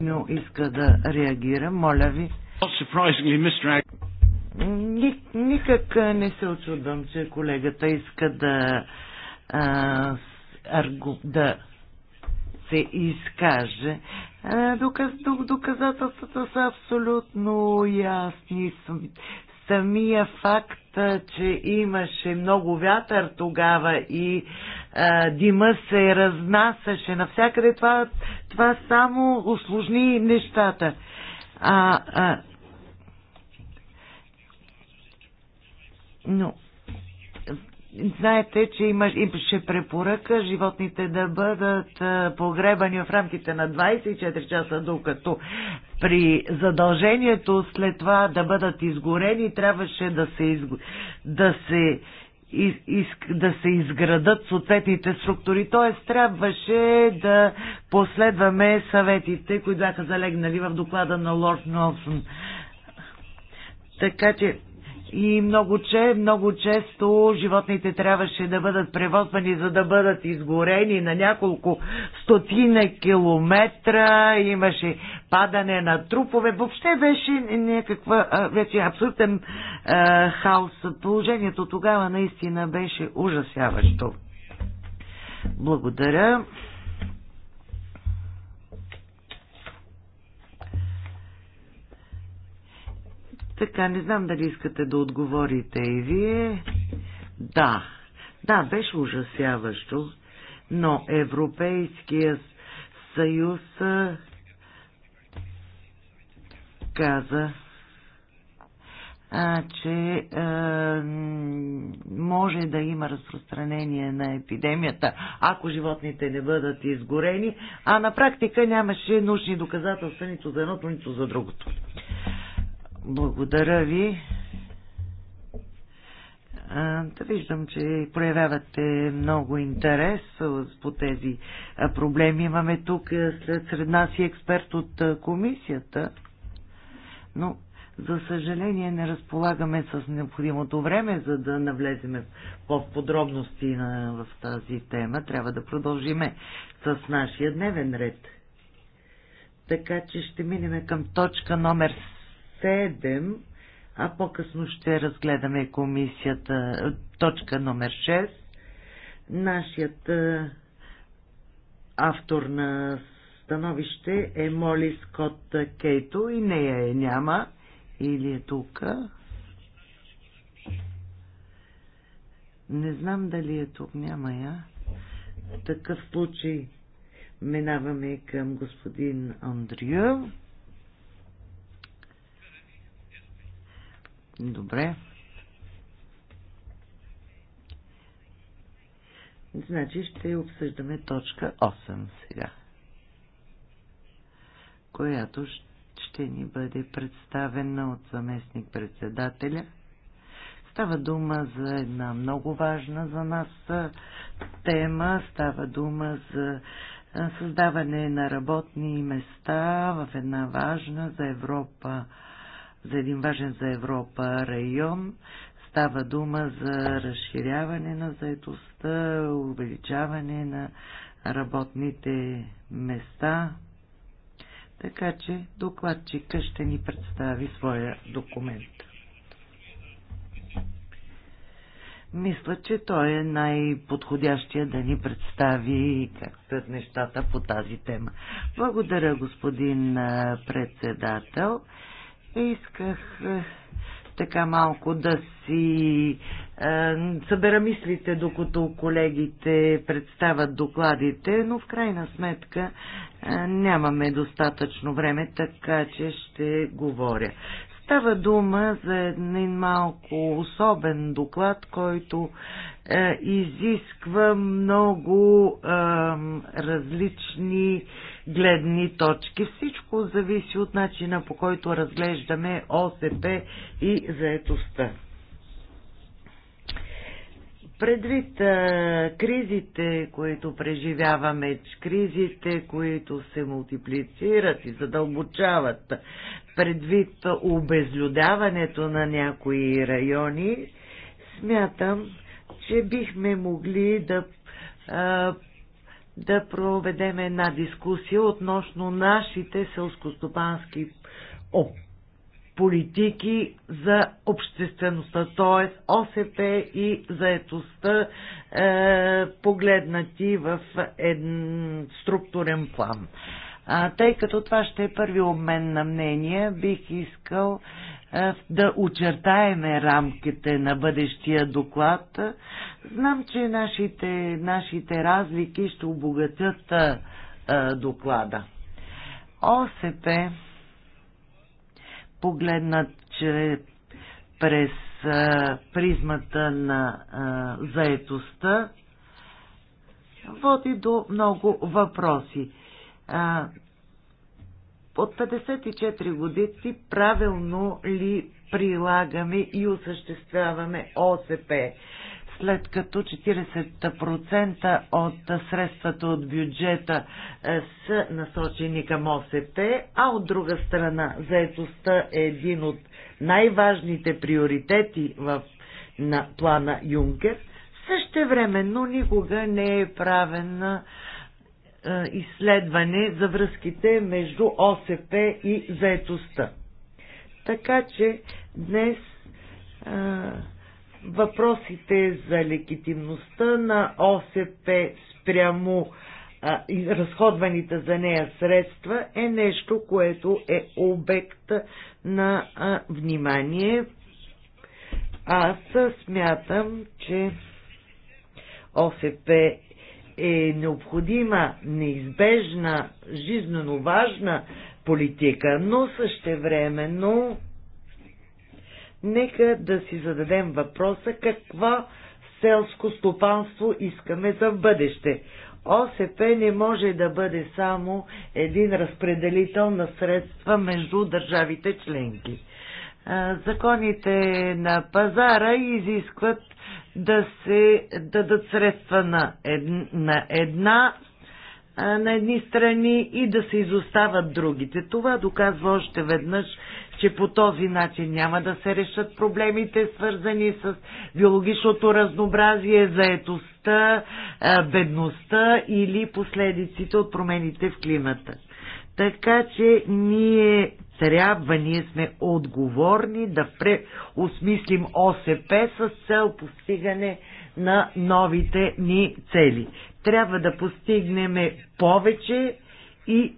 но иска да реагира. Моля ви. Никак не се очудвам, че колегата иска да, а, да се изкаже. Доказ, доказателствата са абсолютно ясни. Самия факт, че имаше много вятър тогава и дима се разнасяше навсякъде. Това, това само осложни нещата. А, а, но Знаете, че има, имаше препоръка животните да бъдат погребани в рамките на 24 часа, докато при задължението след това да бъдат изгорени, трябваше да се, изго... да се иск, да се изградат съответните структури. Т.е. трябваше да последваме съветите, които бяха залегнали в доклада на Лорд Нолсон. Така че и много, че, много често животните трябваше да бъдат превозвани, за да бъдат изгорени на няколко стотина километра. Имаше падане на трупове. Въобще беше някаква вече абсолютен а, хаос. Положението тогава наистина беше ужасяващо. Благодаря. Така, не знам дали искате да отговорите и вие. Да, да, беше ужасяващо, но Европейския съюз каза, а, че а, може да има разпространение на епидемията, ако животните не бъдат изгорени, а на практика нямаше нужни доказателства нито за едното, нито за другото. Благодаря ви. Да виждам, че проявявате много интерес по тези проблеми. Имаме тук след сред нас и експерт от комисията, но за съжаление не разполагаме с необходимото време, за да навлеземе в подробности на, в тази тема. Трябва да продължиме с нашия дневен ред. Така че ще минем към точка номер 7, а по-късно ще разгледаме комисията, точка номер 6. Нашият е, автор на становище е Моли Скот Кейто и нея е няма. Или е тук. Не знам дали е тук, няма я. В такъв случай минаваме към господин Андрю. Добре. Значи ще обсъждаме точка 8 сега, която ще ни бъде представена от заместник председателя. Става дума за една много важна за нас тема. Става дума за създаване на работни места в една важна за Европа за един важен за Европа район. Става дума за разширяване на заедостта, увеличаване на работните места. Така че докладчика ще ни представи своя документ. Мисля, че той е най-подходящия да ни представи как стоят нещата по тази тема. Благодаря, господин председател. Исках е, така малко да си е, събера мислите, докато колегите представят докладите, но в крайна сметка е, нямаме достатъчно време, така че ще говоря. Става дума за един малко особен доклад, който е, изисква много е, различни гледни точки. Всичко зависи от начина по който разглеждаме ОСП и заетостта. Предвид а, е, кризите, които преживяваме, кризите, които се мултиплицират и задълбочават, предвид обезлюдаването на някои райони, смятам, че бихме могли да, да проведем една дискусия относно нашите селскостопански политики за обществеността, т.е. ОСП и заетостта, е, погледнати в един структурен план. А, тъй като това ще е първи обмен на мнения, бих искал а, да очертаеме рамките на бъдещия доклад. Знам, че нашите, нашите разлики ще обогатят а, а, доклада. ОСП погледнат че през а, призмата на а, заетостта води до много въпроси а, от 54 годици правилно ли прилагаме и осъществяваме ОСП, след като 40% от средствата от бюджета е, са насочени към ОСП, а от друга страна заетостта е един от най-важните приоритети в, на плана Юнкер, същевременно никога не е правена е, изследване за връзките между ОСП и заетостта. Така че днес а, е, въпросите за легитимността на ОСП спрямо а, е, и разходваните за нея средства е нещо, което е обект на а, внимание. Аз смятам, че ОСП е необходима, неизбежна, жизненно важна политика, но същевременно нека да си зададем въпроса какво селско стопанство искаме за бъдеще. ОСП не може да бъде само един разпределител на средства между държавите членки. Законите на пазара изискват да се дадат средства на, ед, на една на едни страни и да се изостават другите. Това доказва още веднъж, че по този начин няма да се решат проблемите, свързани с биологичното разнообразие, заетостта, бедността или последиците от промените в климата. Така че ние трябва, ние сме отговорни да преосмислим ОСП с цел постигане на новите ни цели. Трябва да постигнем повече и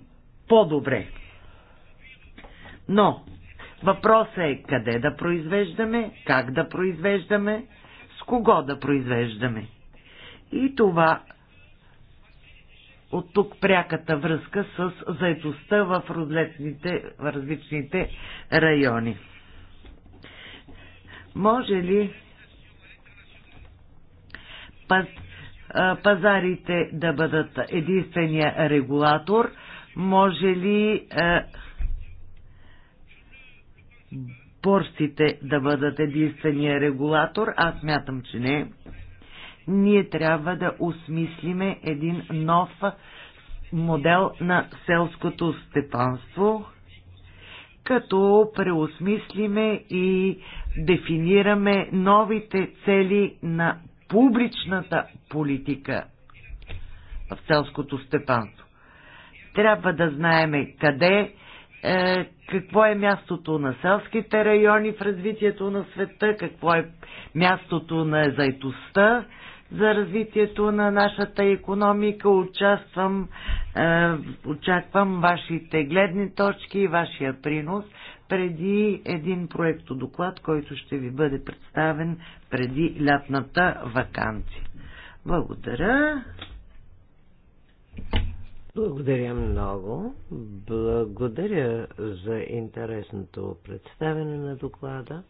по-добре. Но въпросът е къде да произвеждаме, как да произвеждаме, с кого да произвеждаме. И това от тук пряката връзка с заедостта в различните, в различните райони. Може ли паз, пазарите да бъдат единствения регулатор? Може ли борсите да бъдат единствения регулатор? Аз мятам, че не ние трябва да осмислиме един нов модел на селското степанство, като преосмислиме и дефинираме новите цели на публичната политика в селското степанство. Трябва да знаеме къде, е, какво е мястото на селските райони в развитието на света, какво е мястото на заетостта, за развитието на нашата економика. Участвам, е, очаквам вашите гледни точки и вашия принос преди един проектодоклад, който ще ви бъде представен преди лятната вакансия. Благодаря. Благодаря много. Благодаря за интересното представяне на доклада.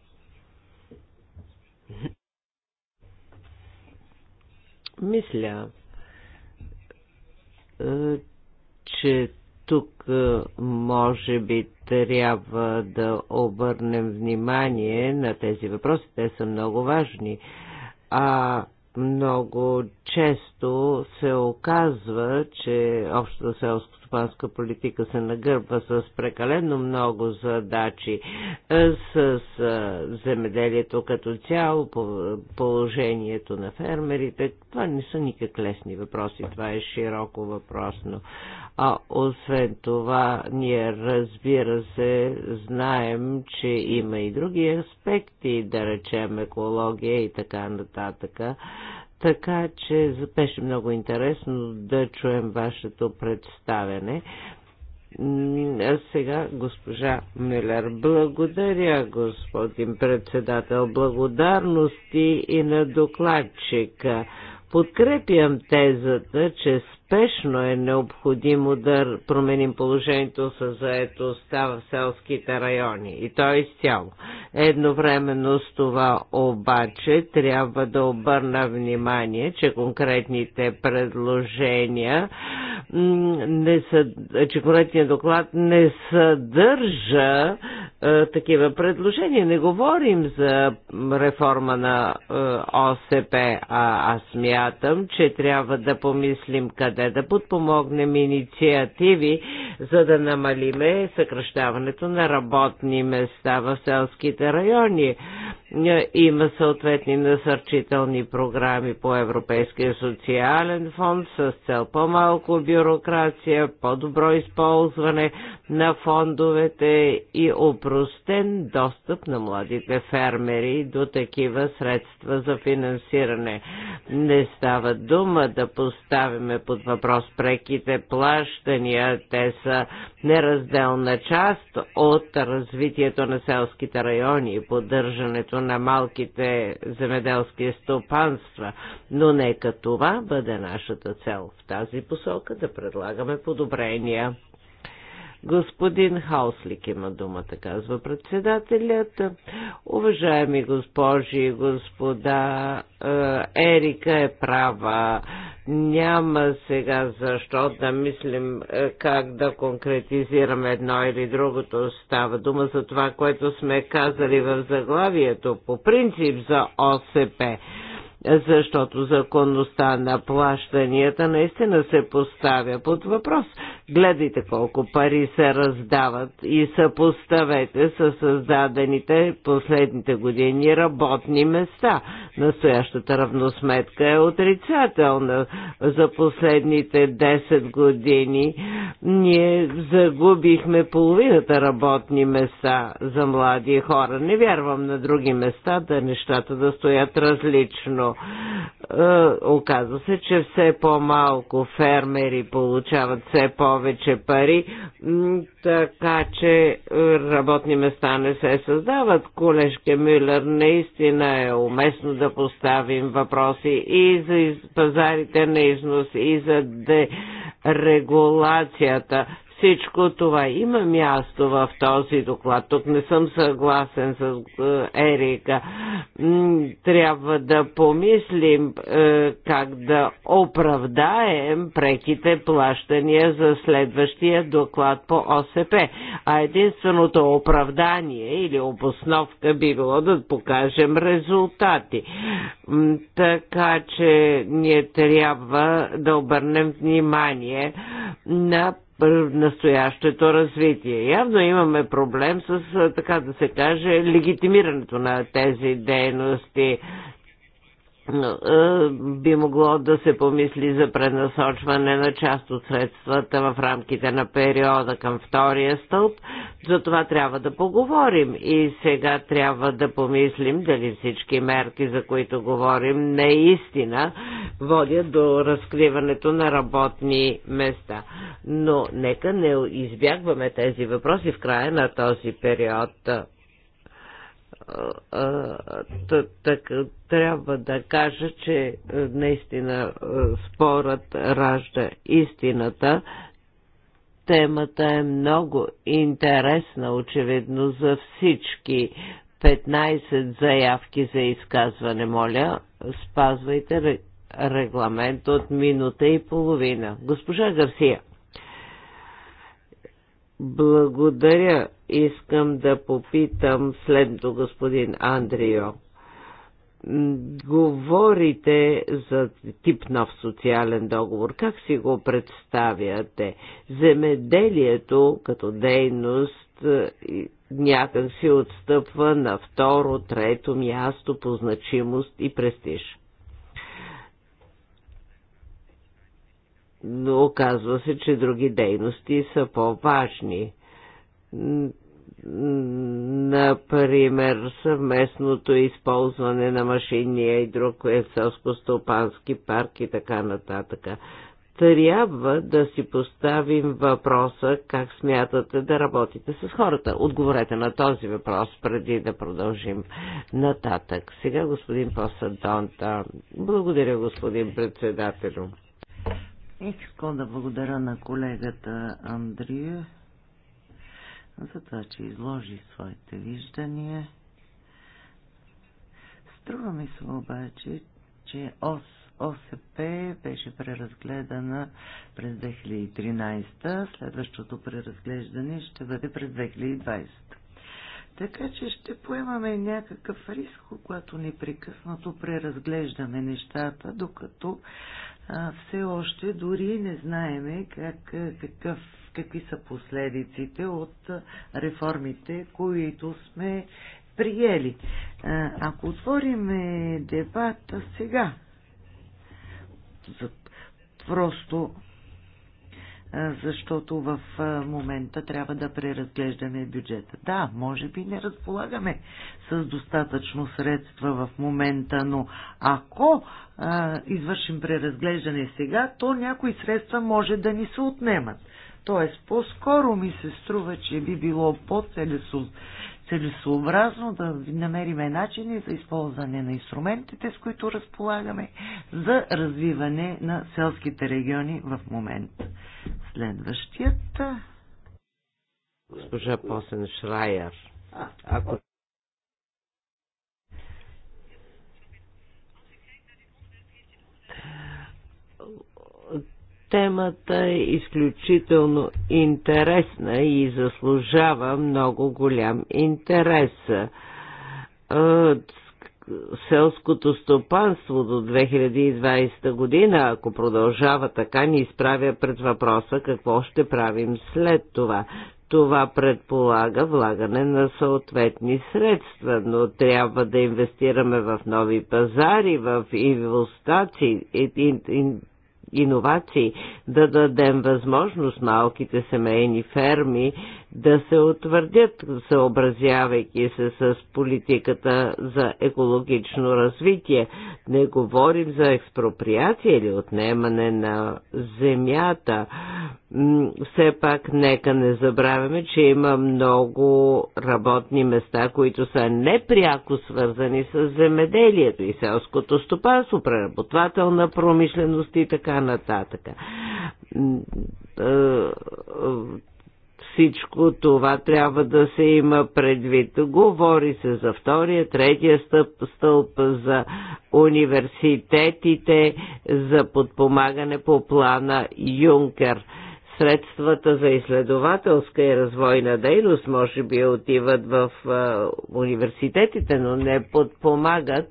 Мисля, е, че тук е, може би трябва да обърнем внимание на тези въпроси. Те са много важни. А много често се оказва, че общото селско селскостопанска политика се нагърбва с прекалено много задачи с земеделието като цяло, положението на фермерите. Това не са никак лесни въпроси, това е широко въпросно. А освен това, ние разбира се, знаем, че има и други аспекти, да речем екология и така нататък така че беше много интересно да чуем вашето представене. А сега госпожа Милер. Благодаря, господин председател. Благодарности и на докладчика. Подкрепям тезата, че спешно е необходимо да променим положението с заедостта в селските райони. И то е изцяло. Едновременно с това обаче трябва да обърна внимание, че конкретните предложения не съ... че конкретният доклад не съдържа е, такива предложения. Не говорим за реформа на е, ОСП, а аз мятам, че трябва да помислим къде ОСП, да подпомогнем инициативи, за да намалиме съкръщаването на работни места в селските райони. Има съответни насърчителни програми по Европейския социален фонд с цел по-малко бюрокрация, по-добро използване на фондовете и опростен достъп на младите фермери до такива средства за финансиране. Не става дума да поставяме под въпрос преките плащания. Те са неразделна част от развитието на селските райони и поддържането на малките земеделски стопанства, но нека това бъде нашата цел в тази посока да предлагаме подобрения. Господин Хауслик има думата, казва председателят. Уважаеми госпожи и господа, е, Ерика е права. Няма сега защо да мислим е, как да конкретизираме едно или другото. Става дума за това, което сме казали в заглавието по принцип за ОСП защото законността на плащанията наистина се поставя под въпрос. Гледайте колко пари се раздават и съпоставете с създадените последните години работни места. Настоящата равносметка е отрицателна. За последните 10 години ние загубихме половината работни места за млади хора. Не вярвам на други места да нещата да стоят различно. Е, оказва се, че все по-малко фермери получават все повече пари, така че е, работни места не се създават. Колешке Мюллер, наистина е уместно да поставим въпроси и за пазарите на износ, и за регулацията всичко това има място в този доклад. Тук не съм съгласен с е, Ерика. Трябва да помислим е, как да оправдаем преките плащания за следващия доклад по ОСП. А единственото оправдание или обосновка би било да покажем резултати. Така че ние трябва да обърнем внимание на настоящето развитие. Явно имаме проблем с, така да се каже, легитимирането на тези дейности. Е, би могло да се помисли за пренасочване на част от средствата в рамките на периода към втория стълб. За това трябва да поговорим и сега трябва да помислим дали всички мерки, за които говорим, наистина водят до разкриването на работни места. Но нека не избягваме тези въпроси в края на този период трябва да кажа, че наистина спорът ражда истината. Темата е много интересна, очевидно, за всички. 15 заявки за изказване, моля. Спазвайте регламент от минута и половина. Госпожа Гарсия. Благодаря Искам да попитам следното, господин Андрио. Говорите за тип нов социален договор. Как си го представяте? Земеделието като дейност е, някак си отстъпва на второ, трето място по значимост и престиж. но оказва се, че други дейности са по-важни например, съвместното използване на машиния и друг е селско-стопански парк и така нататък. Трябва да си поставим въпроса как смятате да работите с хората. Отговорете на този въпрос преди да продължим нататък. Сега господин Посадонта. Благодаря господин председателю. Искам да благодаря на колегата Андрия за това, че изложи своите виждания. Струва ми се обаче, че ОС, ОСП беше преразгледана през 2013, следващото преразглеждане ще бъде през 2020. Така че ще поемаме някакъв риск, когато непрекъснато преразглеждаме нещата, докато а, все още дори не знаеме как, какъв какви са последиците от реформите, които сме приели. Ако отвориме дебата сега, просто защото в момента трябва да преразглеждаме бюджета. Да, може би не разполагаме с достатъчно средства в момента, но ако а, извършим преразглеждане сега, то някои средства може да ни се отнемат. Т.е. по-скоро ми се струва, че би било по-целесообразно да намериме начини за използване на инструментите, с които разполагаме, за развиване на селските региони в момента. Следващият. Госпожа Посен Шрайер. Ако Темата е изключително интересна и заслужава много голям интерес е, селското стопанство до 2020 година, ако продължава така, ни изправя пред въпроса какво ще правим след това. Това предполага влагане на съответни средства, но трябва да инвестираме в нови пазари, в инвестиции, иновации, да дадем възможност малките семейни ферми да се утвърдят, съобразявайки се с политиката за екологично развитие. Не говорим за експроприация или отнемане на земята. Все пак нека не забравяме, че има много работни места, които са непряко свързани с земеделието и селското стопанство, преработвателна промишленост и така нататък е, всичко това трябва да се има предвид. Говори се за втория, третия стъп, стълб, за университетите, за подпомагане по плана Юнкер. Средствата за изследователска и развойна дейност може би отиват в университетите, но не подпомагат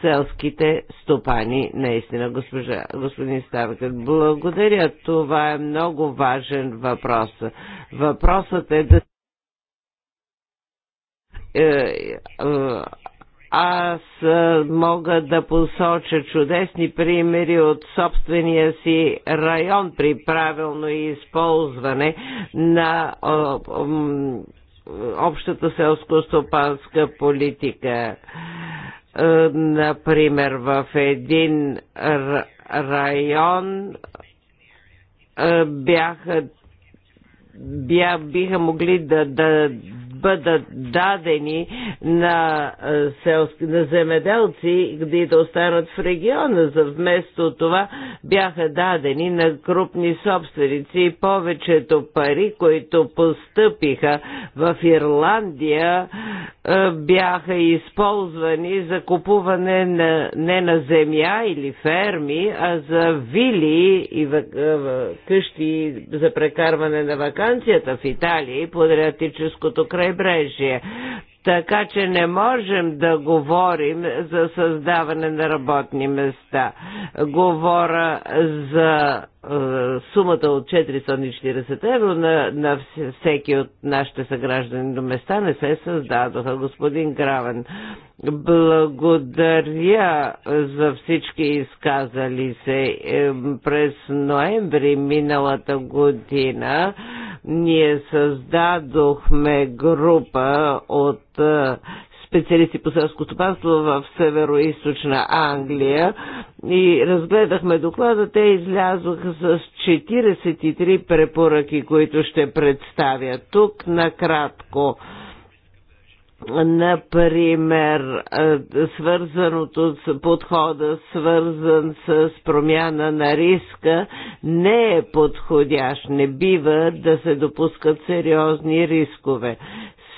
селските стопани. Наистина, госпожа, господин Ставкът, благодаря. Това е много важен въпрос. Въпросът е да е, е, аз мога да посоча чудесни примери от собствения си район при правилно използване на общата селско-стопанска политика. Е, например, в един район е, бяха бя, биха могли да, да бъдат дадени на, селски, на земеделци, къде да останат в региона. За вместо това бяха дадени на крупни собственици и повечето пари, които постъпиха в Ирландия, бяха използвани за купуване на, не на земя или ферми, а за вили и къщи за прекарване на вакансията в Италия и по Адриатическото край крайбрежие. Така че не можем да говорим за създаване на работни места. Говоря за е, сумата от 440 евро на, на всеки от нашите съграждани до места не се създадоха. Господин Гравен, благодаря за всички изказали се. Е, през ноември миналата година ние създадохме група от е, специалисти по селско стопанство в северо-источна Англия и разгледахме доклада. Те излязоха с 43 препоръки, които ще представя тук накратко например, свързаното с подхода, свързан с промяна на риска, не е подходящ. Не бива да се допускат сериозни рискове.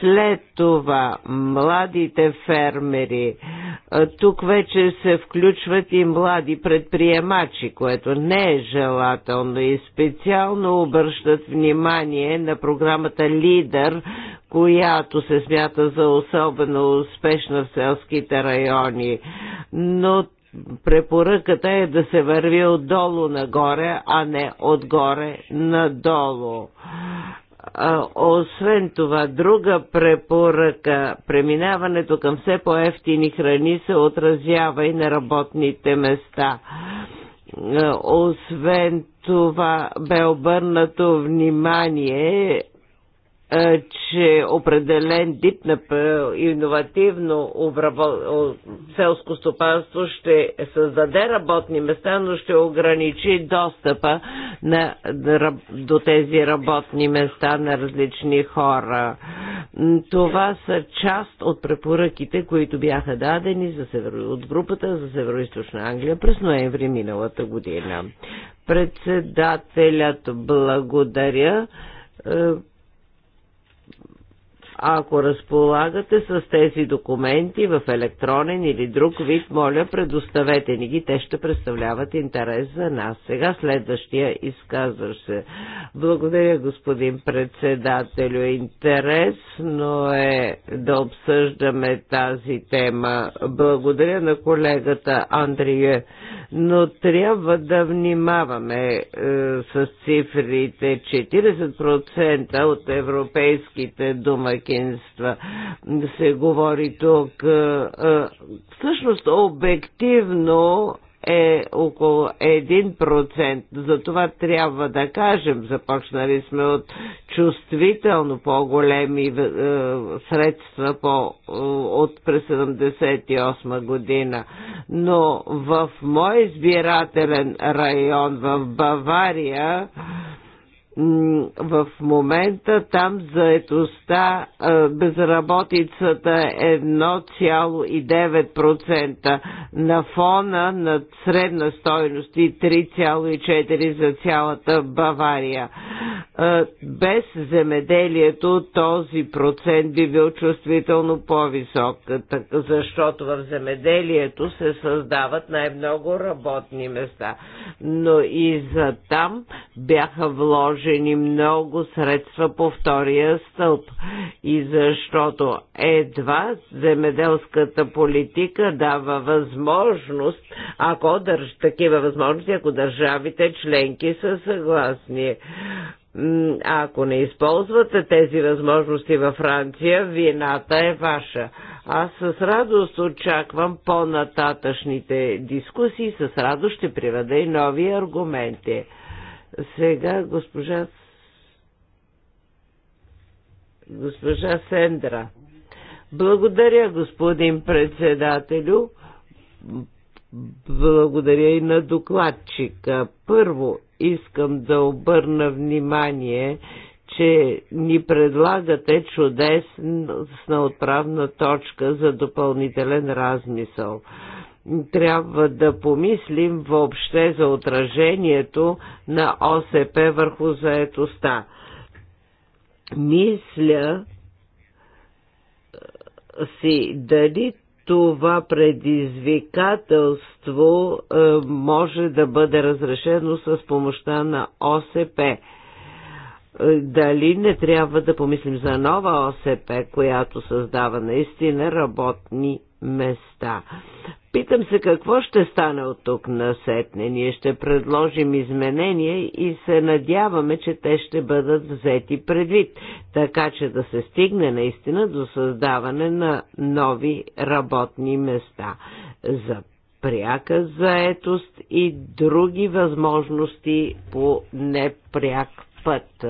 След това младите фермери, тук вече се включват и млади предприемачи, което не е желателно и специално обръщат внимание на програмата Лидер, която се смята за особено успешна в селските райони. Но препоръката е да се върви отдолу нагоре, а не отгоре надолу освен това, друга препоръка, преминаването към все по-ефтини храни се отразява и на работните места. Освен това бе обърнато внимание е, че определен тип на иновативно селско стопанство ще създаде работни места, но ще ограничи достъпа на... до тези работни места на различни хора. Това са част от препоръките, които бяха дадени за северо... от групата за Североизточна Англия през ноември миналата година. Председателят благодаря е, ако разполагате с тези документи в електронен или друг вид, моля, предоставете ни ги. Те ще представляват интерес за нас. Сега следващия изказващ се. Благодаря, господин председателю. Интересно е да обсъждаме тази тема. Благодаря на колегата Андрие, но трябва да внимаваме е, с цифрите. 40% от европейските домаки домакинства. Се говори тук. Е, е, всъщност обективно е около 1%. За това трябва да кажем, започнали сме от чувствително по-големи е, средства по, от през 78 година. Но в мой избирателен район в Бавария в момента там заедостта, безработицата е 1,9% на фона на средна стойност и 3,4% за цялата Бавария. Без земеделието този процент би бил чувствително по-висок, защото в земеделието се създават най-много работни места. Но и за там бяха вложени вложени много средства по втория стълб. И защото едва земеделската политика дава възможност, ако държ, такива възможности, ако държавите членки са съгласни ако не използвате тези възможности във Франция, вината е ваша. Аз с радост очаквам по-нататъчните дискусии, с радост ще приведа и нови аргументи. Сега госпожа госпожа Сендра. Благодаря, господин председателю. Благодаря и на докладчика. Първо искам да обърна внимание, че ни предлагате чудесна отправна точка за допълнителен размисъл трябва да помислим въобще за отражението на ОСП върху заетостта. Мисля си дали това предизвикателство е, може да бъде разрешено с помощта на ОСП. Дали не трябва да помислим за нова ОСП, която създава наистина работни места. Питам се какво ще стане от тук насетне. Ние ще предложим изменения и се надяваме, че те ще бъдат взети предвид, така че да се стигне наистина до създаване на нови работни места за пряка заетост и други възможности по непряк път.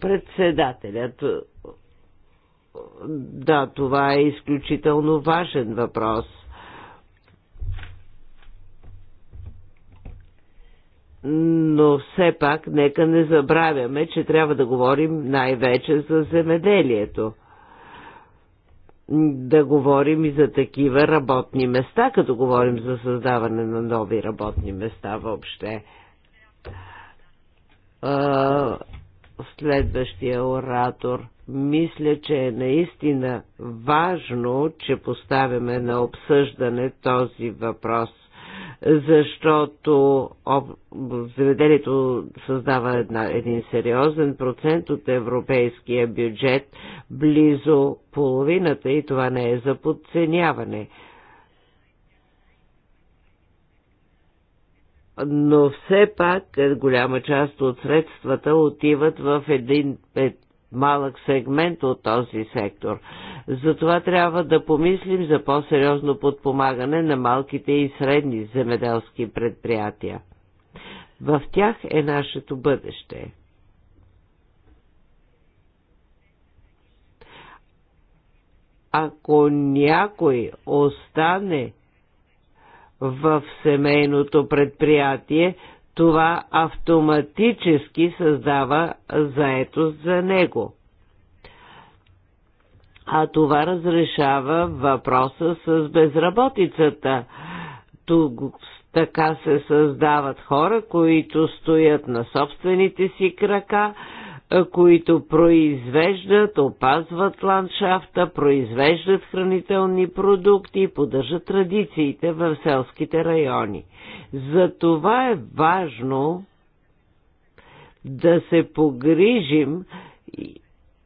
Председателят да, това е изключително важен въпрос. но все пак нека не забравяме, че трябва да говорим най-вече за земеделието. Да говорим и за такива работни места, като говорим за създаване на нови работни места въобще следващия оратор. Мисля, че е наистина важно, че поставяме на обсъждане този въпрос защото заведението създава една, един сериозен процент от европейския бюджет, близо половината и това не е за подценяване. но все пак голяма част от средствата отиват в един е, малък сегмент от този сектор. Затова трябва да помислим за по-сериозно подпомагане на малките и средни земеделски предприятия. В тях е нашето бъдеще. Ако някой остане в семейното предприятие, това автоматически създава заетост за него. А това разрешава въпроса с безработицата. Тук така се създават хора, които стоят на собствените си крака които произвеждат, опазват ландшафта, произвеждат хранителни продукти и поддържат традициите в селските райони. За това е важно да се погрижим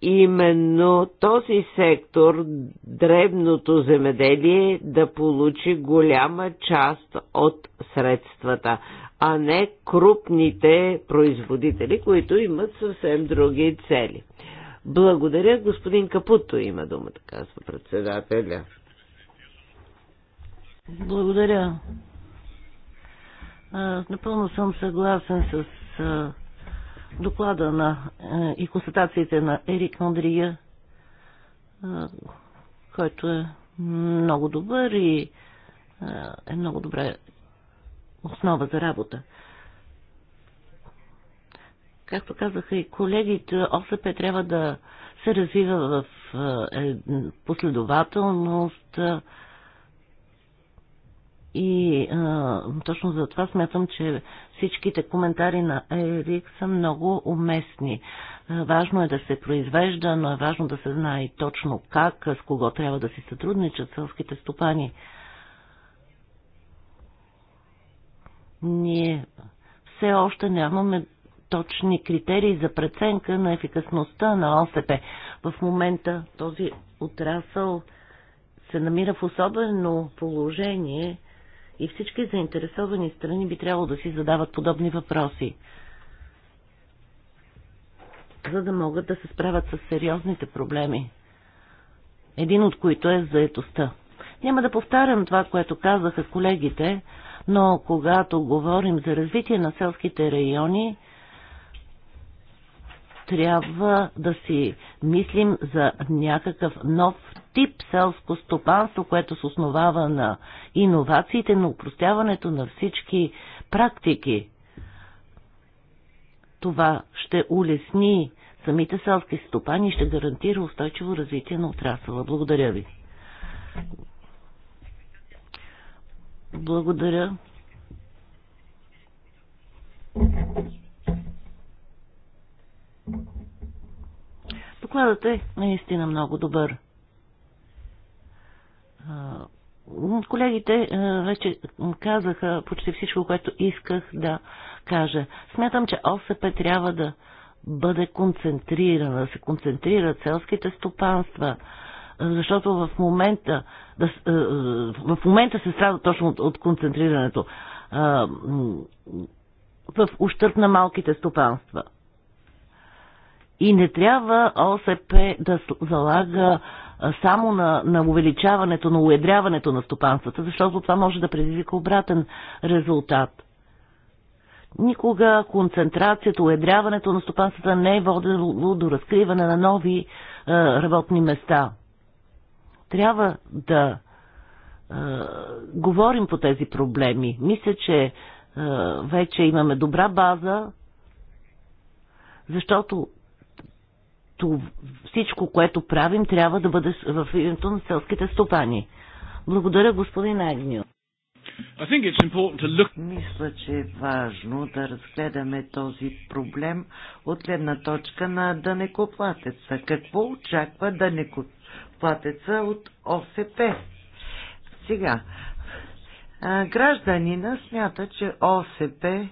именно този сектор, дребното земеделие, да получи голяма част от средствата а не крупните производители, които имат съвсем други цели. Благодаря, господин Капуто има думата, казва председателя. Благодаря. Напълно съм съгласен с доклада на и констатациите на Ерик Мандрия, който е много добър и е много добре основа за работа. Както казаха и колегите, ОСП трябва да се развива в е, последователност е, и а, е, точно за това смятам, че всичките коментари на Ерик са много уместни. Важно е да се произвежда, но е важно да се знае и точно как, с кого трябва да си сътрудничат селските стопани. А, Ние все още нямаме точни критерии за преценка на ефикасността на ОСП. В момента този отрасъл се намира в особено положение и всички заинтересовани страни би трябвало да си задават подобни въпроси, за да могат да се справят с сериозните проблеми, един от които е заетостта. Няма да повтарям това, което казаха колегите, но когато говорим за развитие на селските райони, трябва да си мислим за някакъв нов тип селско стопанство, което се основава на иновациите, на упростяването на всички практики. Това ще улесни самите селски стопани и ще гарантира устойчиво развитие на отрасъла. Благодаря ви. Благодаря. Докладът е наистина много добър. Колегите вече казаха почти всичко, което исках да кажа. Смятам, че ОСП трябва да бъде концентрирана, да се концентрират селските стопанства, защото в момента, да, е, в момента се страда точно от, от концентрирането е, в ущърп на малките стопанства. И не трябва ОСП да залага е, само на, на увеличаването, на уедряването на стопанствата, защото това може да предизвика обратен резултат. Никога концентрацията, уедряването на стопанствата не е водило до разкриване на нови е, работни места – трябва да е, говорим по тези проблеми. Мисля, че е, вече имаме добра база, защото всичко, което правим, трябва да бъде в името на селските стопани. Благодаря, господин Агнио. Look... Мисля, че е важно да разгледаме този проблем от гледна точка на данекоплатеца. Какво очаква данекоплатеца? дънакоплатеца от ОСП. Сега, гражданина смята, че ОСП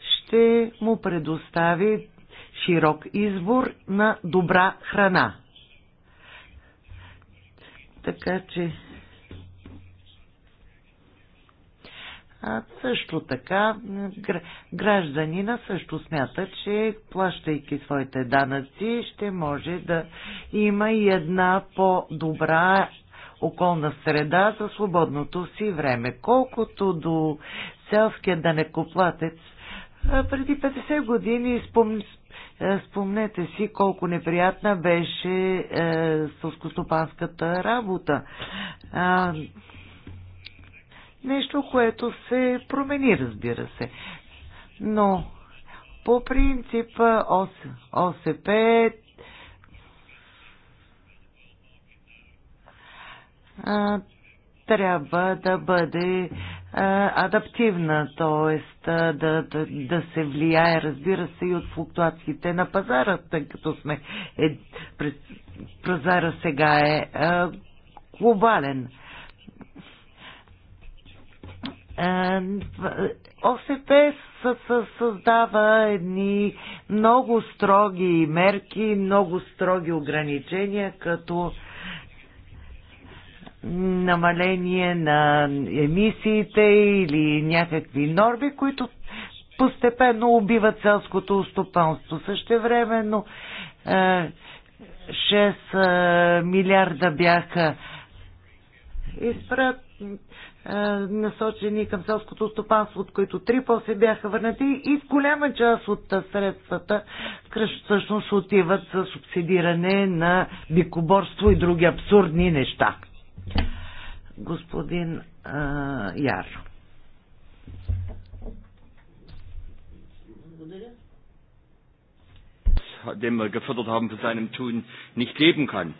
ще му предостави широк избор на добра храна. Така че А, също така гражданина също смята, че плащайки своите данъци ще може да има и една по-добра околна среда за свободното си време. Колкото до селския данекоплатец, преди 50 години спом... спомнете си колко неприятна беше е, сълскостопанската работа. А, нещо, което се промени, разбира се. Но по принцип ОС, ОСП а, трябва да бъде а, адаптивна, т.е. Да, да, да се влияе, разбира се, и от флуктуациите на пазара, тъй като сме е, през, пазара сега е а, глобален. Е, е, ОСП създава едни много строги мерки, много строги ограничения, като намаление на емисиите или някакви норми, които постепенно убиват селското стопанство. Същевременно 6 е, милиарда бяха изпрат е, насочени към селското стопанство, от които три после бяха върнати и с голяма част от средствата всъщност отиват за субсидиране на бикоборство и други абсурдни неща. Господин а, е, Яр. Благодаря. Dem wir gefördert haben für seinem Tun, nicht leben kann.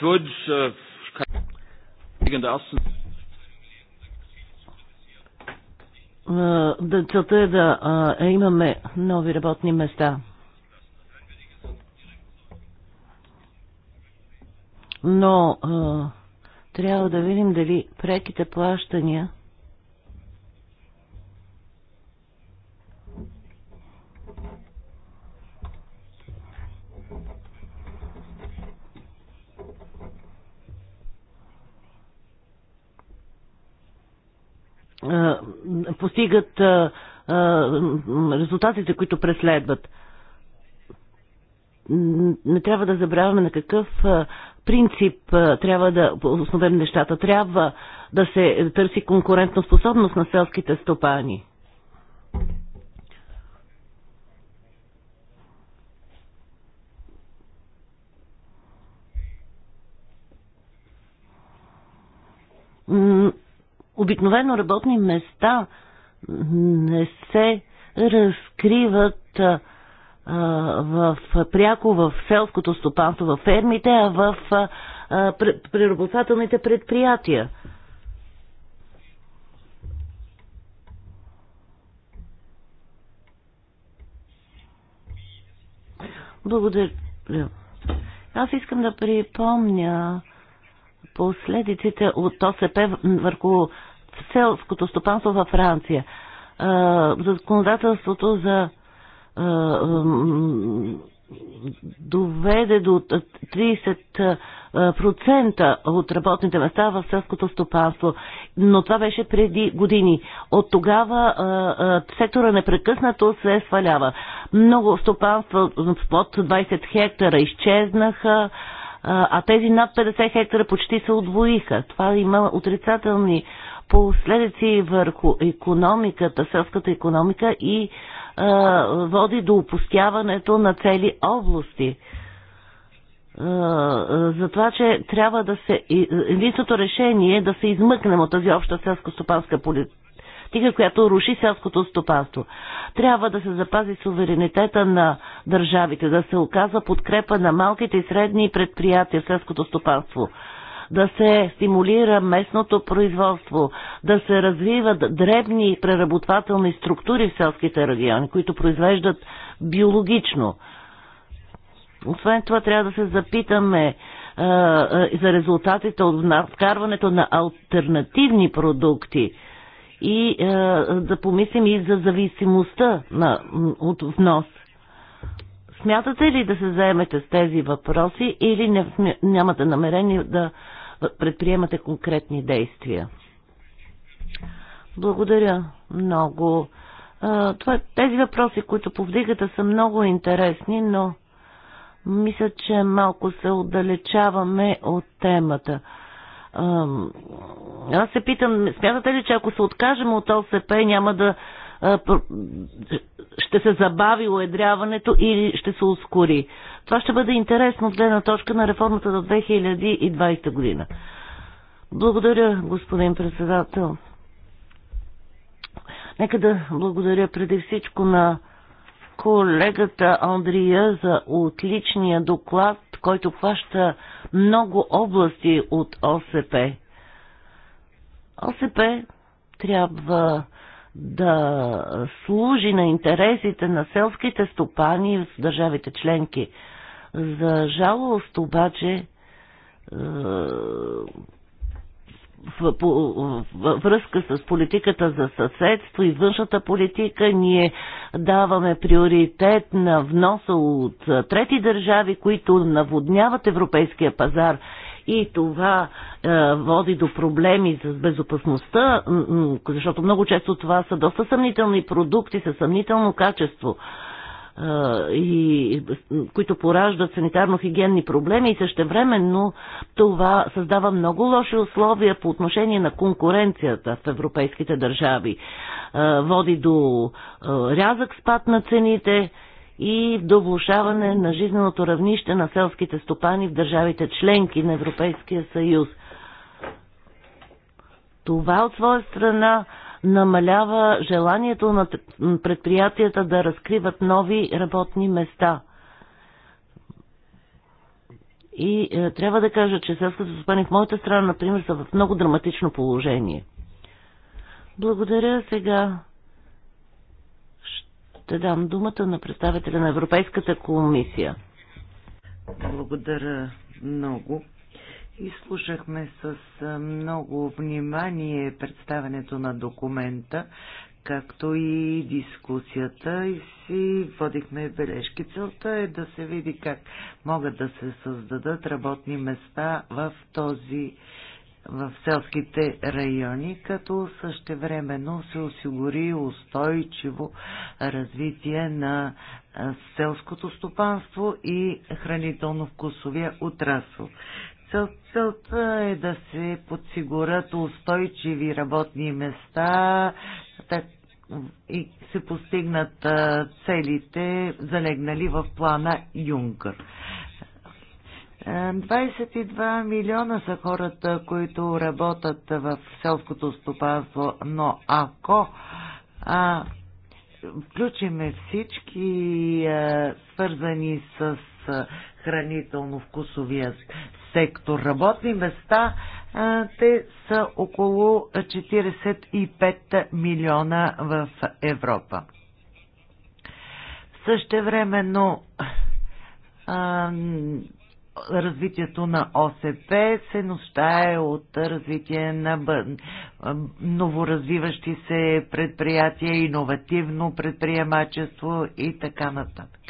Zweitens, äh, äh, ich wegen der ersten да, целта е да а, е, имаме нови работни места. Но а, трябва да видим дали преките плащания постигат резултатите, които преследват. Не трябва да забравяме на какъв принцип трябва да основем нещата. Трябва да се търси конкурентна способност на селските стопани обикновено работни места не се разкриват в, пряко в селското стопанство, в фермите, а в преработателните преработвателните предприятия. Благодаря. Аз искам да припомня последиците от ОСП върху селското стопанство във Франция, за законодателството за доведе до 30% от работните места в селското стопанство. Но това беше преди години. От тогава сектора непрекъснато се свалява. Много стопанства под 20 хектара изчезнаха, а тези над 50 хектара почти се отвоиха. Това има отрицателни последици върху економиката, селската економика и а, води до опустяването на цели области. А, за това, че трябва да се... Единственото решение е да се измъкнем от тази обща селско-стопанска политика политика, която руши селското стопанство. Трябва да се запази суверенитета на държавите, да се оказва подкрепа на малките и средни предприятия в селското стопанство да се стимулира местното производство, да се развиват дребни преработвателни структури в селските региони, които произвеждат биологично. Освен това трябва да се запитаме е, е, за резултатите от вкарването на альтернативни продукти – и е, да помислим и за зависимостта на, от внос. Смятате ли да се заемете с тези въпроси или не, нямате намерение да предприемате конкретни действия? Благодаря много. Е, тези въпроси, които повдигате, са много интересни, но мисля, че малко се отдалечаваме от темата. Аз се питам, смятате ли, че ако се откажем от ОСП, няма да ще се забави уедряването или ще се ускори. Това ще бъде интересно от гледна точка на реформата до 2020 година. Благодаря, господин председател. Нека да благодаря преди всичко на колегата Андрия за отличния доклад, който хваща много области от ОСП. ОСП трябва да служи на интересите на селските стопани в държавите членки. За жалост обаче е, в, в, връзка с политиката за съседство и външната политика ние даваме приоритет на вноса от трети държави, които наводняват европейския пазар и това е, води до проблеми с безопасността, защото много често това са доста съмнителни продукти със съмнително качество. Е, и, които пораждат санитарно-хигиенни проблеми и същевременно това създава много лоши условия по отношение на конкуренцията в европейските държави. Води до рязък спад на цените и до влушаване на жизненото равнище на селските стопани в държавите членки на Европейския съюз. Това от своя страна намалява желанието на предприятията да разкриват нови работни места. И е, трябва да кажа, че селските стопани в моята страна, например, са в много драматично положение. Благодаря сега. Ще дам думата на представителя на Европейската комисия. Благодаря много. Изслушахме с много внимание представенето на документа, както и дискусията и си водихме бележки. Целта е да се види как могат да се създадат работни места в този в селските райони, като същевременно се осигури устойчиво развитие на селското стопанство и хранително-вкусовия отрасъл. Цел, целта е да се подсигурят устойчиви работни места так, и се постигнат целите, залегнали в плана Юнкър. 22 милиона са хората, които работят в селското стопанство, но ако а, включиме всички а, свързани с хранително-вкусовия сектор работни места, те са около 45 милиона в Европа. Същевременно развитието на ОСП се нуждае от развитие на новоразвиващи се предприятия, иновативно предприемачество и така нататък.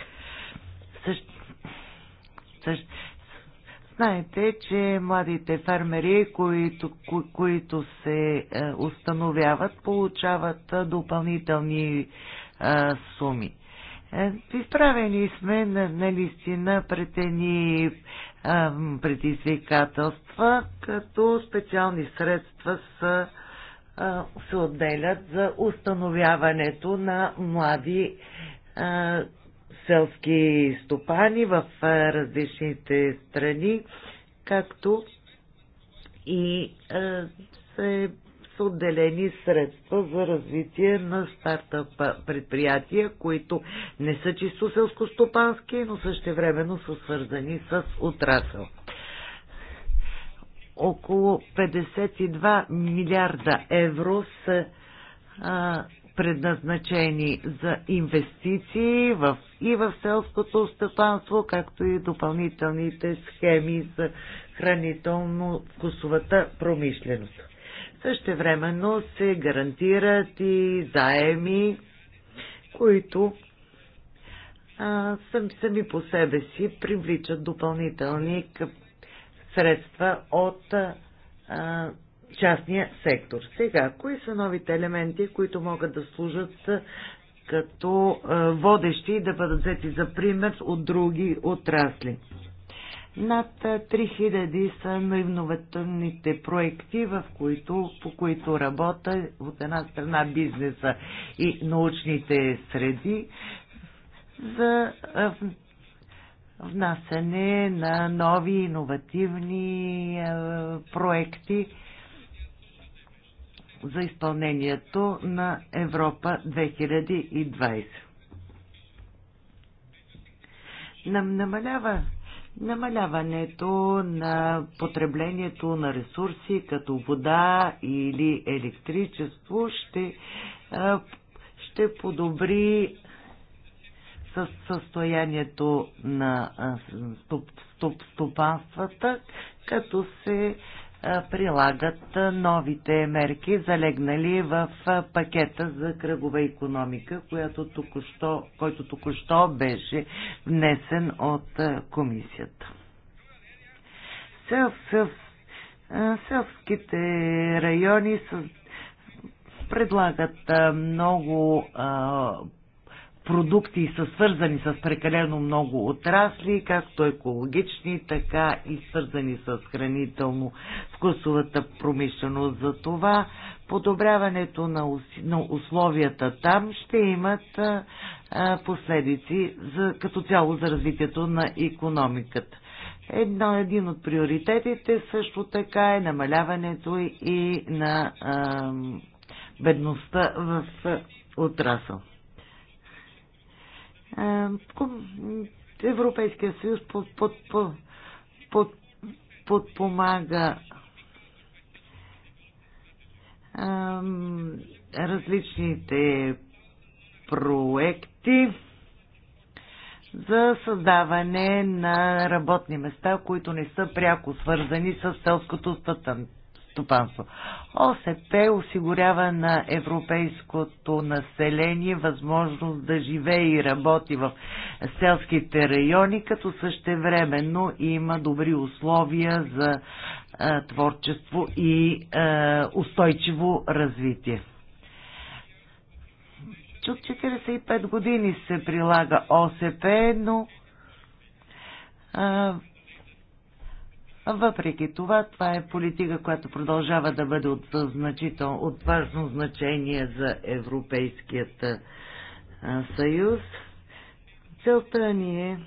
също, Знаете, че младите фермери, които, ко, които се е, установяват, получават е, допълнителни а, е, суми. Изправени сме на, наистина пред едни предизвикателства, като специални средства са, а, се отделят за установяването на млади а, селски стопани в различните страни, както и се са отделени средства за развитие на стартъп предприятия, които не са чисто селскостопански, но същевременно са свързани с отрасъл. Около 52 милиарда евро са а, предназначени за инвестиции в, и в селското стъпанство, както и допълнителните схеми за хранително-вкусовата промишленост. Същевременно се гарантират и заеми, които а, сами по себе си привличат допълнителни средства от а, частния сектор. Сега, кои са новите елементи, които могат да служат като водещи и да бъдат взети за пример от други отрасли? Над 3000 са наивновативните проекти, в които, по които работа от една страна бизнеса и научните среди за внасяне на нови иновативни проекти за изпълнението на Европа 2020. Нам намалява намаляването на потреблението на ресурси като вода или електричество ще, ще подобри със състоянието на стопанствата, като се прилагат новите мерки, залегнали в пакета за кръгова економика, която току-що, който току-що беше внесен от комисията. Селф, селф, селските райони са предлагат много а, продукти са свързани с прекалено много отрасли, както екологични, така и свързани с хранително-вкусовата промишленост. За това подобряването на, ус... на условията там ще имат а, последици за, като цяло за развитието на економиката. Едно, един от приоритетите също така е намаляването и на а, бедността в отрасъл. Европейския съюз под, под, под, под, подпомага различните проекти за създаване на работни места, които не са пряко свързани с селското стопанство. ОСП осигурява на европейското население възможност да живее и работи в селските райони, като същевременно има добри условия за а, творчество и а, устойчиво развитие. От 45 години се прилага ОСП, но а, въпреки това, това е политика, която продължава да бъде от, значител, от важно значение за Европейският съюз. Целта ни е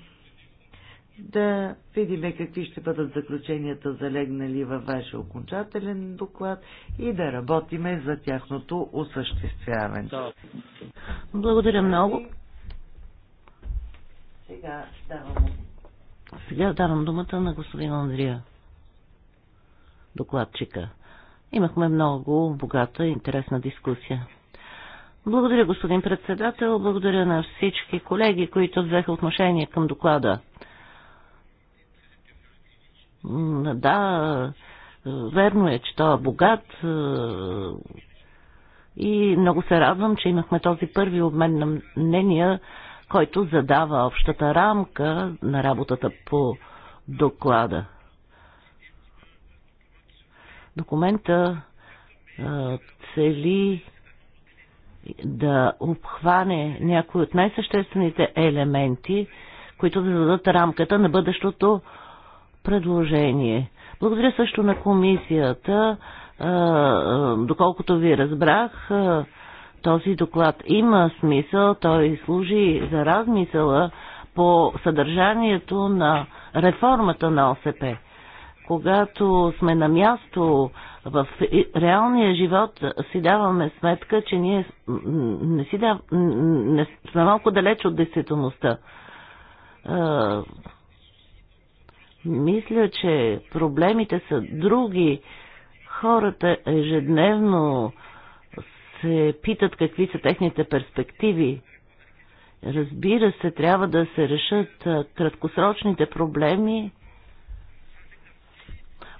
да видим какви ще бъдат заключенията залегнали във вашия окончателен доклад и да работиме за тяхното осъществяване. Благодаря много. Сега давам сега давам думата на господин Андрия, докладчика. Имахме много богата и интересна дискусия. Благодаря, господин председател. Благодаря на всички колеги, които взеха отношение към доклада. Да, верно е, че той е богат и много се радвам, че имахме този първи обмен на мнения който задава общата рамка на работата по доклада. Документа цели да обхване някои от най-съществените елементи, които да зададат рамката на бъдещото предложение. Благодаря също на комисията. Доколкото ви разбрах, този доклад има смисъл, той служи за размисъла по съдържанието на реформата на ОСП. Когато сме на място в реалния живот, си даваме сметка, че ние не, си дав... не сме малко далеч от действителността. Мисля, че проблемите са други. Хората ежедневно се питат какви са техните перспективи. Разбира се, трябва да се решат краткосрочните проблеми,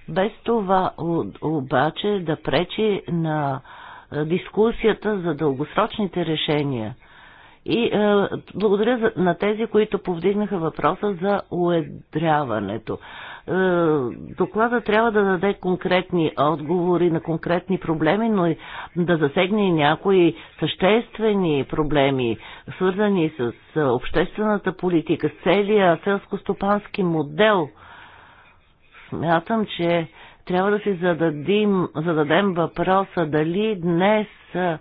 без това обаче да пречи на дискусията за дългосрочните решения – и е, благодаря за, на тези, които повдигнаха въпроса за уедряването. Е, доклада трябва да даде конкретни отговори на конкретни проблеми, но и да засегне някои съществени проблеми, свързани с обществената политика, с целия селско-стопански модел. Смятам, че трябва да си зададим, зададем въпроса дали днес е,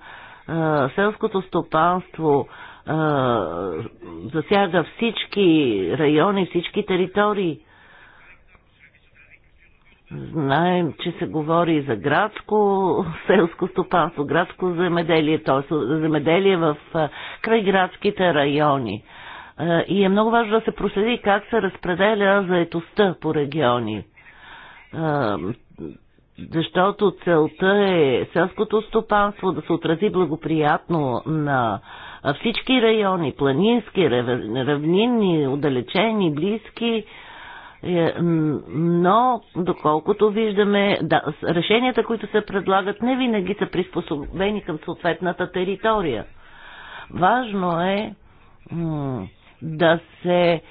селското стопанство е, засяга всички райони, всички територии. Знаем, че се говори за градско селско стопанство, градско земеделие, т.е. земеделие в крайградските райони. И е много важно да се проследи как се разпределя заетостта по региони. Защото целта е селското стопанство да се отрази благоприятно на всички райони, планински, равнинни, отдалечени, близки, е, но доколкото виждаме, да, решенията, които се предлагат, не винаги са приспособени към съответната територия. Важно е да се е,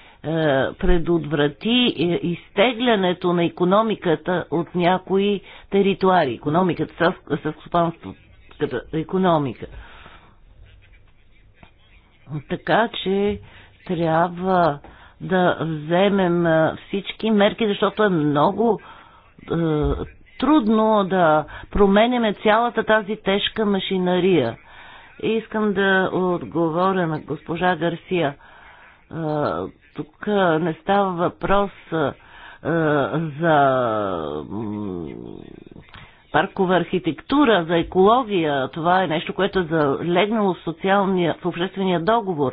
предотврати е, изтеглянето на економиката от някои територии, економиката, съвкупанството економика. Така че трябва да вземем всички мерки, защото е много е, трудно да променяме цялата тази тежка машинария. И искам да отговоря на госпожа Гарсия. Е, тук не става въпрос е, за паркова архитектура, за екология. Това е нещо, което е залегнало в, социалния, в обществения договор.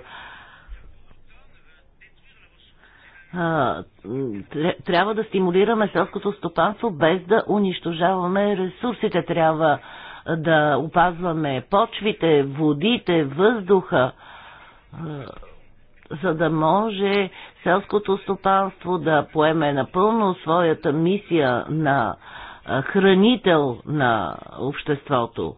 Трябва да стимулираме селското стопанство без да унищожаваме ресурсите. Трябва да опазваме почвите, водите, въздуха, за да може селското стопанство да поеме напълно своята мисия на хранител на обществото.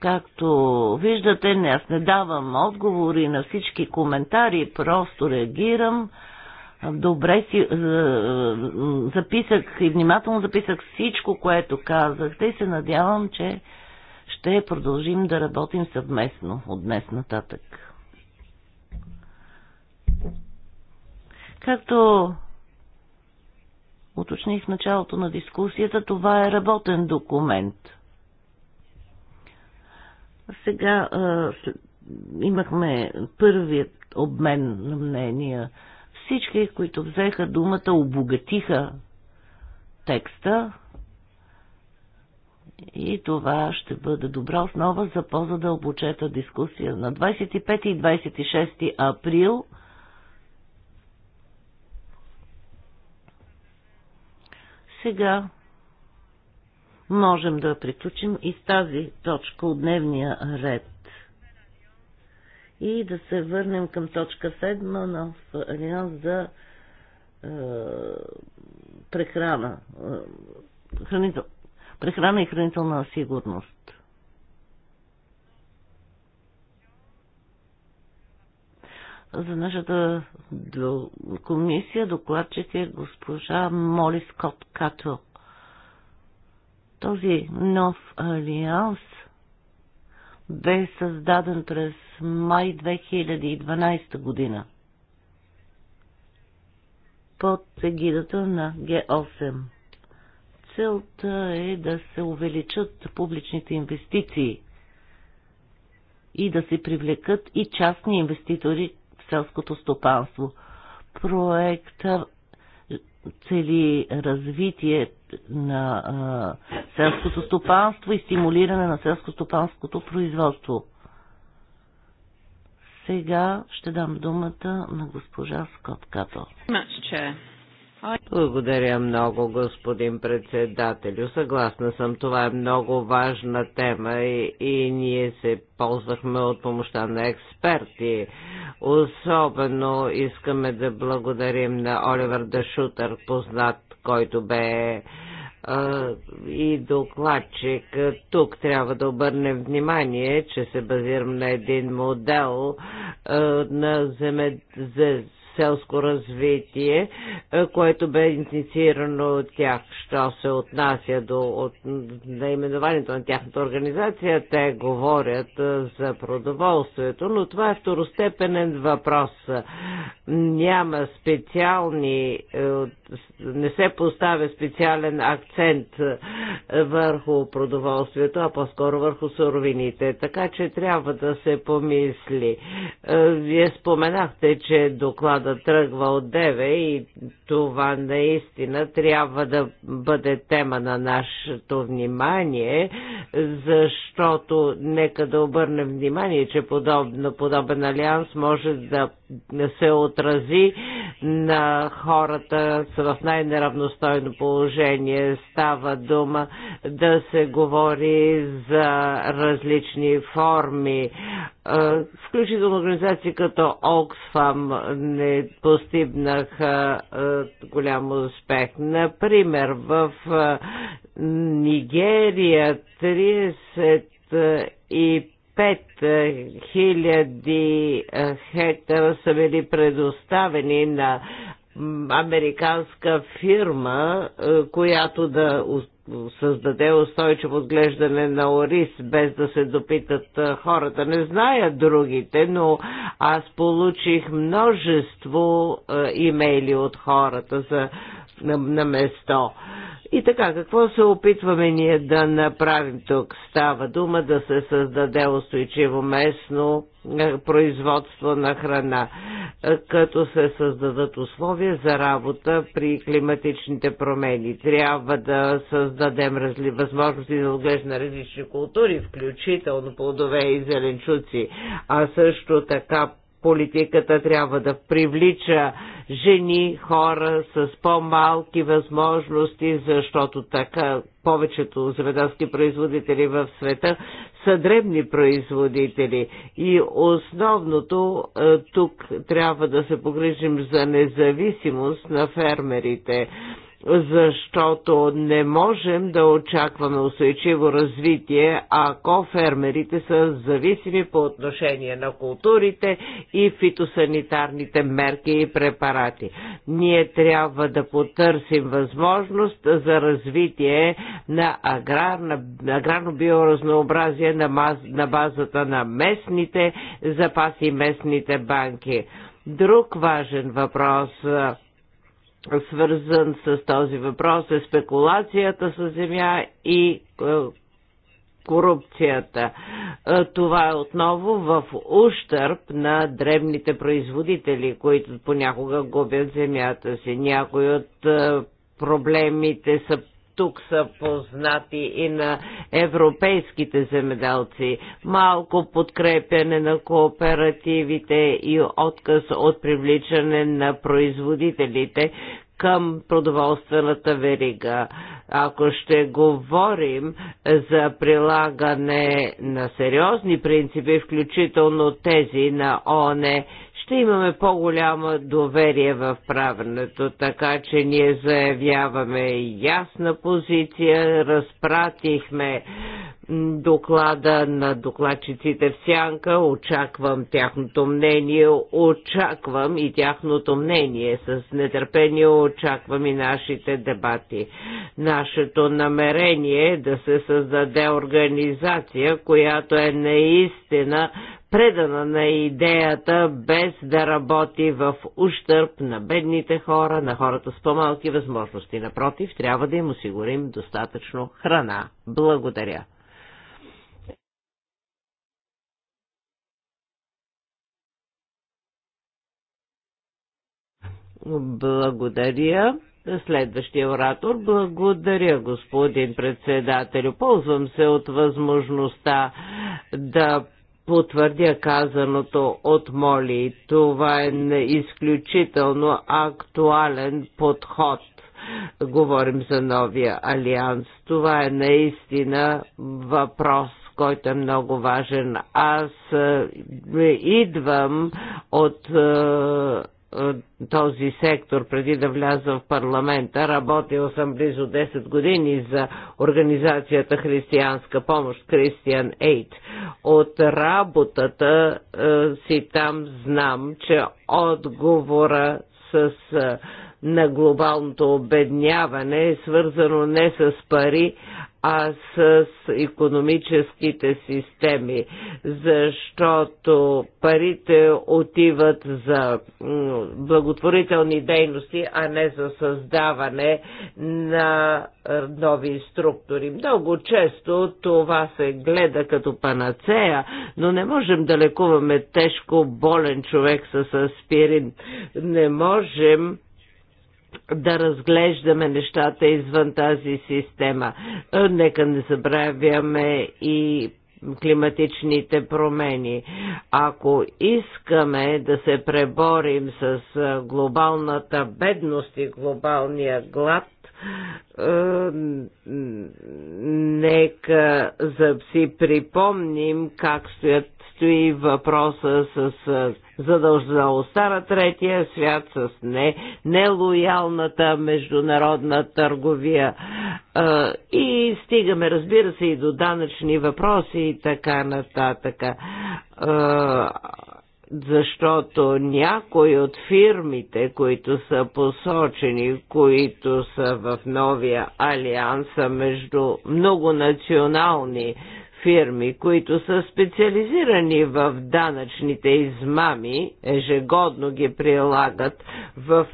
Както виждате, не, аз не давам отговори на всички коментари, просто реагирам. Добре си записах и внимателно записах всичко, което казахте и се надявам, че ще продължим да работим съвместно от днес нататък. Както уточних в началото на дискусията, това е работен документ. Сега а, имахме първият обмен на мнения. Всички, които взеха думата, обогатиха текста и това ще бъде добра основа за по-задълбочета дискусия. На 25 и 26 април Сега можем да приключим и с тази точка от дневния ред. И да се върнем към точка 7 на Алианс за е, прехрана. Е, хранител, прехрана и хранителна сигурност. За нашата комисия докладчик е госпожа Моли Скот Като. Този нов алианс бе създаден през май 2012 година под егидата на Г8. Целта е да се увеличат публичните инвестиции и да се привлекат и частни инвеститори селското стопанство. Проекта цели развитие на а, селското стопанство и стимулиране на селско-стопанското производство. Сега ще дам думата на госпожа Скот Като. Благодаря много, господин председателю. Съгласна съм, това е много важна тема и, и ние се ползвахме от помощта на експерти. Особено искаме да благодарим на Оливер Дашутър, познат, който бе и докладчик. Тук трябва да обърнем внимание, че се базирам на един модел на земед селско развитие, е, което бе инициирано от тях. Що се отнася до от, наименованието на тяхната организация, те говорят е, за продоволствието, но това е второстепенен въпрос. Няма специални, е, не се поставя специален акцент върху продоволствието, а по-скоро върху суровините. Така че трябва да се помисли. Вие споменахте, че доклада да тръгва от деве и това наистина трябва да бъде тема на нашето внимание, защото нека да обърнем внимание, че подобно, подобен алианс може да се отрази на хората в най-неравностойно положение. Става дума да се говори за различни форми. Е, включително организации като Оксфам не постигнаха е, голям успех. Например, в е, Нигерия 30 и 5 хиляди е, хектара са били предоставени на американска фирма, е, която да създаде устойчиво отглеждане на ориз, без да се допитат е, хората. Не знаят другите, но аз получих множество имейли от хората за на, на место. И така, какво се опитваме ние да направим тук? Става дума да се създаде устойчиво местно е, производство на храна, е, като се създадат условия за работа при климатичните промени. Трябва да създадем разли... възможности за отглеждане на различни култури, включително плодове и зеленчуци, а също така политиката трябва да привлича жени, хора с по-малки възможности, защото така повечето земеделски производители в света са дребни производители. И основното е, тук трябва да се погрижим за независимост на фермерите защото не можем да очакваме устойчиво развитие, ако фермерите са зависими по отношение на културите и фитосанитарните мерки и препарати. Ние трябва да потърсим възможност за развитие на аграрно биоразнообразие на, маз, на базата на местните запаси и местните банки. Друг важен въпрос свързан с този въпрос е спекулацията с земя и е, корупцията. Е, това е отново в ущърп на дребните производители, които понякога губят земята си. Някои от е, проблемите са тук са познати и на европейските земеделци. Малко подкрепяне на кооперативите и отказ от привличане на производителите към продоволствената верига. Ако ще говорим за прилагане на сериозни принципи, включително тези на ОНЕ, ще имаме по-голямо доверие в правенето, така че ние заявяваме ясна позиция, разпратихме доклада на докладчиците в Сянка, очаквам тяхното мнение, очаквам и тяхното мнение. С нетърпение очаквам и нашите дебати. Нашето намерение е да се създаде организация, която е наистина предана на идеята, без да работи в ущърп на бедните хора, на хората с по-малки възможности. Напротив, трябва да им осигурим достатъчно храна. Благодаря. Благодаря. Следващия оратор. Благодаря, господин председателю. Ползвам се от възможността да потвърдя казаното от Моли. Това е изключително актуален подход. Говорим за новия алианс. Това е наистина въпрос който е много важен. Аз е, идвам от е, е, този сектор преди да вляза в парламента. Работил съм близо 10 години за организацията Християнска помощ, Christian Aid. От работата е, си там знам, че отговора с е, на глобалното обедняване е свързано не с пари, а с економическите системи, защото парите отиват за благотворителни дейности, а не за създаване на е, нови структури. Много често това се гледа като панацея, но не можем да лекуваме тежко болен човек с аспирин. Не можем да разглеждаме нещата извън тази система. Е, нека не забравяме и климатичните промени. Ако искаме да се преборим с е, глобалната бедност и глобалния глад, е, нека си припомним как стоят стои въпроса с за да третия свят с не, нелоялната международна търговия. И стигаме, разбира се, и до данъчни въпроси и така нататък защото някои от фирмите, които са посочени, които са в новия алианса между многонационални фирми, които са специализирани в данъчните измами, ежегодно ги прилагат в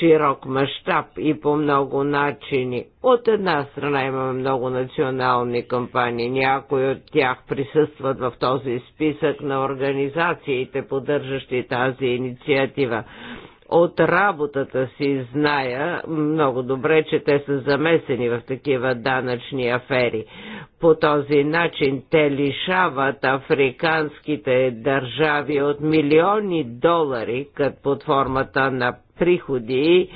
широк мащаб и по много начини. От една страна имаме много национални кампании, някои от тях присъстват в този списък на организациите, поддържащи тази инициатива от работата си. Зная много добре, че те са замесени в такива данъчни афери. По този начин те лишават африканските държави от милиони долари, като под формата на приходи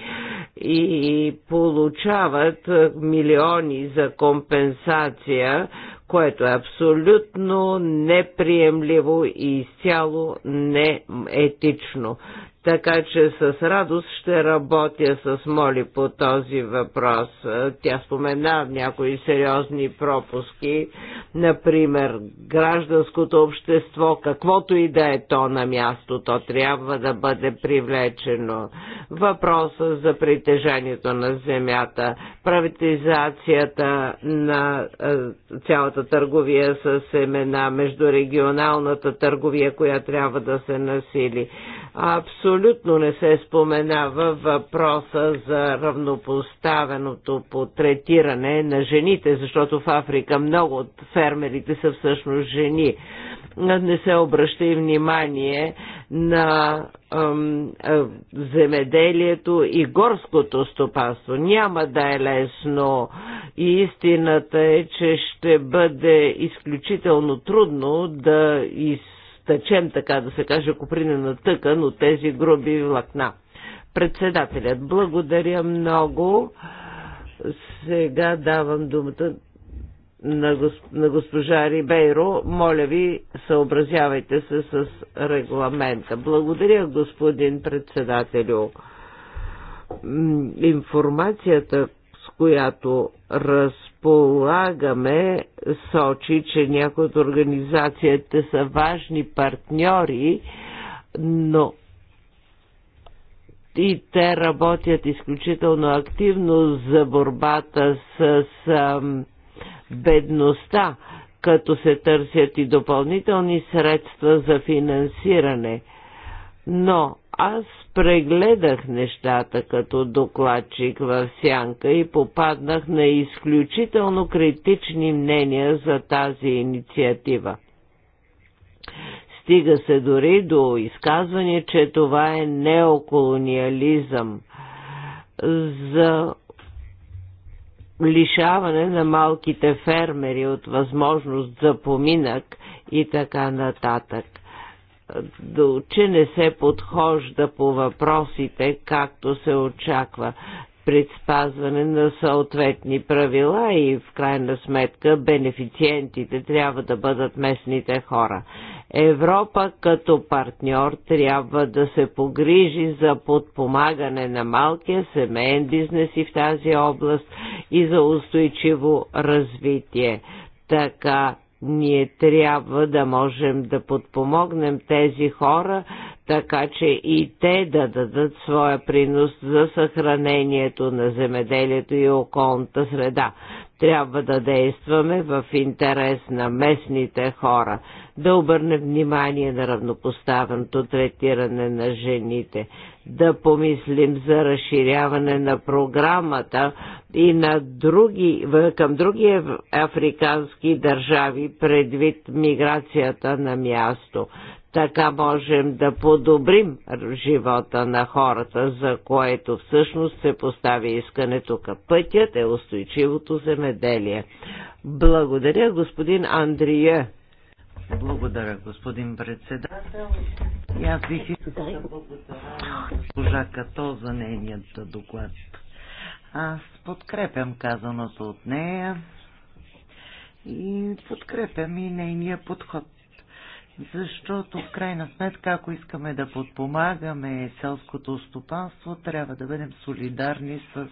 и получават милиони за компенсация, което е абсолютно неприемливо и изцяло неетично. Така че с радост ще работя с Моли по този въпрос. Тя спомена някои сериозни пропуски, например гражданското общество, каквото и да е то на място, то трябва да бъде привлечено. Въпроса за притежанието на земята, приватизацията на е, цялата търговия с семена, междурегионалната търговия, която трябва да се насили. Абсолютно абсолютно не се споменава въпроса за равнопоставеното потретиране на жените, защото в Африка много от фермерите са всъщност жени. Не се обръща и внимание на ем, е, земеделието и горското стопанство. Няма да е лесно и истината е, че ще бъде изключително трудно да из изтъчем, така да се каже, купринена тъкан от тези груби влакна. Председателят, благодаря много. Сега давам думата на, госп... на госпожа Рибейро. Моля ви, съобразявайте се с регламента. Благодаря, господин председателю. Информацията, с която раз предполагаме, сочи, че някои от организацията са важни партньори, но и те работят изключително активно за борбата с бедността, като се търсят и допълнителни средства за финансиране – но аз прегледах нещата като докладчик в сянка и попаднах на изключително критични мнения за тази инициатива. Стига се дори до изказване, че това е неоколониализъм за лишаване на малките фермери от възможност за поминък и така нататък че не се подхожда по въпросите, както се очаква пред спазване на съответни правила и в крайна сметка бенефициентите трябва да бъдат местните хора. Европа като партньор трябва да се погрижи за подпомагане на малкия семейен бизнес и в тази област и за устойчиво развитие. Така ние трябва да можем да подпомогнем тези хора, така че и те да дадат своя принос за съхранението на земеделието и околната среда. Трябва да действаме в интерес на местните хора, да обърнем внимание на равнопоставеното третиране на жените да помислим за разширяване на програмата и на други, към други африкански държави предвид миграцията на място. Така можем да подобрим живота на хората, за което всъщност се постави искане тук. Пътят е устойчивото земеделие. Благодаря, господин Андрие. Благодаря, господин председател. И аз бих искал да благодаря госпожа Като за нейният доклад. Аз подкрепям казаното от нея и подкрепям и нейния подход. Защото в крайна сметка, ако искаме да подпомагаме селското стопанство, трябва да бъдем солидарни с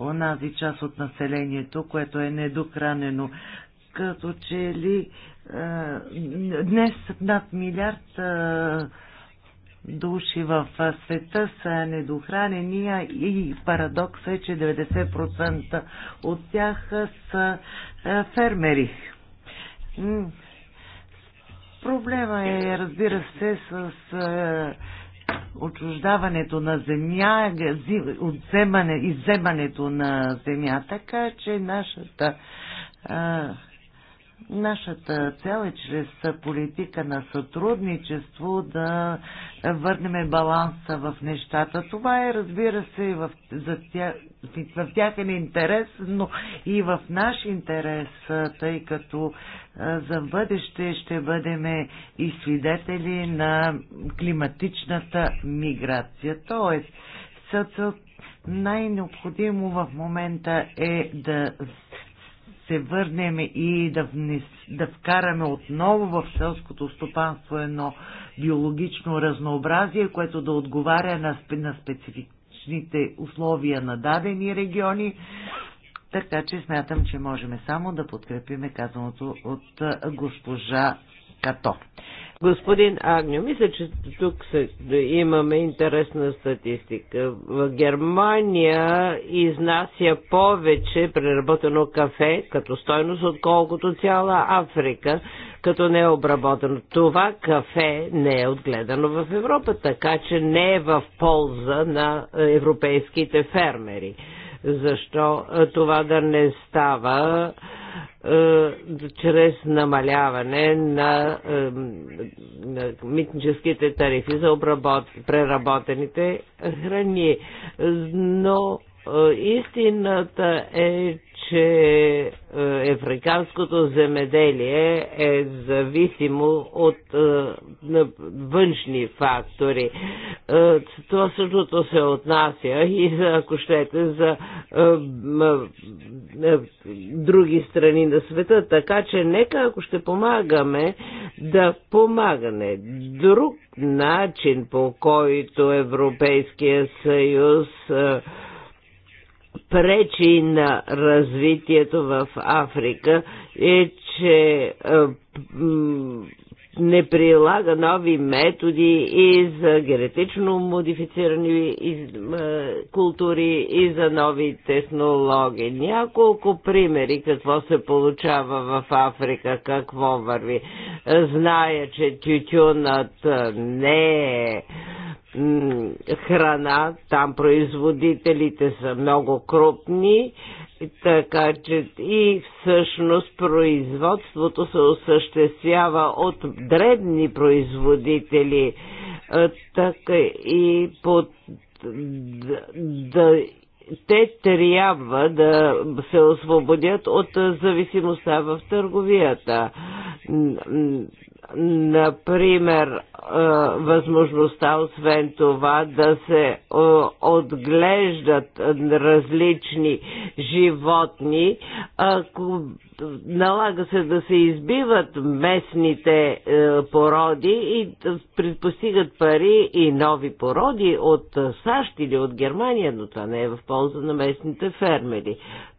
онази част от населението, което е недохранено. Като че ли е, днес над милиард е, души в света са недохранени и парадокс е, че 90% от тях са е, фермери. Проблема е, разбира се, с отчуждаването на земя, отземане, изземането на земя, така че нашата а, Нашата цел е чрез политика на сътрудничество да върнем баланса в нещата. Това е, разбира се, в, за тя, в тяхен интерес, но и в наш интерес, тъй като за бъдеще ще бъдем и свидетели на климатичната миграция. Тоест, най-необходимо в момента е да се върнем и да, внес, да вкараме отново в селското стопанство едно биологично разнообразие, което да отговаря на, на специфичните условия на дадени региони. Така че смятам, че можем само да подкрепиме казаното от госпожа Като. Господин Агню, мисля, че тук се, имаме интересна статистика. В Германия изнася повече преработено кафе като стойност, отколкото цяла Африка, като не е обработено. Това кафе не е отгледано в Европа, така че не е в полза на европейските фермери. Защо това да не става? Е, чрез намаляване на, е, на митническите тарифи за обработ... преработените храни. Но Истината е, че е, африканското земеделие е зависимо от е, външни фактори. Е, това същото се отнася и, за, ако щете, за други страни на света. Така че нека, ако ще помагаме, да помагаме. Друг начин, по който Европейския съюз пречи на развитието в Африка е, че е, не прилага нови методи и за генетично модифицирани е, култури и за нови технологии. Няколко примери какво се получава в Африка, какво върви. Зная, че тютюнът не е храна. Там производителите са много крупни, така че и всъщност производството се осъществява от дребни производители. Така и под да, те трябва да се освободят от зависимостта в търговията. Например, възможността освен това да се отглеждат различни животни, ако налага се да се избиват местните породи и предпостигат пари и нови породи от САЩ или от Германия, но това не е в полза на местните фермери.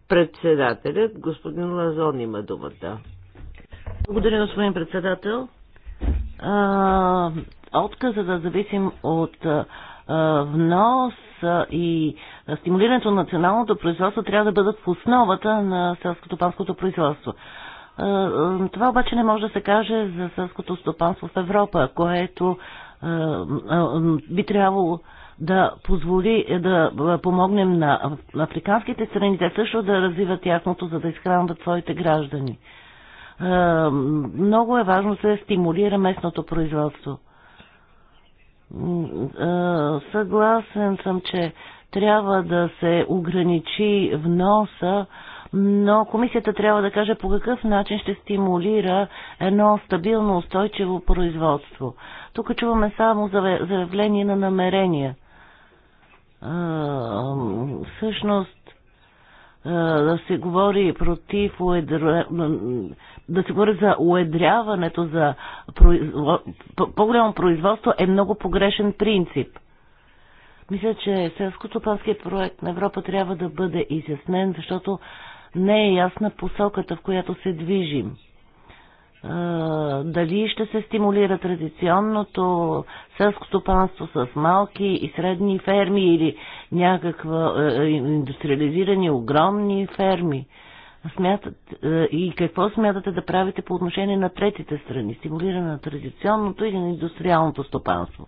Председателят, господин Лазон, има думата. Благодаря, господин председател. Отказа да зависим от внос и стимулирането на националното производство трябва да бъдат в основата на селското-панското производство. Това обаче не може да се каже за селското стопанство в Европа, което би трябвало да позволи да помогнем на африканските страни, те също да развиват тяхното, за да изхранват своите граждани много е важно да се стимулира местното производство. Съгласен съм, че трябва да се ограничи вноса, но комисията трябва да каже по какъв начин ще стимулира едно стабилно, устойчиво производство. Тук чуваме само заявление на намерения. Всъщност, да се говори против уедря... да се говори за уедряването, за по-голямо производство е много погрешен принцип. Мисля, че селско-стопанският проект на Европа трябва да бъде изяснен, защото не е ясна посоката, в която се движим дали ще се стимулира традиционното селско стопанство с малки и средни ферми или някаква е, е, индустриализирани огромни ферми. Смятат, е, и какво смятате да правите по отношение на третите страни? Стимулиране на традиционното или на индустриалното стопанство?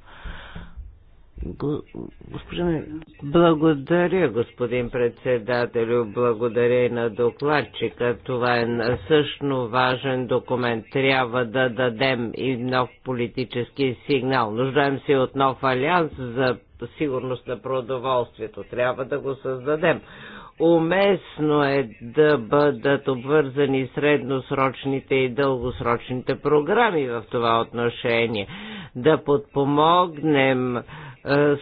Благодаря, господин председателю. Благодаря и на докладчика. Това е също важен документ. Трябва да дадем и нов политически сигнал. Нуждаем се от нов алианс за сигурност на продоволствието. Трябва да го създадем. Уместно е да бъдат обвързани средносрочните и дългосрочните програми в това отношение. Да подпомогнем е,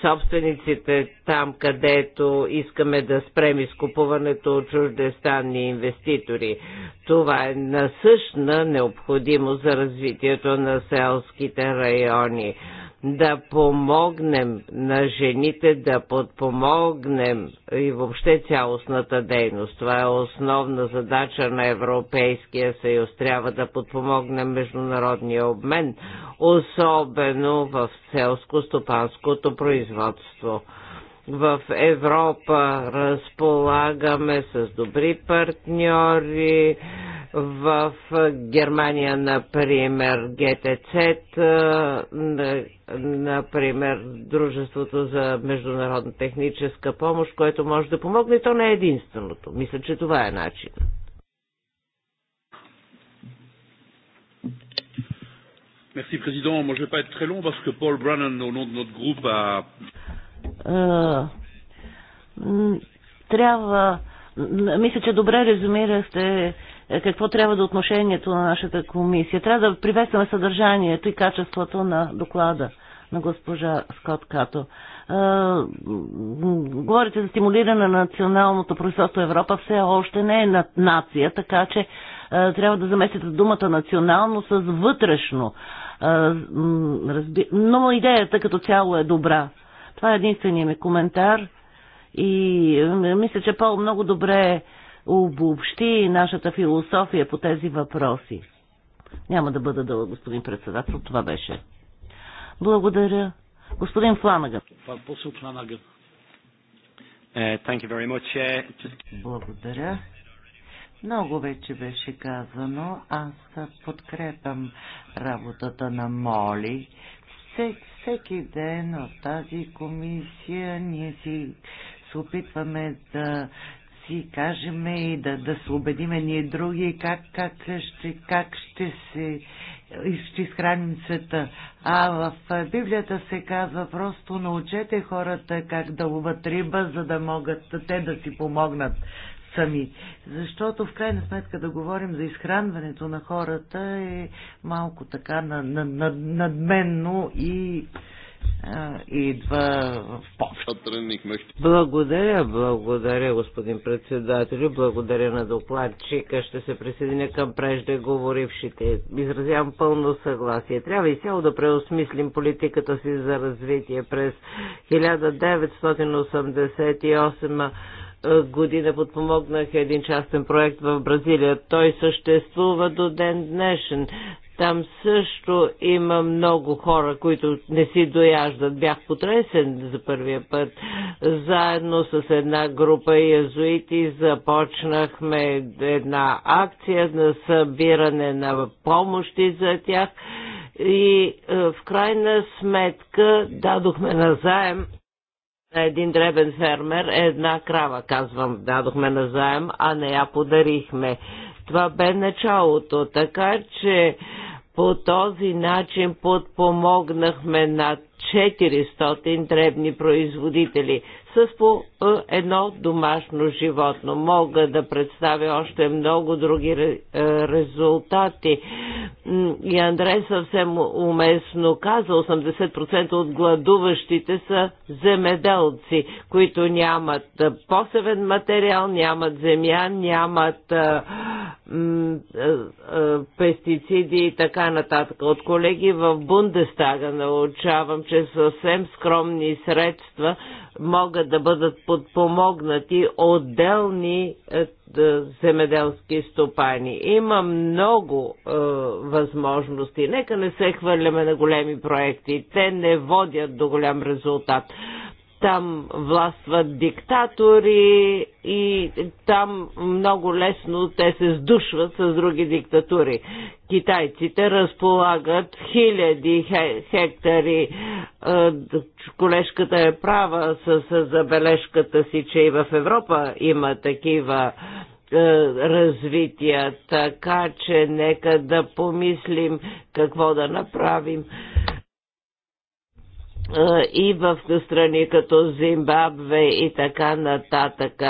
собствениците там, където искаме да спрем изкупуването от чуждестанни инвеститори. Това е насъщна необходимост за развитието на селските райони да помогнем на жените, да подпомогнем и въобще цялостната дейност. Това е основна задача на Европейския съюз. Трябва да подпомогнем международния обмен, особено в селско-стопанското производство в Европа разполагаме с добри партньори. В Германия, например, ГТЦ, например, Дружеството за международна техническа помощ, което може да помогне, то не е единственото. Мисля, че това е начин. Merci Président. Moi je vais pas être très long parce que Paul Brannan au nom de notre groupe a е, трябва. Мисля, че добре резюмирахте е, какво трябва да е отношението на нашата комисия. Трябва да приветстваме съдържанието и качеството на доклада на госпожа Скот Като. Говорите за стимулиране на националното производство Европа все още не е нация, така че трябва да заместите думата национално с вътрешно. Но идеята като цяло е добра. Това е единствения ми коментар и мисля, че Пол много добре обобщи нашата философия по тези въпроси. Няма да бъда дълъг, господин председател, това беше. Благодаря. Господин Фланагън. Е, е, Благодаря. Много вече беше казано. Аз подкрепям работата на Моли. Всеки ден в тази комисия ние си се опитваме да си кажем и да, да се убедиме ние други как, как, ще, как ще се ще изхраним света. А в Библията се казва просто научете хората как да ловат риба, за да могат те да си помогнат сами. Защото в крайна сметка да говорим за изхранването на хората е малко така надменно и а, идва в помощ. Благодаря, благодаря, господин председател, благодаря на докладчика. Ще се присъединя към преждеговорившите. Изразявам пълно съгласие. Трябва и изцяло да преосмислим политиката си за развитие през 1988 година подпомогнах един частен проект в Бразилия. Той съществува до ден днешен. Там също има много хора, които не си дояждат. Бях потресен за първия път. Заедно с една група язуити започнахме една акция на събиране на помощи за тях и в крайна сметка дадохме назаем на един дребен фермер е една крава, казвам, дадохме на заем, а не я подарихме. Това бе началото, така че по този начин подпомогнахме над 400 дребни производители с по едно домашно животно. Мога да представя още много други резултати. И Андрей съвсем уместно каза, 80% от гладуващите са земеделци, които нямат посевен материал, нямат земя, нямат пестициди и така нататък. От колеги в Бундестага научавам, че съвсем скромни средства могат да бъдат подпомогнати отделни е, земеделски стопани. Има много е, възможности. Нека не се хвърляме на големи проекти. Те не водят до голям резултат там властват диктатори и там много лесно те се сдушват с други диктатури. Китайците разполагат хиляди хектари. Колежката е права с забележката си, че и в Европа има такива развития, така че нека да помислим какво да направим и в страни като Зимбабве и така нататък.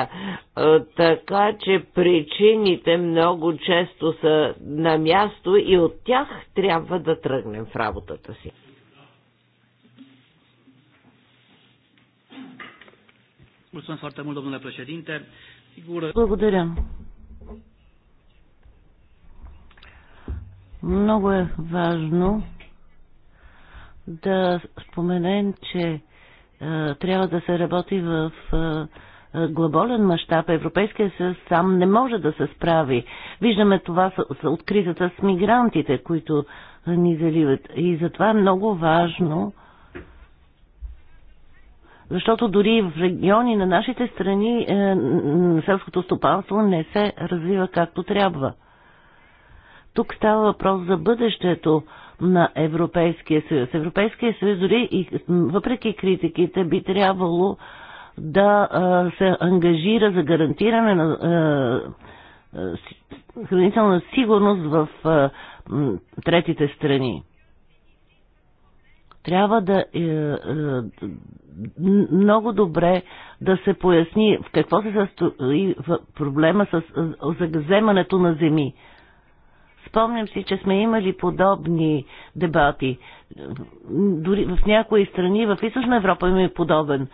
Така че причините много често са на място и от тях трябва да тръгнем в работата си. Благодаря. Много е важно да споменем, че е, трябва да се работи в е, е, глобален мащаб. Европейския съюз сам не може да се справи. Виждаме това от кризата с мигрантите, които ни заливат. И затова е много важно, защото дори в региони на нашите страни селското стопанство не се развива както трябва. Тук става въпрос за бъдещето на Европейския съюз. Европейския съюз дори и въпреки критиките би трябвало да се ангажира за гарантиране на хранителна сигурност в третите страни. Трябва да е, е, много добре да се поясни в какво се състои проблема с загаземането на земи Спомням си, че сме имали подобни дебати. Дори в някои страни, в Източна Европа има подобен е,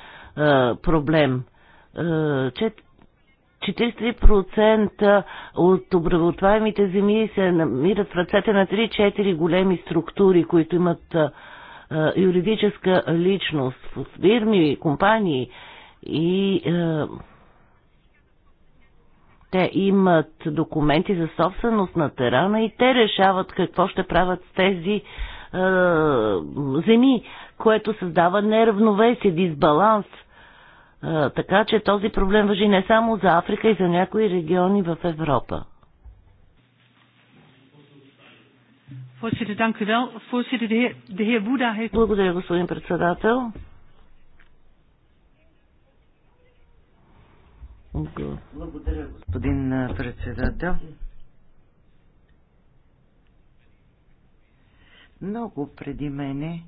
проблем. Е, че 43% от обработваемите земи се намират в ръцете на 3-4 големи структури, които имат е, юридическа личност, фирми, компании и е, те имат документи за собственост на терана и те решават какво ще правят с тези е, земи, което създава неравновесие, дисбаланс. Е, така че този проблем въжи не само за Африка и за някои региони в Европа. Благодаря, господин председател. Благодаря, господин председател. Много преди мене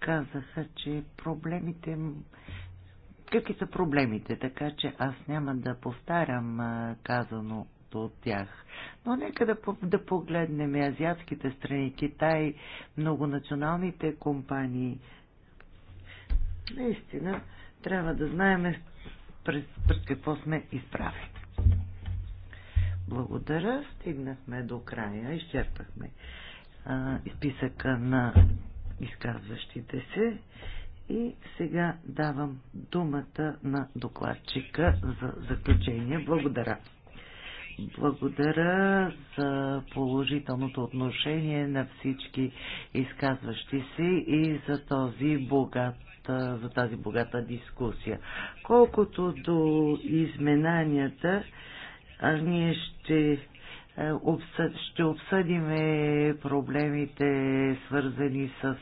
казаха, че проблемите какви са проблемите, така че аз няма да повтарям казаното от тях. Но нека да, да погледнем азиатските страни, Китай, многонационалните компании. Наистина, трябва да знаем през, през какво сме изправени. Благодаря. Стигнахме до края. Изчерпахме а, списъка на изказващите се. И сега давам думата на докладчика за заключение. Благодаря. Благодаря за положителното отношение на всички изказващи се и за този богат за тази богата дискусия. Колкото до изменанията, ние ще, обсъд, ще обсъдим проблемите, свързани с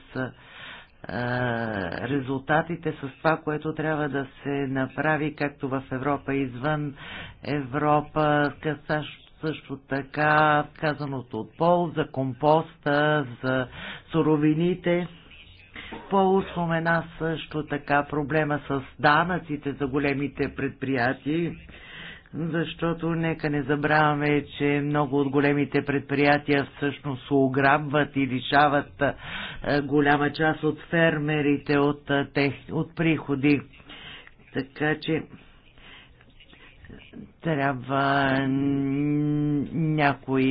резултатите с това, което трябва да се направи както в Европа, извън Европа, също така казаното от пол, за компоста, за суровините. Пол спомена също така проблема с данъците за големите предприятия, защото нека не забравяме, че много от големите предприятия всъщност ограбват и лишават голяма част от фермерите от, тех, от приходи. Така че трябва някой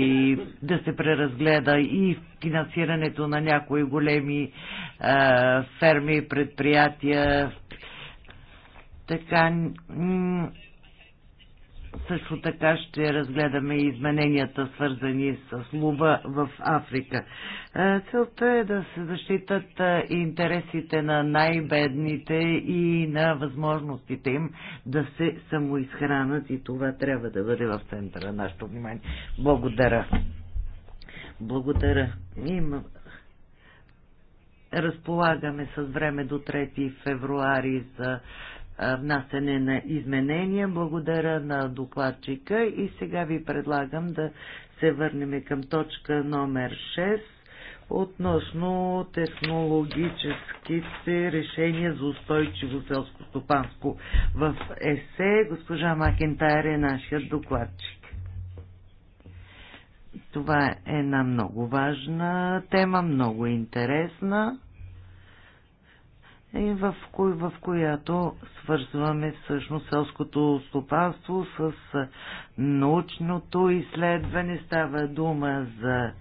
да се преразгледа и финансирането на някои големи а, е, ферми и предприятия. Така също така ще разгледаме измененията, свързани с лува в Африка. Е, целта е да се защитат е, интересите на най-бедните и на възможностите им да се самоизхранат и това трябва да бъде в центъра на нашето внимание. Благодаря. Благодаря. Има... Разполагаме с време до 3 февруари за внасене на изменения. Благодаря на докладчика и сега ви предлагам да се върнем към точка номер 6 относно технологическите решения за устойчиво селско стопанско в ЕСЕ. Госпожа Макентайр е нашият докладчик. Това е една много важна тема, много интересна в, кои, в която свързваме всъщност селското стопанство с научното изследване. Става дума за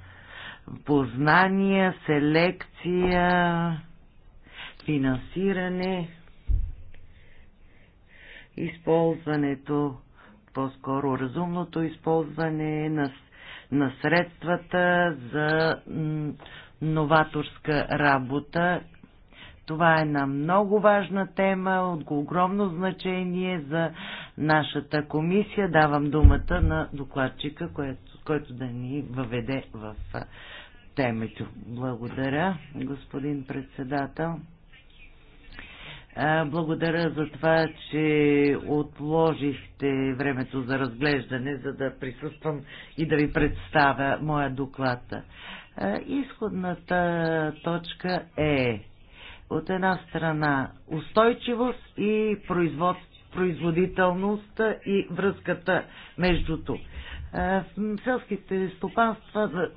познания, селекция, финансиране, използването, по-скоро разумното използване на, на средствата за новаторска работа това е една много важна тема, от огромно значение за нашата комисия. Давам думата на докладчика, който, който да ни въведе в темето. Благодаря, господин председател. Благодаря за това, че отложихте времето за разглеждане, за да присъствам и да ви представя моя доклад. Изходната точка е от една страна устойчивост и производ, производителност и връзката между тук. Е, селските стопанства,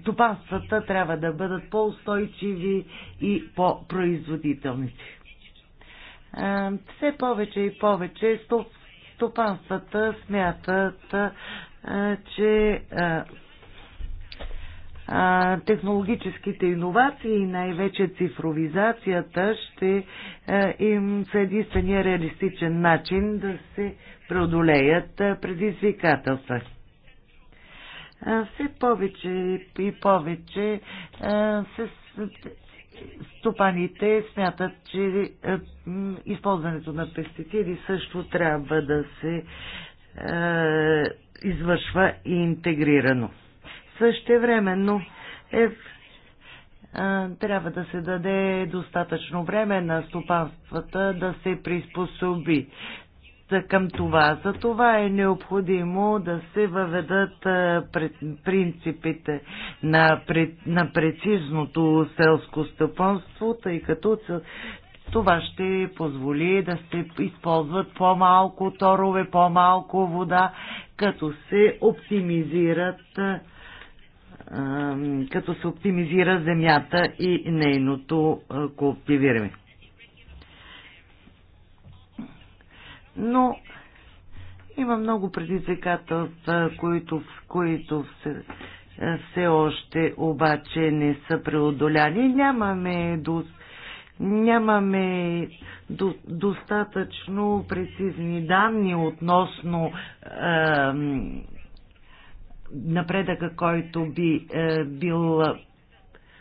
стопанствата трябва да бъдат по-устойчиви и по-производителни. Е, все повече и повече стопанствата смятат, е, че а, технологическите иновации и най-вече цифровизацията ще а, е, им са единствения реалистичен начин да се преодолеят е, а, предизвикателства. Все повече и повече а, е, се стопаните смятат, че използването на пестициди също трябва да се е, извършва и интегрирано. Същевременно е, а, трябва да се даде достатъчно време на стопанствата да се приспособи към това. За това е необходимо да се въведат принципите на, на прецизното селско стопанство. тъй като това ще позволи да се използват по-малко торове, по-малко вода, като се оптимизират като се оптимизира земята и нейното култивиране. Но има много предизвикателства, които, които все, все още обаче не са преодоляни. Нямаме до нямаме до, достатъчно прецизни данни относно напредъка, който би е, бил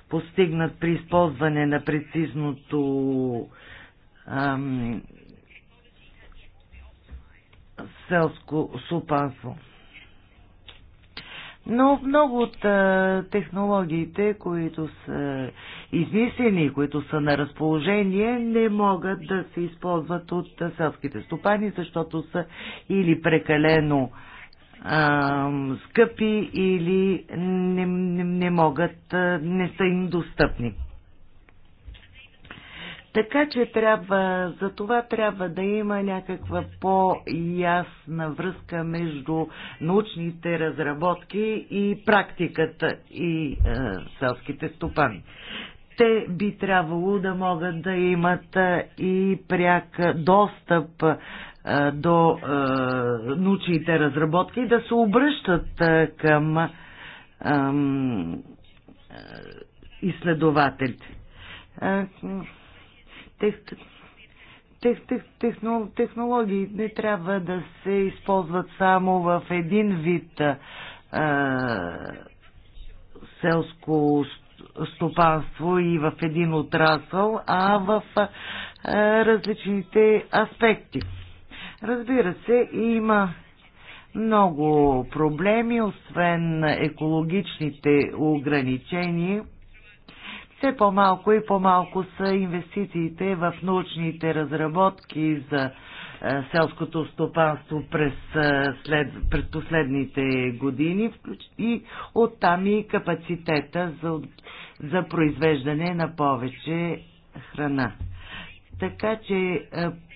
постигнат при използване на прецизното е, селско супанство. Но много от е, технологиите, които са измислени, които са на разположение, не могат да се използват от е, селските стопани, защото са или прекалено е, а, скъпи или не, не, не могат, не са им достъпни. Така че трябва, за това трябва да има някаква по-ясна връзка между научните разработки и практиката и е, селските стопани. Те би трябвало да могат да имат и пряк достъп до научните разработки и да се обръщат към изследователите. Тех, тех, тех, технологии не трябва да се използват само в един вид а, селско стопанство и в един отрасъл, а в а, различните аспекти. Разбира се, има много проблеми, освен екологичните ограничения. Все по-малко и по-малко са инвестициите в научните разработки за е, селското стопанство през, е, след, през последните години и оттам и капацитета за, за произвеждане на повече храна. Така че е,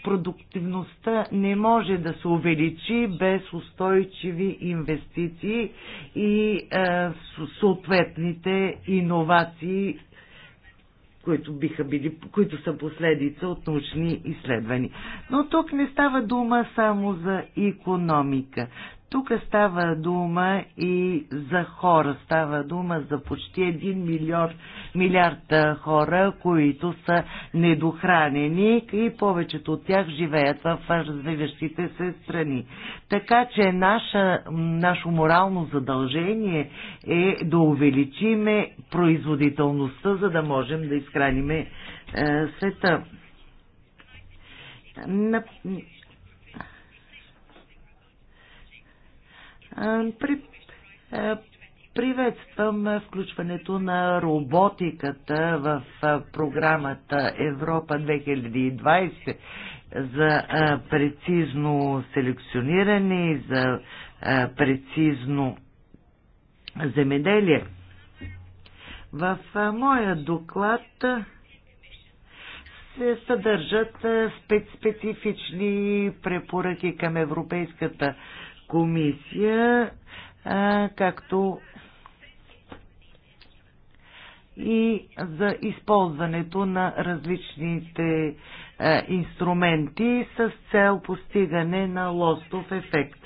продуктивността не може да се увеличи без устойчиви инвестиции и е, съответните иновации, които, биха били, които са последица от научни изследвания. Но тук не става дума само за економика. Тук става дума и за хора, става дума за почти 1 милион, милиард хора, които са недохранени и повечето от тях живеят в развиващите се страни. Така че наша, наше морално задължение е да увеличиме производителността, за да можем да изхраниме е, света. При, приветствам включването на роботиката в програмата Европа 2020 за прецизно селекциониране и за прецизно земеделие. В моя доклад се съдържат специфични препоръки към Европейската а, комисия, а, както и за използването на различните а, инструменти с цел постигане на лостов ефект.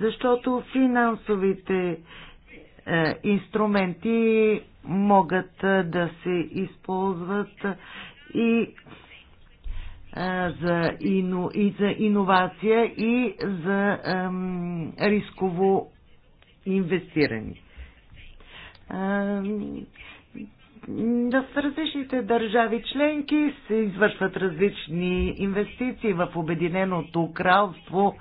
Защото финансовите а, инструменти могат да се използват и за ино, и за иновация и за ем, рисково инвестиране. Ем, в различните държави членки се извършват различни инвестиции в Обединеното кралство. Е,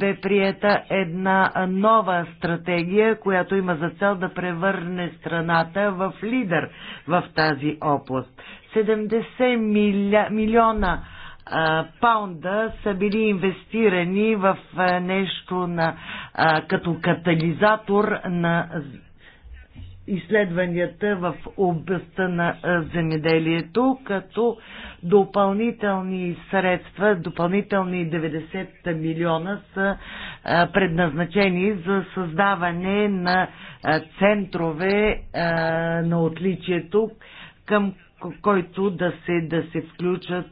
бе приета една нова стратегия, която има за цел да превърне страната в лидер в тази област. 70 миля, милиона а, паунда са били инвестирани в нещо на, а, като катализатор на изследванията в областта на земеделието, като допълнителни средства, допълнителни 90 милиона са предназначени за създаване на центрове на отличието, към който да се, да се включат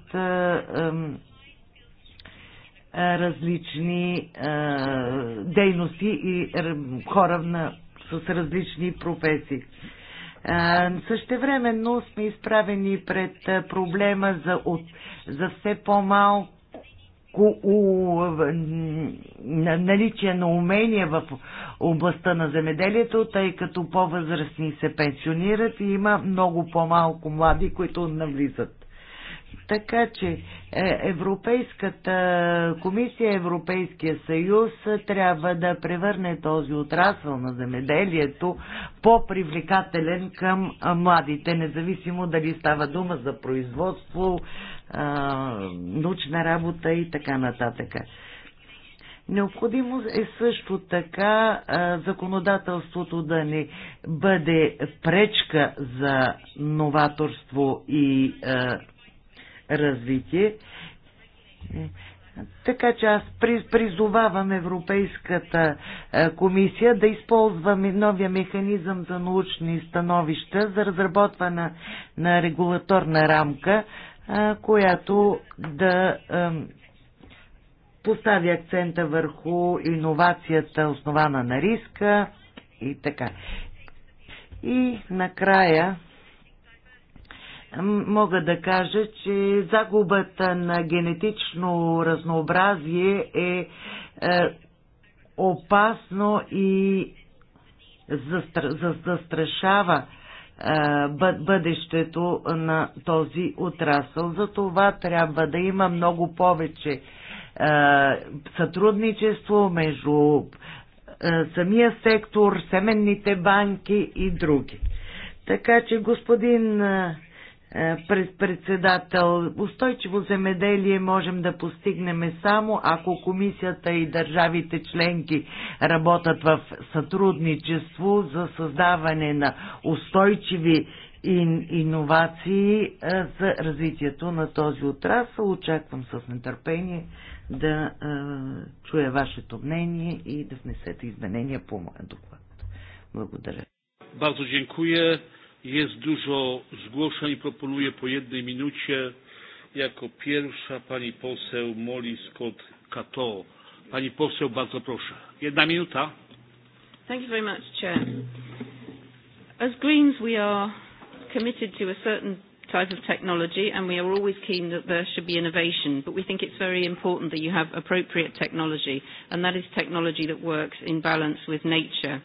различни дейности и хора на с различни професии. Същевременно сме изправени пред проблема за, от, за все по-малко наличие на умения в областта на земеделието, тъй като по-възрастни се пенсионират и има много по-малко млади, които навлизат. Така че е, Европейската комисия, Европейския съюз трябва да превърне този отрасъл на земеделието по-привлекателен към младите, независимо дали става дума за производство, научна работа и така нататък. Необходимо е също така законодателството да не бъде пречка за новаторство и а, развитие. Така че аз призовавам Европейската е, комисия да използваме новия механизъм за научни становища за разработване на регулаторна рамка, е, която да е, постави акцента върху иновацията, основана на риска и така. И накрая мога да кажа, че загубата на генетично разнообразие е, е опасно и застрашава е, бъдещето на този отрасъл. За това трябва да има много повече е, сътрудничество между самия сектор, семенните банки и други. Така че, господин е, председател. Устойчиво земеделие можем да постигнем само ако комисията и държавите членки работят в сътрудничество за създаване на устойчиви ин, иновации е, за развитието на този отрасъл. Очаквам с нетърпение да а, е, чуя вашето мнение и да внесете изменения по моя доклад. Благодаря. Bardzo dziękuję. Jest dużo zgłoszeń. Proponuję po jednej minucie. Jako pierwsza pani poseł Molly Scott Kato. Pani poseł, bardzo proszę. Jedna minuta. Thank you very much, Chair. As Greens, we are committed to a certain type of technology, and we are always keen that there should be innovation, but we think it's very important that you have appropriate technology, and that is technology that works in balance with nature.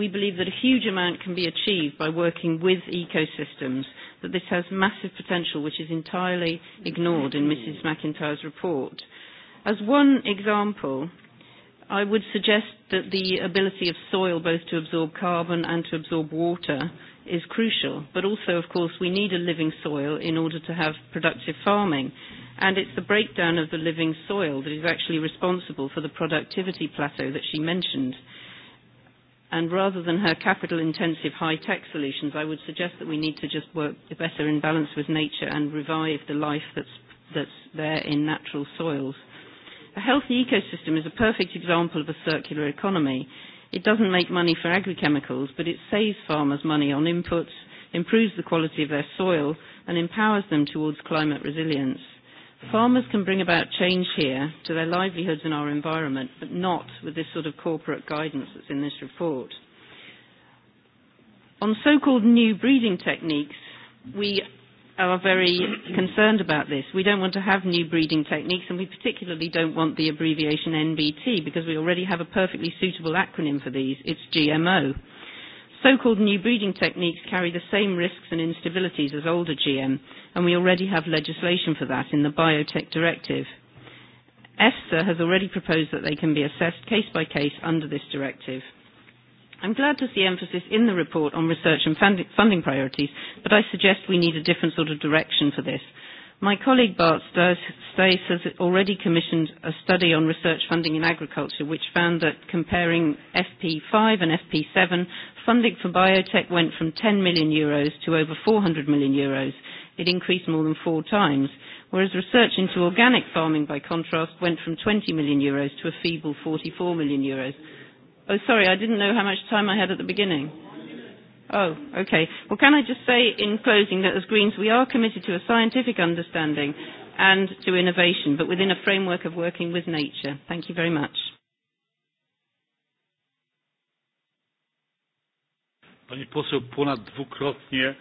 We believe that a huge amount can be achieved by working with ecosystems, that this has massive potential which is entirely ignored in Mrs McIntyre's report. As one example, I would suggest that the ability of soil both to absorb carbon and to absorb water is crucial. But also, of course, we need a living soil in order to have productive farming. And it's the breakdown of the living soil that is actually responsible for the productivity plateau that she mentioned. And rather than her capital-intensive high-tech solutions, I would suggest that we need to just work better in balance with nature and revive the life that's, that's there in natural soils. A healthy ecosystem is a perfect example of a circular economy. It doesn't make money for agrochemicals, but it saves farmers money on inputs, improves the quality of their soil, and empowers them towards climate resilience. Farmers can bring about change here to their livelihoods and our environment, but not with this sort of corporate guidance that's in this report. On so-called new breeding techniques, we are very concerned about this. We don't want to have new breeding techniques, and we particularly don't want the abbreviation NBT because we already have a perfectly suitable acronym for these. It's GMO. So-called new breeding techniques carry the same risks and instabilities as older GM, and we already have legislation for that in the Biotech Directive. EFSA has already proposed that they can be assessed case by case under this directive. I'm glad to see emphasis in the report on research and funding priorities, but I suggest we need a different sort of direction for this. My colleague Bart Stace has already commissioned a study on research funding in agriculture which found that comparing FP5 and FP7 funding for biotech went from 10 million euros to over 400 million euros. It increased more than four times, whereas research into organic farming, by contrast, went from 20 million euros to a feeble 44 million euros. Oh, sorry, I didn't know how much time I had at the beginning. Oh, okay. Well, can I just say in closing that as Greens, we are committed to a scientific understanding and to innovation, but within a framework of working with nature. Thank you very much. Pani poseł ponad dwukrotnie,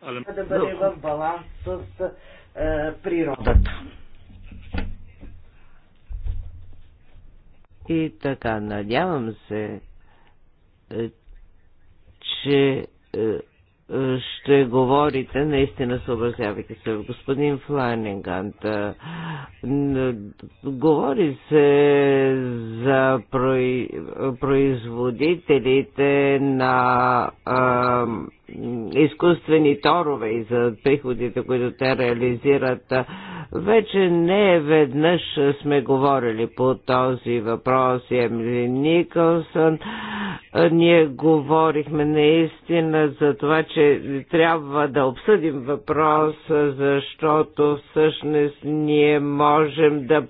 ale... Да бъде в баланс с е, природата. И така, надявам се, че е, ще говорите, наистина съобразявайте се в господин Флайнингант. Говори се за производителите на изкуствени торове и за приходите, които те реализират. Вече не е веднъж сме говорили по този въпрос и Емили Николсън. Ние говорихме наистина за това, че трябва да обсъдим въпрос, защото всъщност ние можем да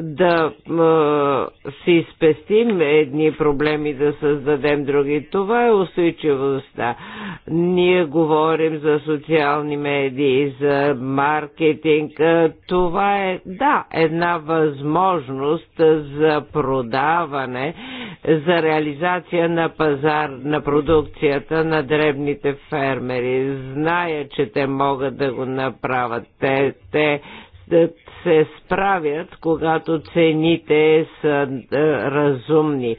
да е, си спестим едни проблеми, да създадем други. Това е устойчивостта. Ние говорим за социални медии, за маркетинг. Това е, да, една възможност за продаване, за реализация на пазар на продукцията на дребните фермери. Зная, че те могат да го направят. Те, те да се справят, когато цените са е, разумни.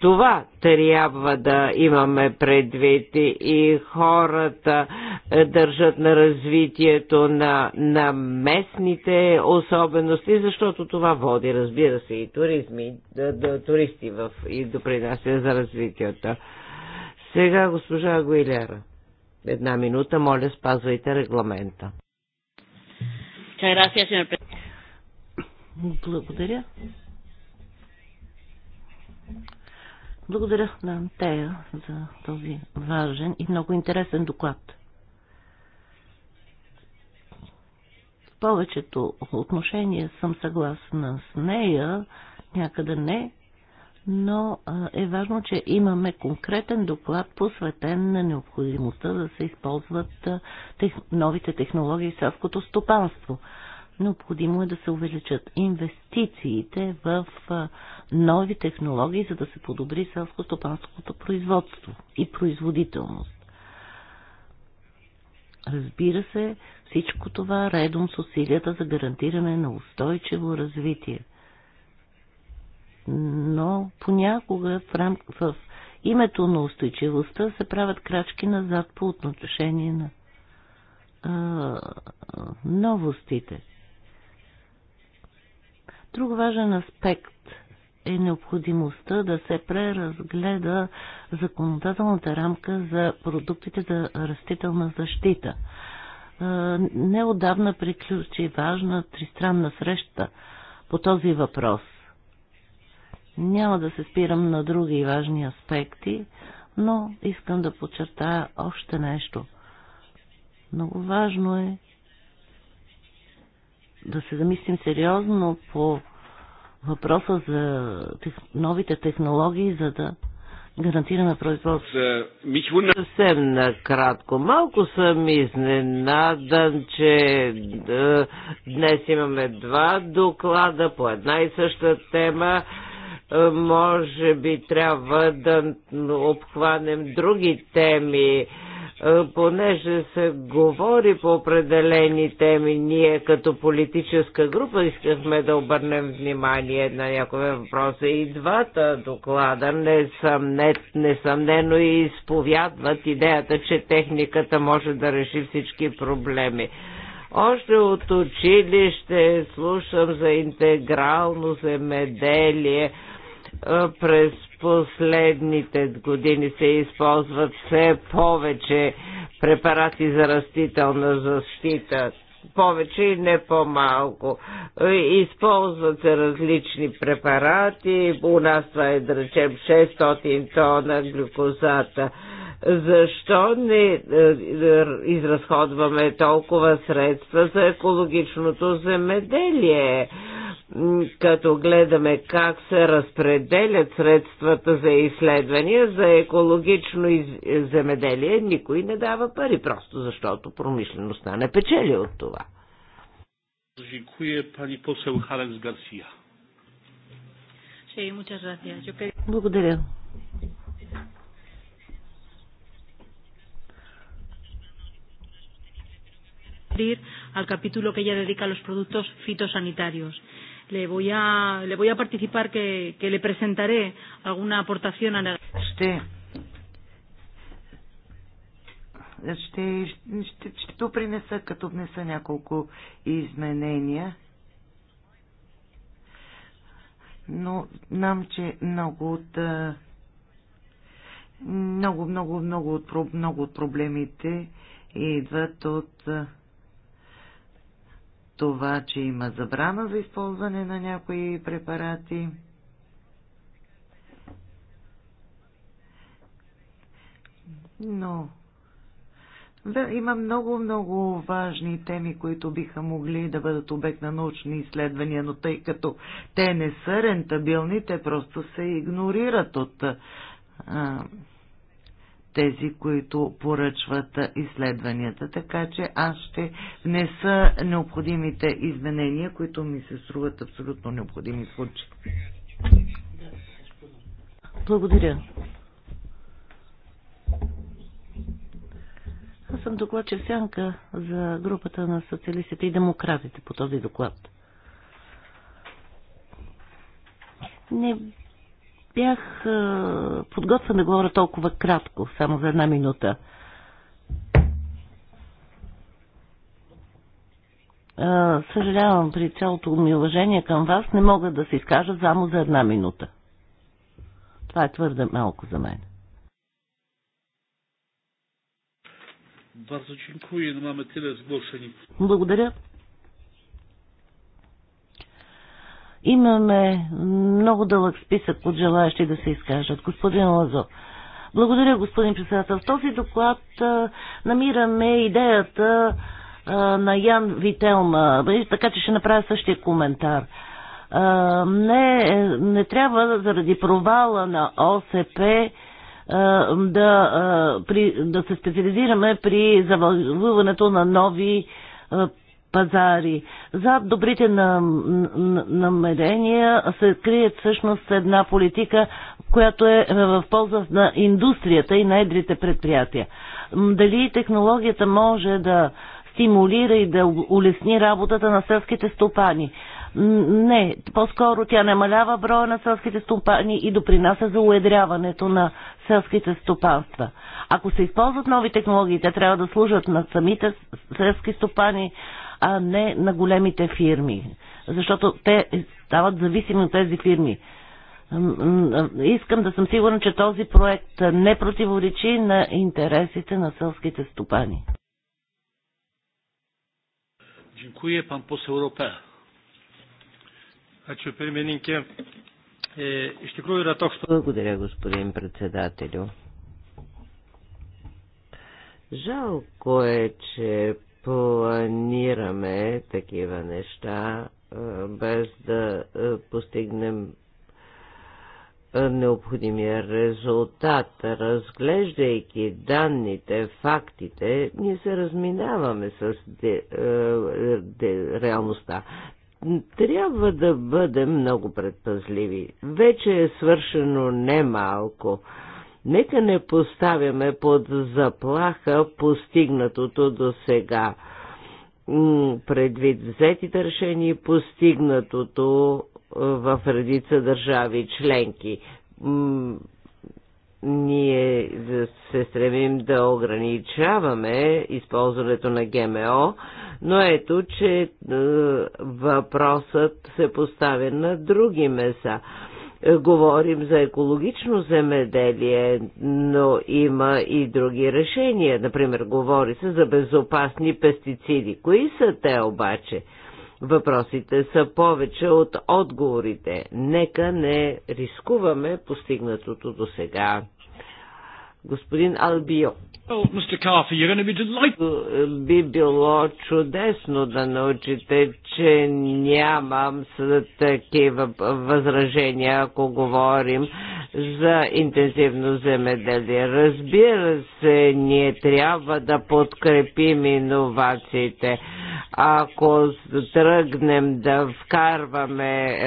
Това трябва да имаме предвид и хората е, държат на развитието на, на местните особености, защото това води, разбира се, и туризми, да, да, туристи в, и допринася за развитието. Сега госпожа Агуилера. Една минута, моля, спазвайте регламента. Благодаря. Благодаря на Антея за този важен и много интересен доклад. В повечето отношения съм съгласна с нея, някъде не, но е важно, че имаме конкретен доклад, посветен на необходимостта да се използват тех... новите технологии в селското стопанство. Необходимо е да се увеличат инвестициите в нови технологии, за да се подобри селско-стопанското производство и производителност. Разбира се, всичко това редом с усилията за гарантиране на устойчиво развитие – но понякога в, рам... в името на устойчивостта се правят крачки назад по отношение на а, новостите. Друг важен аспект е необходимостта да се преразгледа законодателната рамка за продуктите за растителна защита. Неодавна приключи важна тристранна среща по този въпрос. Няма да се спирам на други важни аспекти, но искам да подчертая още нещо. Много важно е да се замислим сериозно по въпроса за тех... новите технологии, за да гарантираме производство. Съвсем накратко. Малко съм изненадан, че е, днес имаме два доклада по една и съща тема е, може би трябва да обхванем други теми е, понеже се говори по определени теми, ние като политическа група искахме да обърнем внимание на някои въпроса. И двата доклада несъмнено и изповядват идеята, че техниката може да реши всички проблеми. Още от училище слушам за интегрално земеделие, през последните години се използват все повече препарати за растителна защита повече и не по-малко. Е, използват се различни препарати, у нас това е да речем 600 тона глюкозата. Защо не е, е, изразходваме толкова средства за екологичното земеделие? като гледаме как се разпределят средствата за изследвания за екологично земеделие, никой не дава пари, просто защото промишлеността не печели от това. Благодаря. al capítulo que ella dedica a los productos fitosanitarios. Le voy a, le voy a participar que, que le presentaré alguna aportación a. la... Ще ще, ще, ще допринеса, като внеса няколко изменения. Но знам, че много от много, много, много от, много от проблемите идват от това, че има забрана за използване на някои препарати. Но да, има много, много важни теми, които биха могли да бъдат обект на научни изследвания, но тъй като те не са рентабилни, те просто се игнорират от а, тези, които поръчват изследванията. Така че аз ще внеса необходимите изменения, които ми се струват абсолютно необходими случаи. Благодаря. Аз съм докладчик сянка за групата на социалистите и демократите по този доклад. Не бях подготвен да говоря толкова кратко, само за една минута. съжалявам при цялото ми уважение към вас, не мога да се изкажа само за една минута. Това е твърде малко за мен. Благодаря. Имаме много дълъг списък от желаящи да се изкажат. Господин Лазо, благодаря, господин председател. В този доклад а, намираме идеята а, на Ян Вителма, така че ще направя същия коментар. А, не, не трябва заради провала на ОСП да, при, да се специализираме при завоюването на нови пазари. Зад добрите намерения се крият всъщност една политика, която е в полза на индустрията и на едрите предприятия. Дали технологията може да стимулира и да улесни работата на селските стопани. Не, по-скоро тя намалява броя на селските стопани и допринася за уедряването на селските стопанства. Ако се използват нови технологии, те трябва да служат на самите селски стопани, а не на големите фирми, защото те стават зависими от тези фирми. Искам да съм сигурна, че този проект не противоречи на интересите на селските стопани. Dziękuję pan poseł Europea. E, Благодаря, господин председателю. Жалко е, че планираме такива неща, е, без да е, постигнем е, необходимия резултат. Разглеждайки данните, фактите, ние се разминаваме с де, де, реалността. Трябва да бъдем много предпазливи. Вече е свършено немалко. Нека не поставяме под заплаха постигнатото до сега. Предвид взетите решения и постигнатото е, в редица държави членки ние се стремим да ограничаваме използването на ГМО, но ето, че е, въпросът се поставя на други меса. Е, говорим за екологично земеделие, но има и други решения. Например, говори се за безопасни пестициди. Кои са те обаче? Въпросите са повече от отговорите. Нека не рискуваме постигнатото до сега. Господин Албио. Oh, е, Би било чудесно да научите, че нямам такива възражения, ако говорим за интензивно земеделие. Разбира се, ние трябва да подкрепим иновациите. Ако тръгнем да вкарваме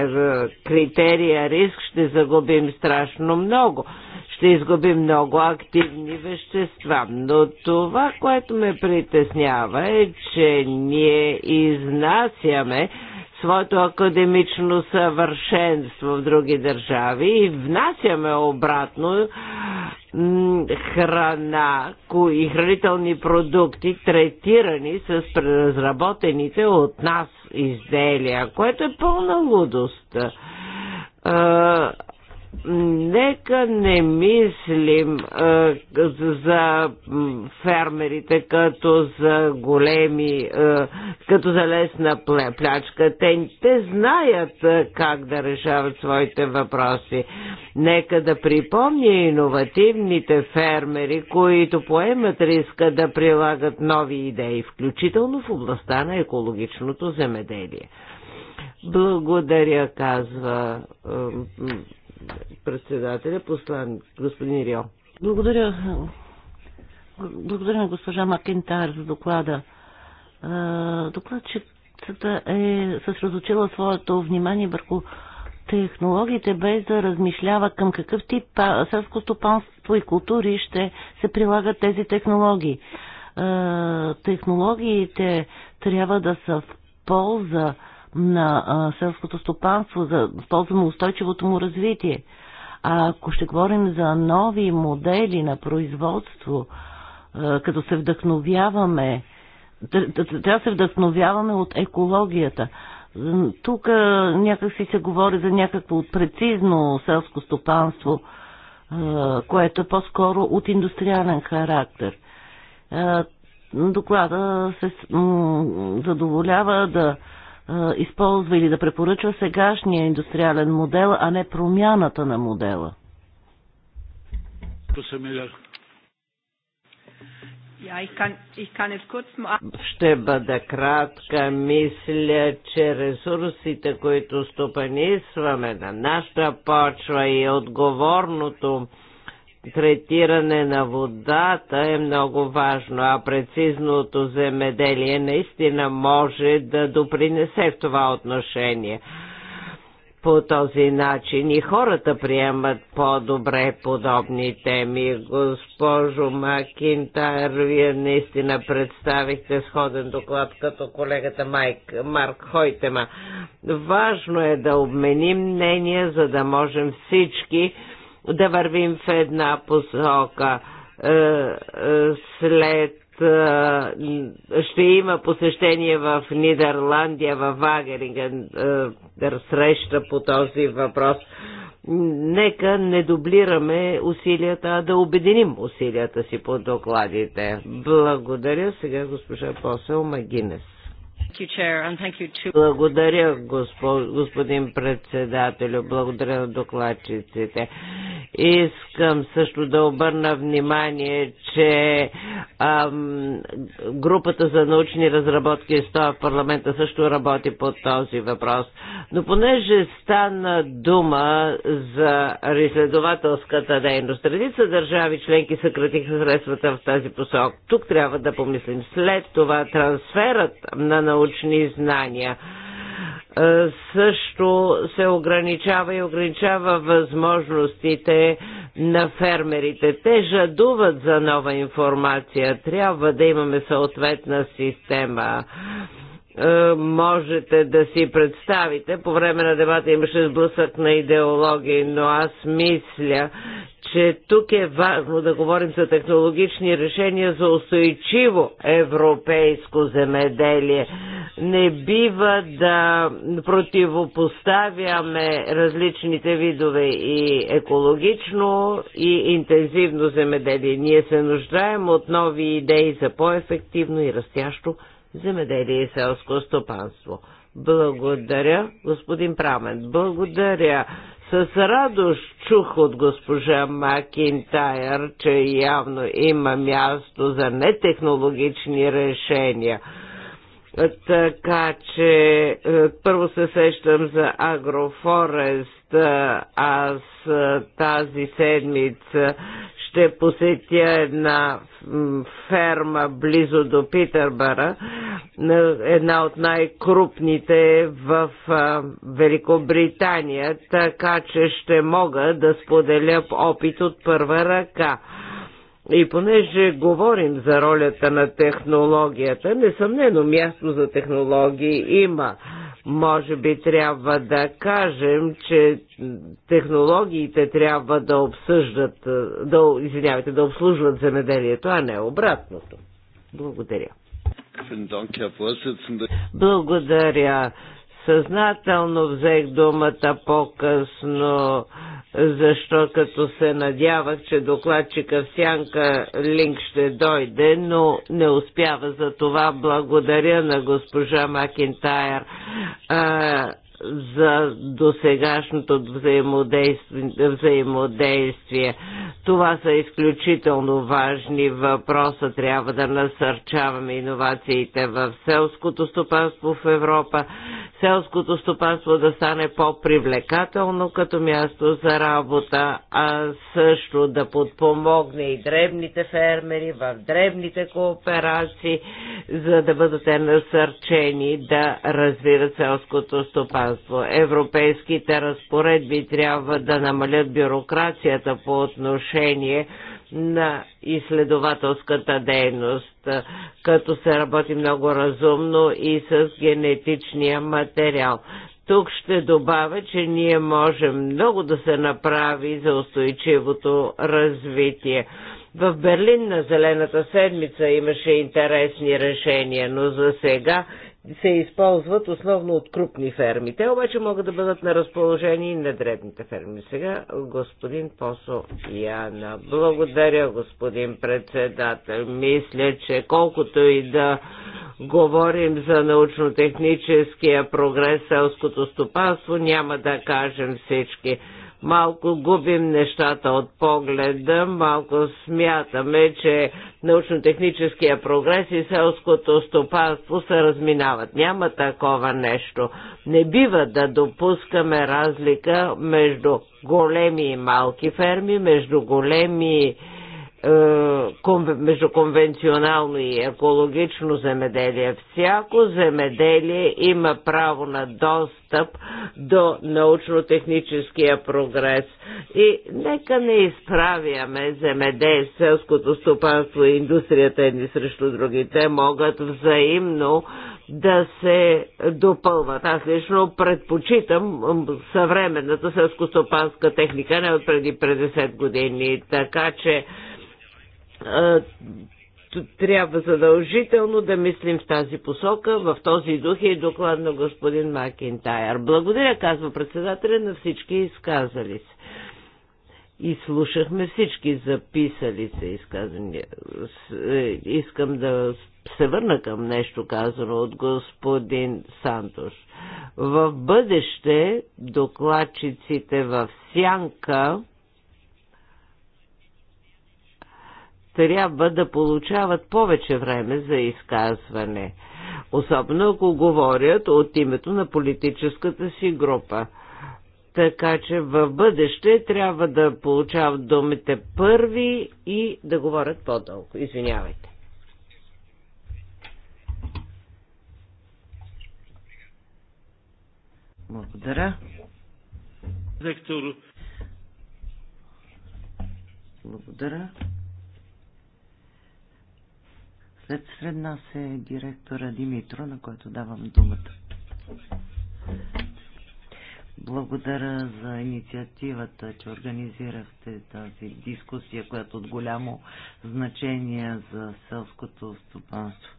критерия риск, ще загубим страшно много ще изгуби много активни вещества. Но това, което ме притеснява е, че ние изнасяме своето академично съвършенство в други държави и внасяме обратно храна и хранителни продукти, третирани с преразработените от нас изделия, което е пълна лудост Нека не мислим а, за фермерите като за големи, а, като за лесна плячка. Те, те знаят а, как да решават своите въпроси. Нека да припомня иновативните фермери, които поемат риска да прилагат нови идеи, включително в областта на екологичното земеделие. Благодаря, казва председателя, послан господин Рио. Благодаря. Благодаря на госпожа Макентар за доклада. Докладчицата е съсредоточила своето внимание върху технологиите, без да размишлява към какъв тип селско стопанство и култури ще се прилагат тези технологии. Технологиите трябва да са в полза на селското стопанство, за ползваме устойчивото му развитие. А ако ще говорим за нови модели на производство, като се вдъхновяваме, трябва да се вдъхновяваме от екологията. Тук някак си се говори за някакво прецизно селско стопанство, което е по-скоро от индустриален характер. Доклада се задоволява да използва или да препоръчва сегашния индустриален модел, а не промяната на модела? Ще бъда кратка. Мисля, че ресурсите, които стопанисваме на нашата почва и отговорното третиране на водата е много важно, а прецизното земеделие наистина може да допринесе в това отношение. По този начин и хората приемат по-добре подобни теми. Госпожо Макинтайр, вие наистина представихте сходен доклад като колегата Майк, Марк Хойтема. Важно е да обменим мнение, за да можем всички да вървим в една посока. Е, е, след е, ще има посещение в Нидерландия, в Вагеринген, среща по този въпрос. Нека не дублираме усилията, а да обединим усилията си по докладите. Благодаря. Сега госпожа Посел Магинес. Благодаря, господин председателю. Благодаря на докладчиците. Искам също да обърна внимание, че ам, групата за научни разработки стоя в парламента също работи по този въпрос. Но понеже стана дума за изследователската дейност, редица държави членки съкратиха средствата в тази посок. Тук трябва да помислим. След това трансферът на научни научни знания е, също се ограничава и ограничава възможностите на фермерите. Те жадуват за нова информация. Трябва да имаме съответна система. Е, можете да си представите. По време на дебата имаше сблъсък на идеологии, но аз мисля, че тук е важно да говорим за технологични решения за устойчиво европейско земеделие. Не бива да противопоставяме различните видове и екологично и интензивно земеделие. Ние се нуждаем от нови идеи за по-ефективно и растящо земеделие и селско стопанство. Благодаря, господин Прамен. Благодаря. С радост чух от госпожа Макинтайр, че явно има място за нетехнологични решения. Така че е, първо се сещам за Агрофорест. Е, аз е, тази седмица ще посетя една ферма близо до Питърбара, една от най-крупните в Великобритания, така че ще мога да споделя опит от първа ръка. И понеже говорим за ролята на технологията, несъмнено място за технологии има. Може би трябва да кажем, че технологиите трябва да обсъждат, да, извинявайте, да обслужват земеделието, а не обратното. Благодаря. Благодаря. Съзнателно взех думата по-късно, защо като се надявах, че докладчика в сянка Линк ще дойде, но не успява за това. Благодаря на госпожа Макинтайр. А, за досегашното взаимодействие, взаимодействие. Това са изключително важни въпроса. Трябва да насърчаваме иновациите в селското стопанство в Европа. Селското стопанство да стане по-привлекателно като място за работа, а също да подпомогне и дребните фермери в дребните кооперации, за да бъдат те насърчени да развиват селското стопанство правителство. Европейските разпоредби трябва да намалят бюрокрацията по отношение на изследователската дейност, като се работи много разумно и с генетичния материал. Тук ще добавя, че ние можем много да се направи за устойчивото развитие. В Берлин на Зелената седмица имаше интересни решения, но за сега се използват основно от крупни ферми. Те обаче могат да бъдат на разположение и на дребните ферми. Сега господин Посо Яна. Благодаря, господин председател. Мисля, че колкото и да говорим за научно-техническия прогрес, селското стопанство, няма да кажем всички. Малко губим нещата от погледа, малко смятаме, че научно-техническия прогрес и селското стопанство се разминават. Няма такова нещо. Не бива да допускаме разлика между големи и малки ферми, между големи и е, между конвенционално и екологично земеделие. Всяко земеделие има право на достъп до научно-техническия прогрес. И нека не изправяме земеделие, селското стопанство и индустрията едни срещу другите могат взаимно да се допълват. Аз лично предпочитам съвременната селско-стопанска техника не от преди 50 години, така че трябва задължително да мислим в тази посока, в този дух е и доклад на господин Макинтайр. Благодаря, казва председателя на всички изказали се. И слушахме всички записали се изказания. Е, искам да се върна към нещо казано от господин Сантош. В бъдеще докладчиците в Сянка трябва да получават повече време за изказване, особено ако говорят от името на политическата си група. Така че в бъдеще трябва да получават думите първи и да говорят по-дълго. Извинявайте. Благодаря. Директор. Благодаря. След сред нас е директора Димитро, на който давам думата. Благодаря за инициативата, че организирахте тази дискусия, която от голямо значение за селското стопанство.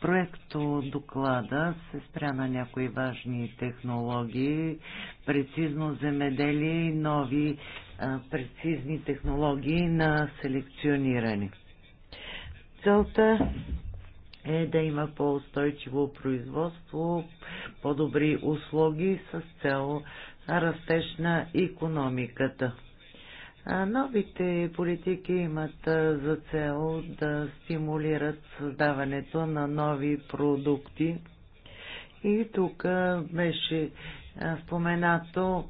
Проекто доклада се спря на някои важни технологии, прецизно земеделие и нови а, прецизни технологии на селекциониране. Целта е да има по-устойчиво производство, по-добри услуги с цел растеж на економиката. Новите политики имат за цел да стимулират създаването на нови продукти. И тук беше споменато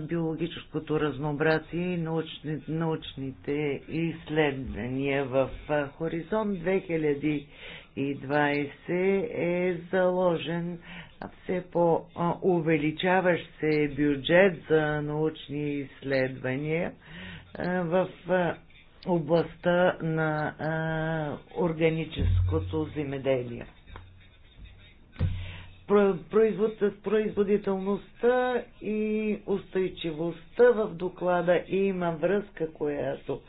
биологическото разнообразие и научни, научните изследвания в Хоризонт 2020 е заложен все по-увеличаващ се бюджет за научни изследвания в областта на органическото земеделие производителността и устойчивостта в доклада и има връзка, която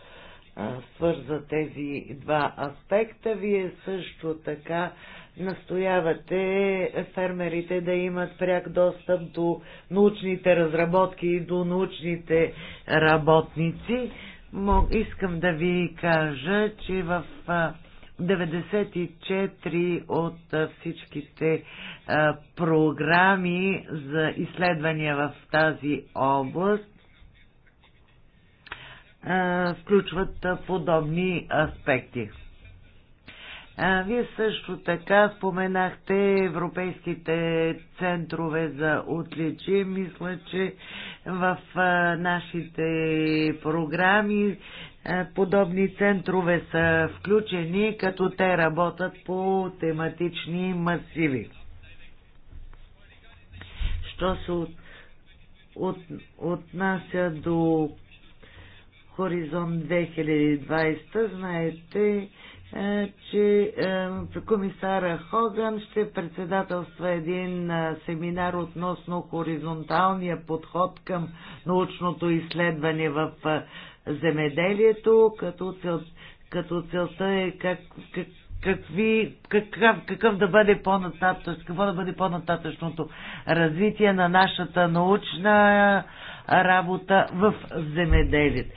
свърза тези два аспекта. Вие също така настоявате фермерите да имат пряк достъп до научните разработки и до научните работници. искам да ви кажа, че в 94 от всичките а, програми за изследвания в тази област а, включват а, подобни аспекти. А, вие също така споменахте европейските центрове за отличие. Мисля, че в а, нашите програми е, подобни центрове са включени, като те работят по тематични масиви. Що се от, от, отнася до Хоризонт 2020, знаете, е, че е, комисара Хоган ще председателства един семинар относно хоризонталния подход към научното изследване в земеделието, като, цел, като целта е как, как, какви, какъв, какъв да бъде по какво да бъде по-нататъчното развитие на нашата научна работа в земеделието.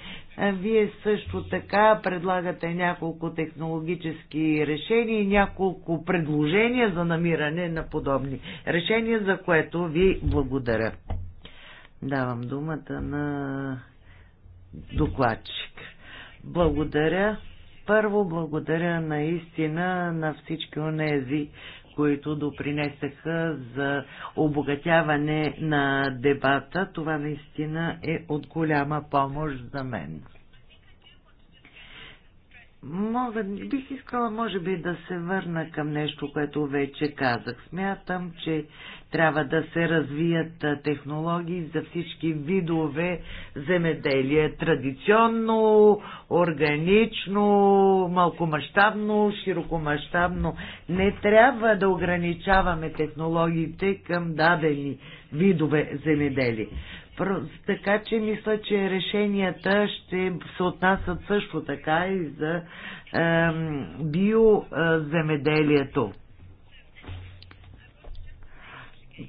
Вие също така предлагате няколко технологически решения и няколко предложения за намиране на подобни решения, за което ви благодаря. Давам думата на докладчик. Благодаря. Първо благодаря наистина на всички онези, които допринесеха за обогатяване на дебата. Това наистина е от голяма помощ за мен. Мога, бих искала, може би, да се върна към нещо, което вече казах. Смятам, че трябва да се развият технологии за всички видове земеделие. Традиционно, органично, малкомащабно, широкомащабно. Не трябва да ограничаваме технологиите към дадени видове земеделие. Така че мисля, че решенията ще се отнасят също така и за биоземеделието. Е,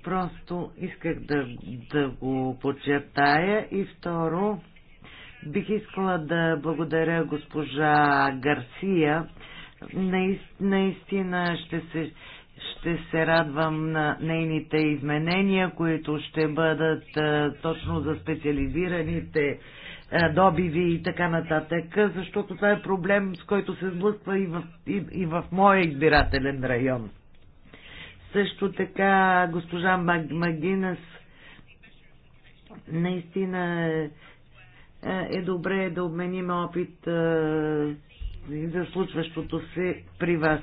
Просто исках да, да го подчертая. И второ, бих искала да благодаря госпожа Гарсия. Наистина ще се, ще се радвам на нейните изменения, които ще бъдат точно за специализираните добиви и така нататък, защото това е проблем, с който се сблъсква и в, и, и в моя избирателен район. Също така госпожа Маг Магинас наистина е, е, е добре да обменим опит е, за случващото се при вас.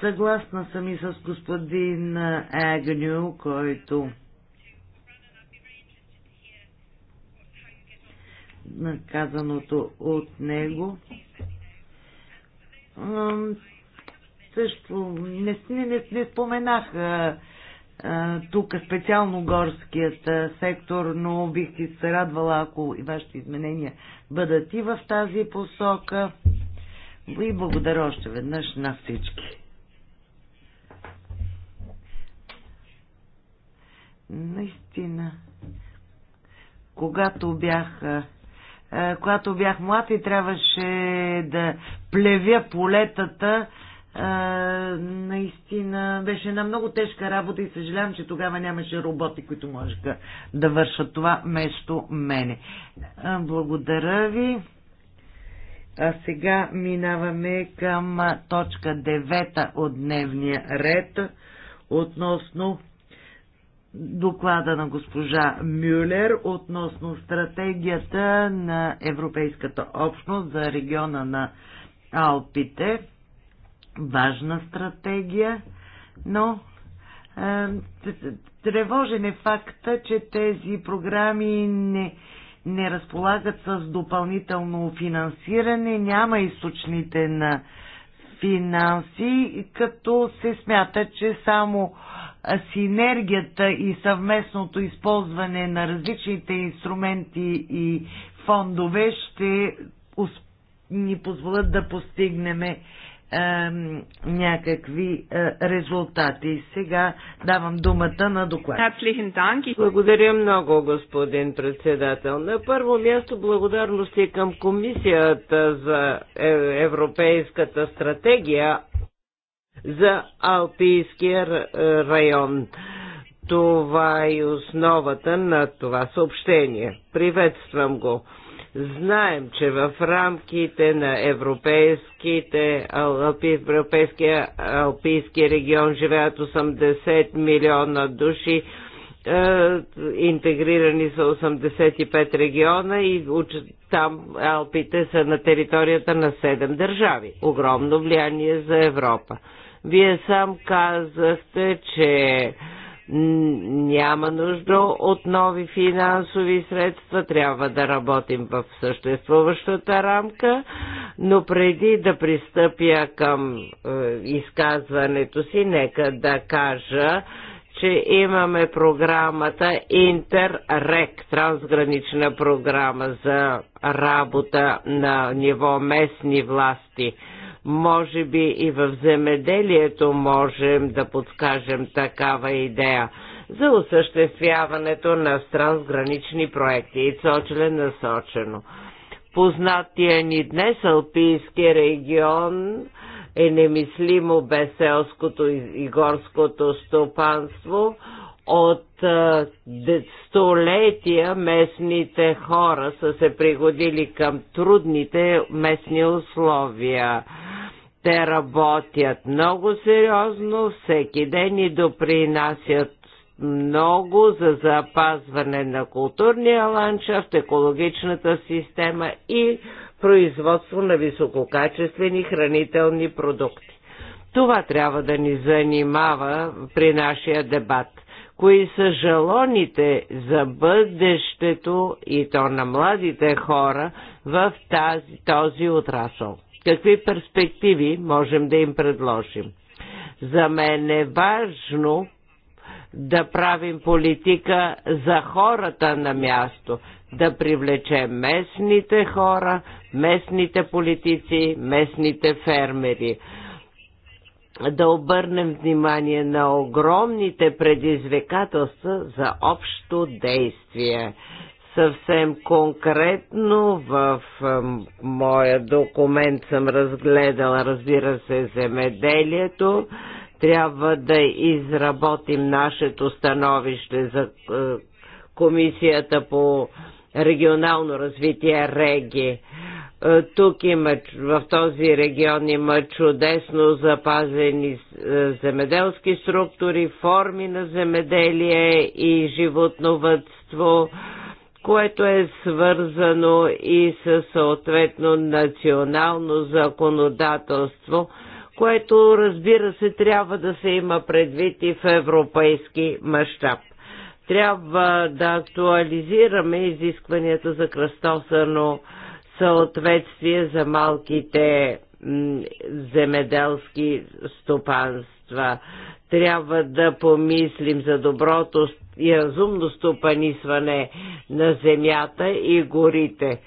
Съгласна съм и с господин Агню, който наказаното от него също не, не, не споменах а, а, тук специално горският а, сектор, но бих ти се радвала, ако и вашите изменения бъдат и в тази посока. И благодаря още веднъж на всички. Наистина, когато бях когато бях млад и трябваше да плевя полетата, наистина беше една много тежка работа и съжалявам, че тогава нямаше роботи, които можеха да вършат това вместо мене. благодаря ви. А сега минаваме към точка 9 от дневния ред относно доклада на госпожа Мюлер относно стратегията на Европейската общност за региона на Алпите важна стратегия, но е, тревожен е факта, че тези програми не, не разполагат с допълнително финансиране, няма източните на финанси, като се смята, че само синергията и съвместното използване на различните инструменти и фондове ще ни позволят да постигнем някакви резултати. Сега давам думата на доклад. Благодаря много, господин председател. На първо място благодарности към Комисията за е, Европейската стратегия за Алпийския е, район. Това е основата на това съобщение. Приветствам го. Знаем, че в рамките на европейските, алпи, европейския алпийски регион живеят 80 милиона души, е, интегрирани са 85 региона и там Алпите са на територията на 7 държави. Огромно влияние за Европа. Вие сам казахте, че няма нужда от нови финансови средства, трябва да работим в съществуващата рамка, но преди да пристъпя към е, изказването си, нека да кажа, че имаме програмата Интеррек, трансгранична програма за работа на ниво местни власти – може би и в земеделието можем да подскажем такава идея за осъществяването на трансгранични проекти и целочлен насочено. Познатия ни днес Алпийски регион е немислимо без селското и горското стопанство. От е, столетия местните хора са се пригодили към трудните местни условия те работят много сериозно, всеки ден и допринасят много за запазване на културния ландшафт, екологичната система и производство на висококачествени хранителни продукти. Това трябва да ни занимава при нашия дебат. Кои са жалоните за бъдещето и то на младите хора в тази, този отрасъл? какви перспективи можем да им предложим. За мен е важно да правим политика за хората на място, да привлечем местните хора, местните политици, местните фермери да обърнем внимание на огромните предизвикателства за общо действие. Съвсем конкретно в моя документ съм разгледала, разбира се, земеделието. Трябва да изработим нашето становище за Комисията по регионално развитие Реги. Тук има, в този регион има чудесно запазени земеделски структури, форми на земеделие и животновътство което е свързано и с съответно национално законодателство, което разбира се трябва да се има предвид и в европейски мащаб. Трябва да актуализираме изискванията за кръстосано съответствие за малките земеделски стопанства. Трябва да помислим за доброто и разумно стопанисване на земята и горите.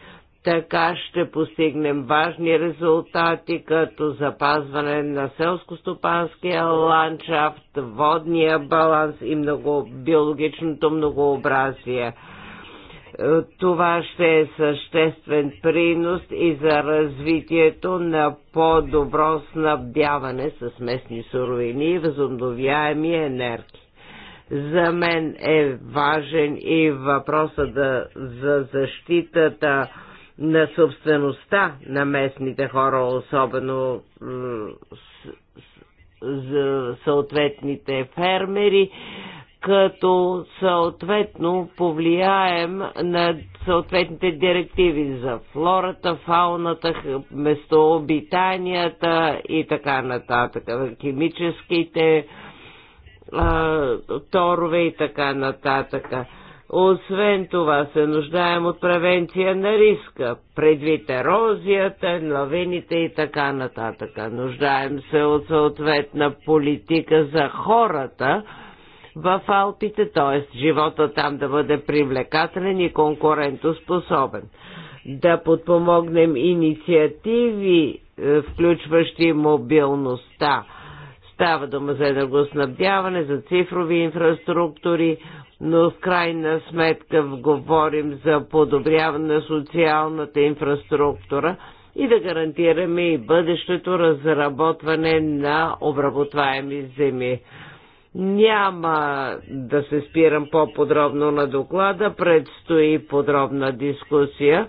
Така ще постигнем важни резултати, като запазване на селско-стопанския ландшафт, водния баланс и много, биологичното многообразие. Това ще е съществен принос и за развитието на по-добро снабдяване с местни суровини и възобновяеми енергии. За мен е важен и въпросът да, за защитата на собствеността на местните хора, особено за съответните фермери, като съответно повлияем на съответните директиви за флората, фауната, местообитанията и така нататък, химическите торове и така нататък. Освен това се нуждаем от превенция на риска, предвид ерозията, лавините и така нататък. Нуждаем се от съответна политика за хората в Алпите, т.е. живота там да бъде привлекателен и конкурентоспособен. Да подпомогнем инициативи, е, включващи мобилността Става дума за енергоснабдяване, за цифрови инфраструктури, но в крайна сметка говорим за подобряване на социалната инфраструктура и да гарантираме и бъдещето разработване на обработваеми земи. Няма да се спирам по-подробно на доклада, предстои подробна дискусия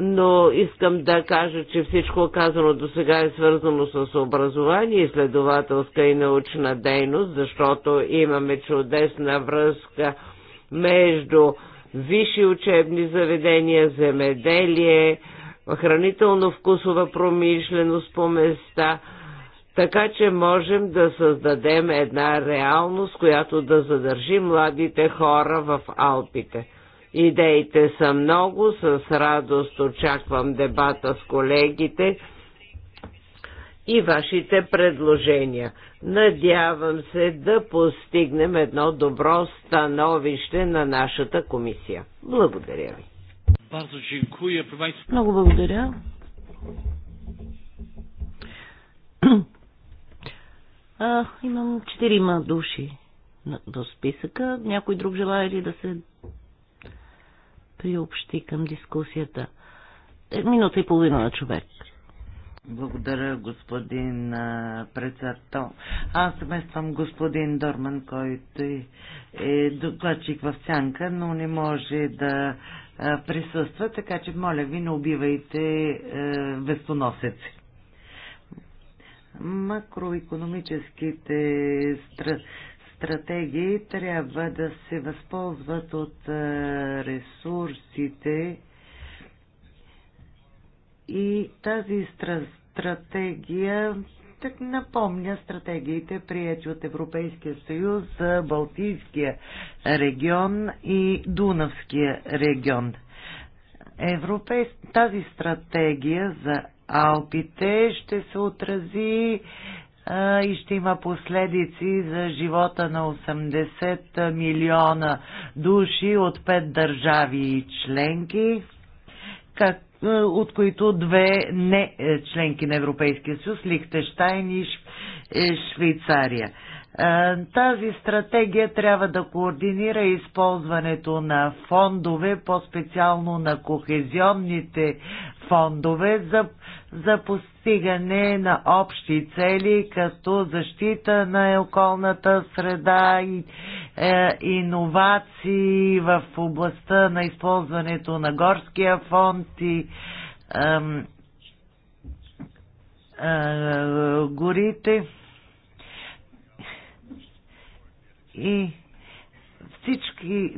но искам да кажа, че всичко казано до сега е свързано с образование, изследователска и научна дейност, защото имаме чудесна връзка между висши учебни заведения, земеделие, хранително-вкусова промишленост по места, така че можем да създадем една реалност, която да задържи младите хора в Алпите. Идеите са много, с радост очаквам дебата с колегите и вашите предложения. Надявам се да постигнем едно добро становище на нашата комисия. Благодаря ви. Много благодаря. А, имам четирима души до списъка. Някой друг желая ли да се приобщи към дискусията. Е, минута и половина на човек. Благодаря, господин председател. Аз съмествам господин Дорман, който е докладчик в Сянка, но не може да присъства, така че моля ви, не убивайте вестоносеци. Макроекономическите страни стратегии трябва да се възползват от ресурсите и тази стратегия так напомня стратегиите, прияти от Европейския съюз за Балтийския регион и Дунавския регион. Европейс... Тази стратегия за Алпите ще се отрази и ще има последици за живота на 80 милиона души от пет държави и членки, как, е, от които две не е, членки на Европейския съюз, Лихтещайн и е, Швейцария. Е, тази стратегия трябва да координира използването на фондове, по-специално на кохезионните фондове за, за постигане на общи цели, като защита на околната среда и е, иновации в областта на използването на горския фонд и е, е, горите. и всички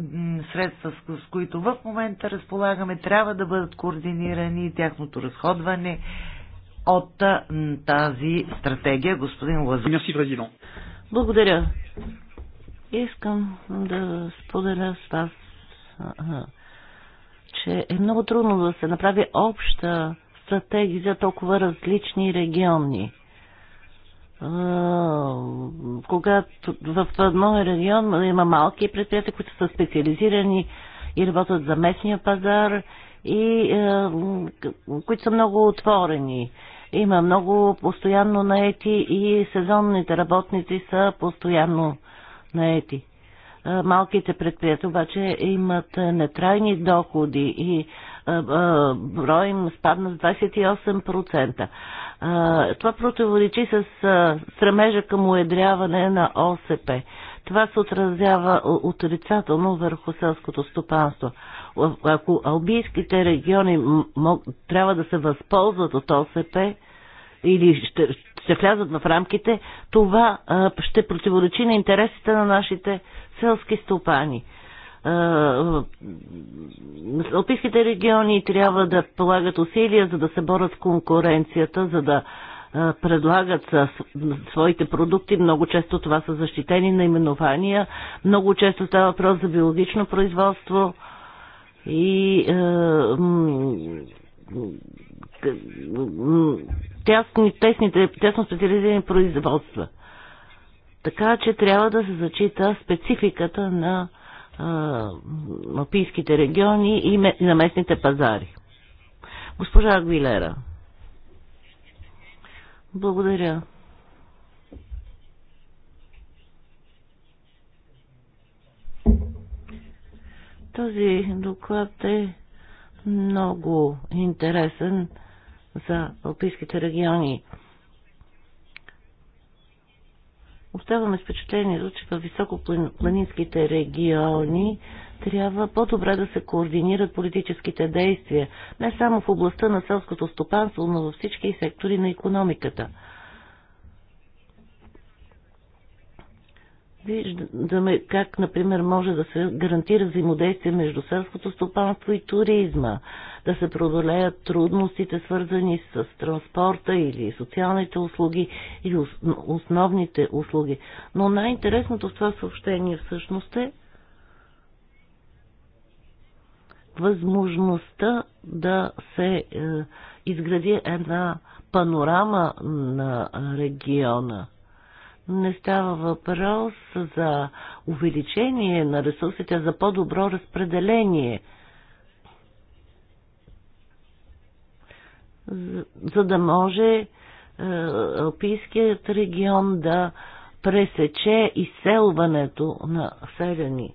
средства, с които в момента разполагаме, трябва да бъдат координирани и тяхното разходване от тази стратегия, господин Лазов. Благодаря. Искам да споделя с вас, че е много трудно да се направи обща стратегия за толкова различни региони когато в моя регион има малки предприятия, които са специализирани и работят за местния пазар и е, които са много отворени. Има много постоянно наети и сезонните работници са постоянно наети. Е, малките предприятия обаче имат нетрайни доходи и е, брой спадна с 28% това противоречи с а, стремежа към уедряване на ОСП. Това се отразява отрицателно върху селското стопанство. Ако албийските региони мог, трябва да се възползват от ОСП или ще, ще влязат в рамките, това а, ще противоречи на интересите на нашите селски стопани. Алпийските региони трябва да полагат усилия, за да се борят с конкуренцията, за да предлагат своите продукти. Много често това са защитени наименования, много често става въпрос за биологично производство и тясни, тесните, тесно специализирани производства. Така че трябва да се зачита спецификата на мапийските региони и на местните пазари. Госпожа Агвилера. Благодаря. Този доклад е много интересен за алпийските региони. оставаме впечатлението, че в високопланинските региони трябва по-добре да се координират политическите действия, не само в областта на селското стопанство, но във всички сектори на економиката. виждаме как, например, може да се гарантира взаимодействие между селското стопанство и туризма, да се продолеят трудностите, свързани с транспорта или социалните услуги или основните услуги. Но най-интересното в това съобщение всъщност е възможността да се е, изгради една панорама на региона – не става въпрос за увеличение на ресурсите, а за по-добро разпределение. За, да може е, Алпийският регион да пресече изселването на селени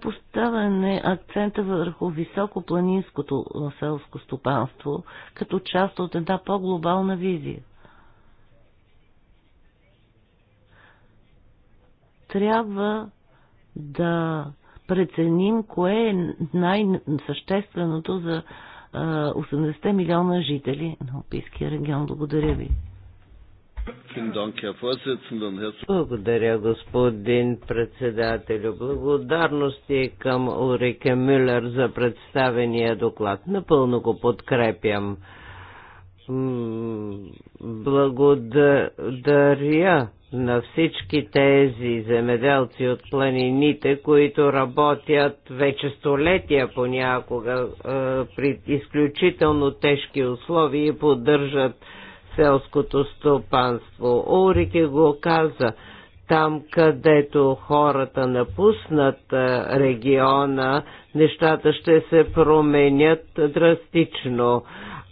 поставяне акцента върху високопланинското селско стопанство като част от една по-глобална визия. Трябва да преценим кое е най-същественото за 80 милиона жители на Опийския регион. Благодаря ви. Благодаря, господин председателю. Благодарности към Урике Мюлер за представения доклад. Напълно го подкрепям. Благодаря на всички тези земеделци от планините, които работят вече столетия понякога е, при изключително тежки условия и поддържат селското стопанство. Орике го каза, там където хората напуснат региона, нещата ще се променят драстично.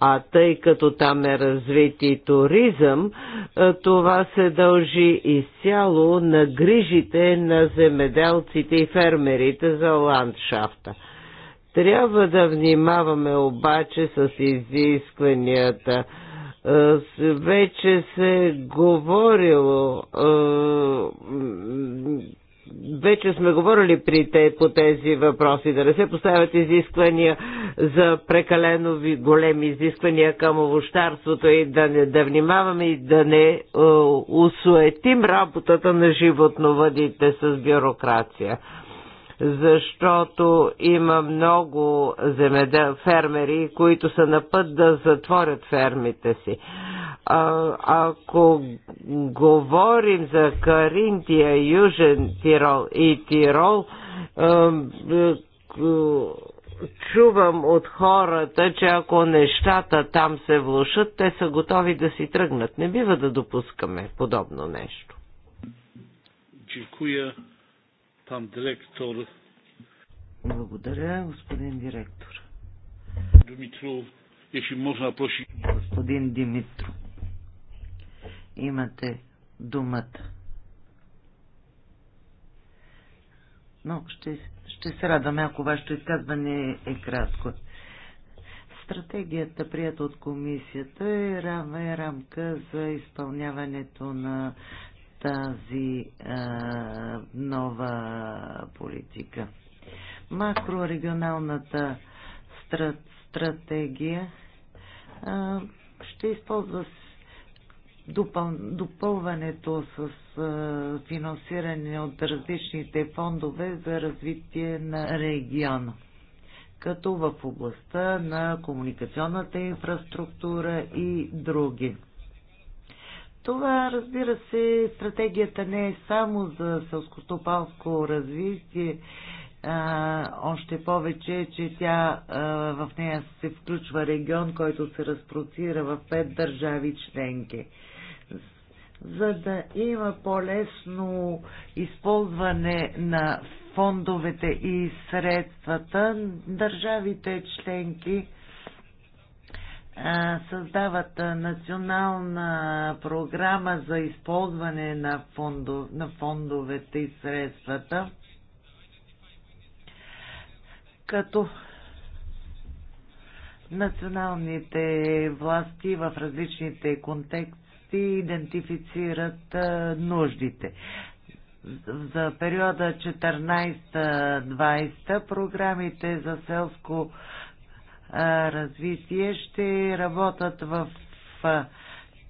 А тъй като там е развит и туризъм, това се дължи изцяло на грижите на земеделците и фермерите за ландшафта. Трябва да внимаваме обаче с изискванията е, вече се говорило, е, вече сме говорили при те, по тези въпроси, да не се поставят изисквания за прекалено големи изисквания към овощарството и да, не, да внимаваме и да не усуетим е, работата на животновъдите с бюрокрация защото има много земедел, фермери, които са на път да затворят фермите си. А, ако говорим за Каринтия, Южен Тирол и Тирол, е, чувам от хората, че ако нещата там се влушат, те са готови да си тръгнат. Не бива да допускаме подобно нещо. Дякую. Там директор. Благодаря, господин директор. ще може да проси... Господин Димитро, имате думата. Но ще, ще се радваме, ако вашето изказване е кратко. Стратегията, прията от комисията, е, е рамка за изпълняването на тази а, нова политика. Макрорегионалната страт, стратегия а, ще използва допъл, допълването с а, финансиране от различните фондове за развитие на региона като в областта на комуникационната инфраструктура и други. Това, разбира се, стратегията не е само за селско-стопанско развитие, а, още повече, че тя а, в нея се включва регион, който се разпроцира в пет държави членки. За да има по-лесно използване на фондовете и средствата, държавите членки създават национална програма за използване на, фондов, на фондовете и средствата, като националните власти в различните контексти идентифицират нуждите. За периода 14-20 програмите за селско развитие ще работят в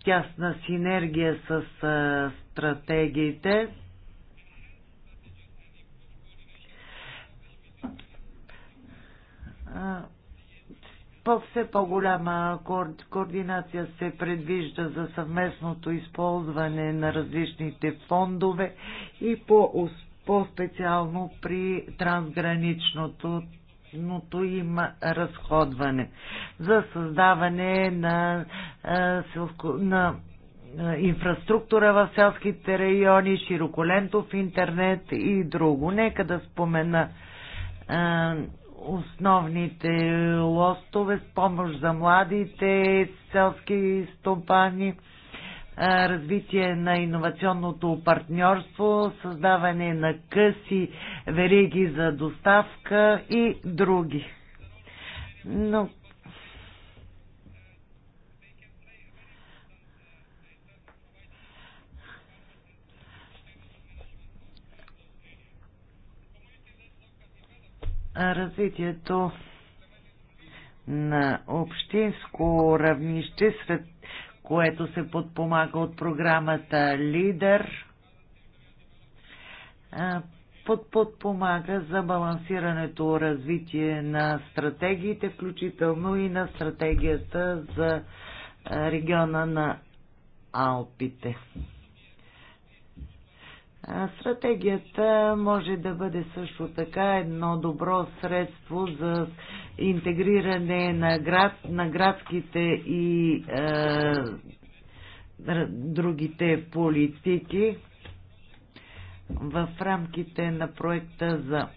тясна синергия с стратегиите. По все по-голяма координация се предвижда за съвместното използване на различните фондове и по-специално при трансграничното наличното им разходване, за създаване на, на инфраструктура в селските райони, широколентов интернет и друго. Нека да спомена основните лостове с помощ за младите селски стопани – развитие на иновационното партньорство, създаване на къси, вериги за доставка и други. Но развитието на общинско равнище сред което се подпомага от програмата Лидер, под подпомага за балансирането развитие на стратегиите, включително и на стратегията за региона на Алпите. Стратегията може да бъде също така едно добро средство за интегриране на, град, на градските и е, другите политики в рамките на проекта за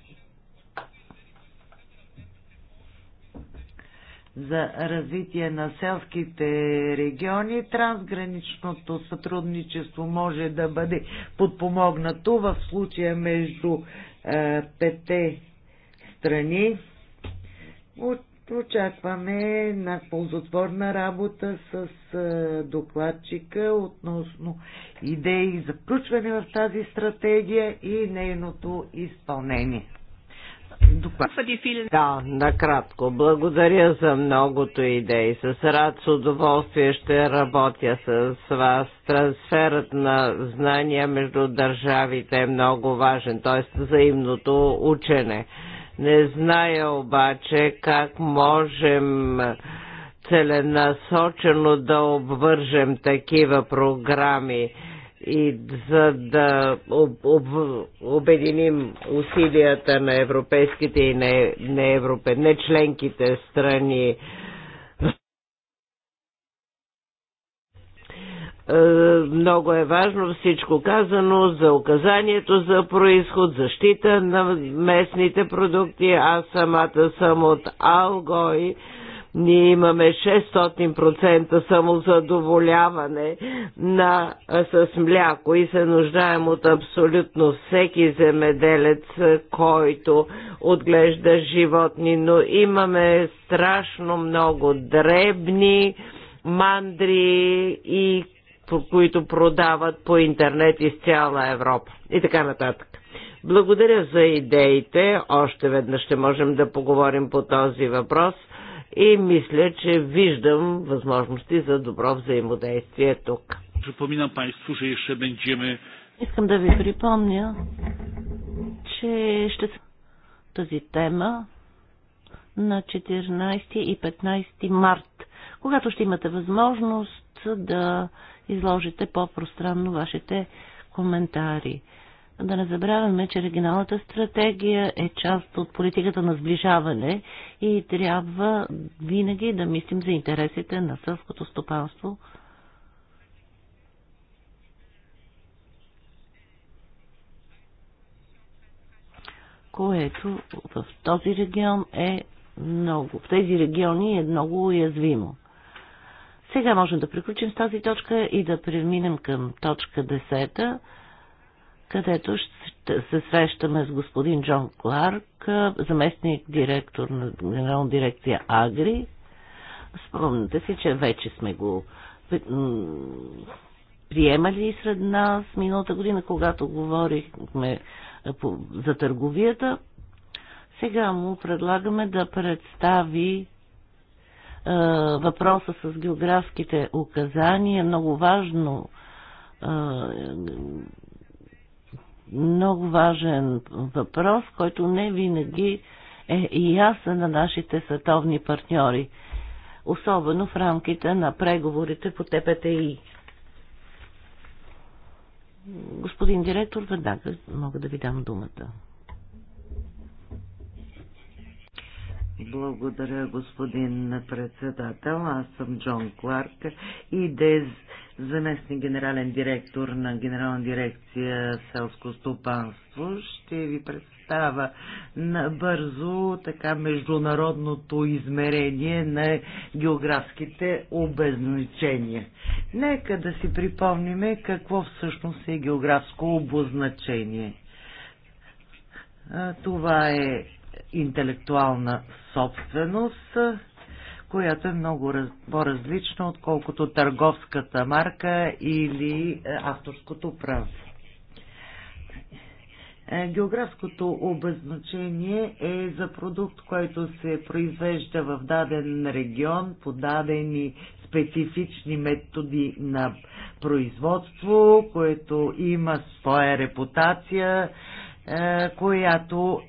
за развитие на селските региони, трансграничното сътрудничество може да бъде подпомогнато в случая между е, пете страни. Очакваме на ползотворна работа с е, докладчика относно идеи за включване в тази стратегия и нейното изпълнение доклад. Да, накратко. Благодаря за многото идеи. С рад, с удоволствие ще работя с вас. Трансферът на знания между държавите е много важен, т.е. взаимното учене. Не зная обаче как можем целенасочено да обвържем такива програми и за да об, об, обединим усилията на европейските и не, не, европе, не членките страни е, много е важно всичко казано за указанието за происход, защита на местните продукти. Аз самата съм от Алгой ние имаме 600% самозадоволяване на, с мляко и се нуждаем от абсолютно всеки земеделец, който отглежда животни, но имаме страшно много дребни мандри и които продават по интернет из цяла Европа и така нататък. Благодаря за идеите. Още веднъж ще можем да поговорим по този въпрос и мисля, че виждам възможности за добро взаимодействие тук. Припоминам Państwu, че ще będziemy... Искам да ви припомня, че ще тази тема на 14 и 15 март, когато ще имате възможност да изложите по-пространно вашите коментари да не забравяме, че регионалната стратегия е част от политиката на сближаване и трябва винаги да мислим за интересите на сълското стопанство. което в този регион е много, в тези региони е много уязвимо. Сега можем да приключим с тази точка и да преминем към точка 10 където ще се срещаме с господин Джон Кларк, заместник директор на Генерална дирекция Агри. Спомняте си, че вече сме го приемали сред нас миналата година, когато говорихме за търговията. Сега му предлагаме да представи въпроса с географските указания, много важно много важен въпрос, който не винаги е и ясен на нашите световни партньори, особено в рамките на преговорите по ТПТИ. Господин директор, веднага мога да ви дам думата. Благодаря, господин председател. Аз съм Джон Кларк и дез заместник генерален директор на Генерална дирекция селско стопанство. Ще ви представя набързо така международното измерение на географските обозначения. Нека да си припомниме какво всъщност е географско обозначение. Това е интелектуална собственост, която е много раз, по-различна, отколкото търговската марка или е, авторското право. Е, географското обозначение е за продукт, който се произвежда в даден регион по дадени специфични методи на производство, което има своя репутация, е, която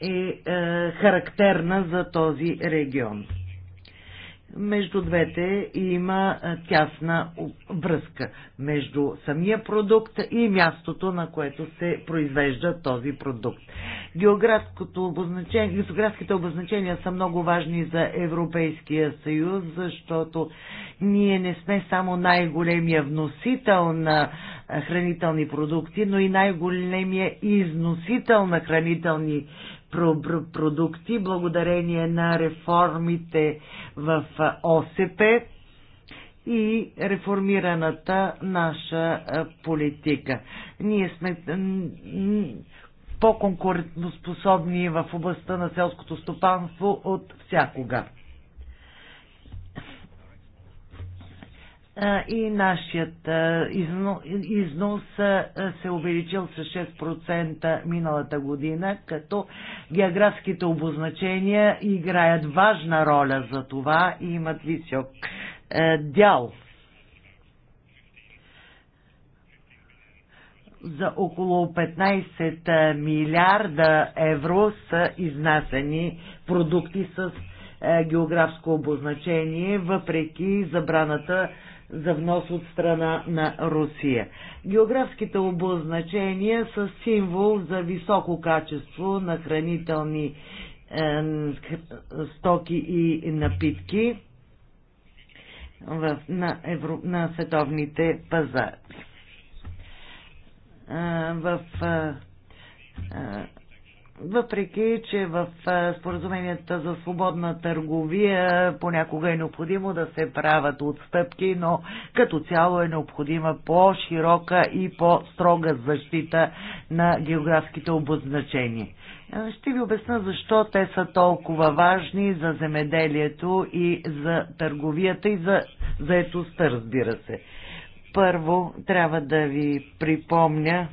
е характерна за този регион между двете има тясна връзка между самия продукт и мястото, на което се произвежда този продукт. Географското обозначение, географските обозначения са много важни за Европейския съюз, защото ние не сме само най-големия вносител на хранителни продукти, но и най-големия износител на хранителни продукти продукти, благодарение на реформите в ОСП и реформираната наша политика. Ние сме по-конкурентоспособни в областта на селското стопанство от всякога. и нашият износ се увеличил с 6% миналата година, като географските обозначения играят важна роля за това и имат висок е, дял. За около 15 е, милиарда евро са изнасени продукти с е, географско обозначение, въпреки забраната за внос от страна на Русия. Географските обозначения са символ за високо качество на хранителни е, стоки и напитки в, на, евро, на световните пазари. Е, в е, е въпреки, че в споразуменията за свободна търговия понякога е необходимо да се правят отстъпки, но като цяло е необходима по-широка и по-строга защита на географските обозначения. Ще ви обясна защо те са толкова важни за земеделието и за търговията и за заетостта, разбира се. Първо, трябва да ви припомня,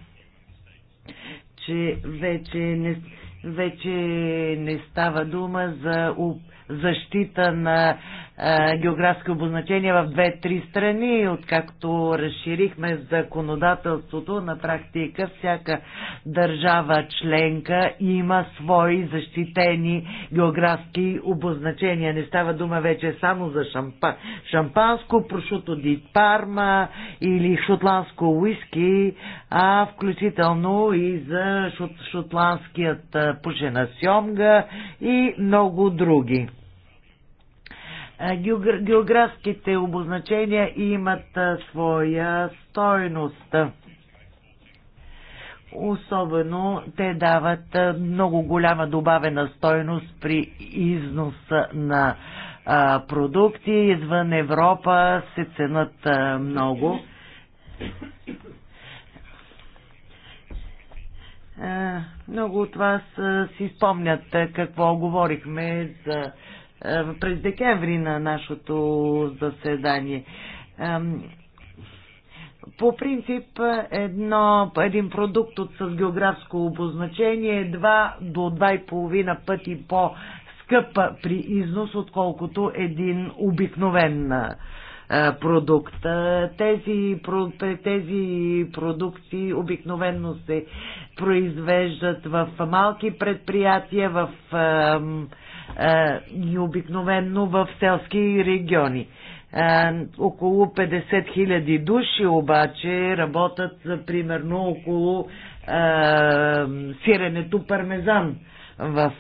че вече не, вече не става дума за защита на а, географски обозначения в две-три страни, откакто разширихме законодателството, на практика всяка държава членка има свои защитени географски обозначения. Не става дума вече само за шампа... шампанско, прошуто ди парма или шотландско уиски, а включително и за шот... шотландският пушена сьомга и много други географските обозначения имат своя стойност. Особено те дават много голяма добавена стойност при износ на продукти. Извън Европа се ценят много. Много от вас си спомнят какво говорихме за през декември на нашето заседание. По принцип, едно, един продукт от, с географско обозначение е 2 до 2,5 пъти по-скъп при износ, отколкото един обикновен продукт. Тези, тези продукти обикновенно се произвеждат в малки предприятия, в и е, обикновенно в селски региони. Е, около 50 000 души обаче работят за е, примерно около сиренето пармезан в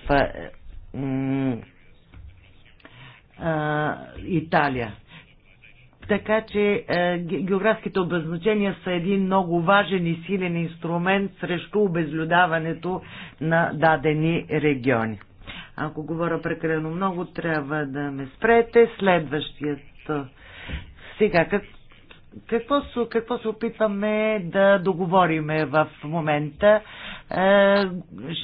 Италия. Така че географските обозначения са един много важен и силен инструмент срещу обезлюдаването на дадени региони. Ако говоря прекалено много, трябва да ме спрете. Следващият. Сега, как, какво, какво се опитваме да договориме в момента? Е,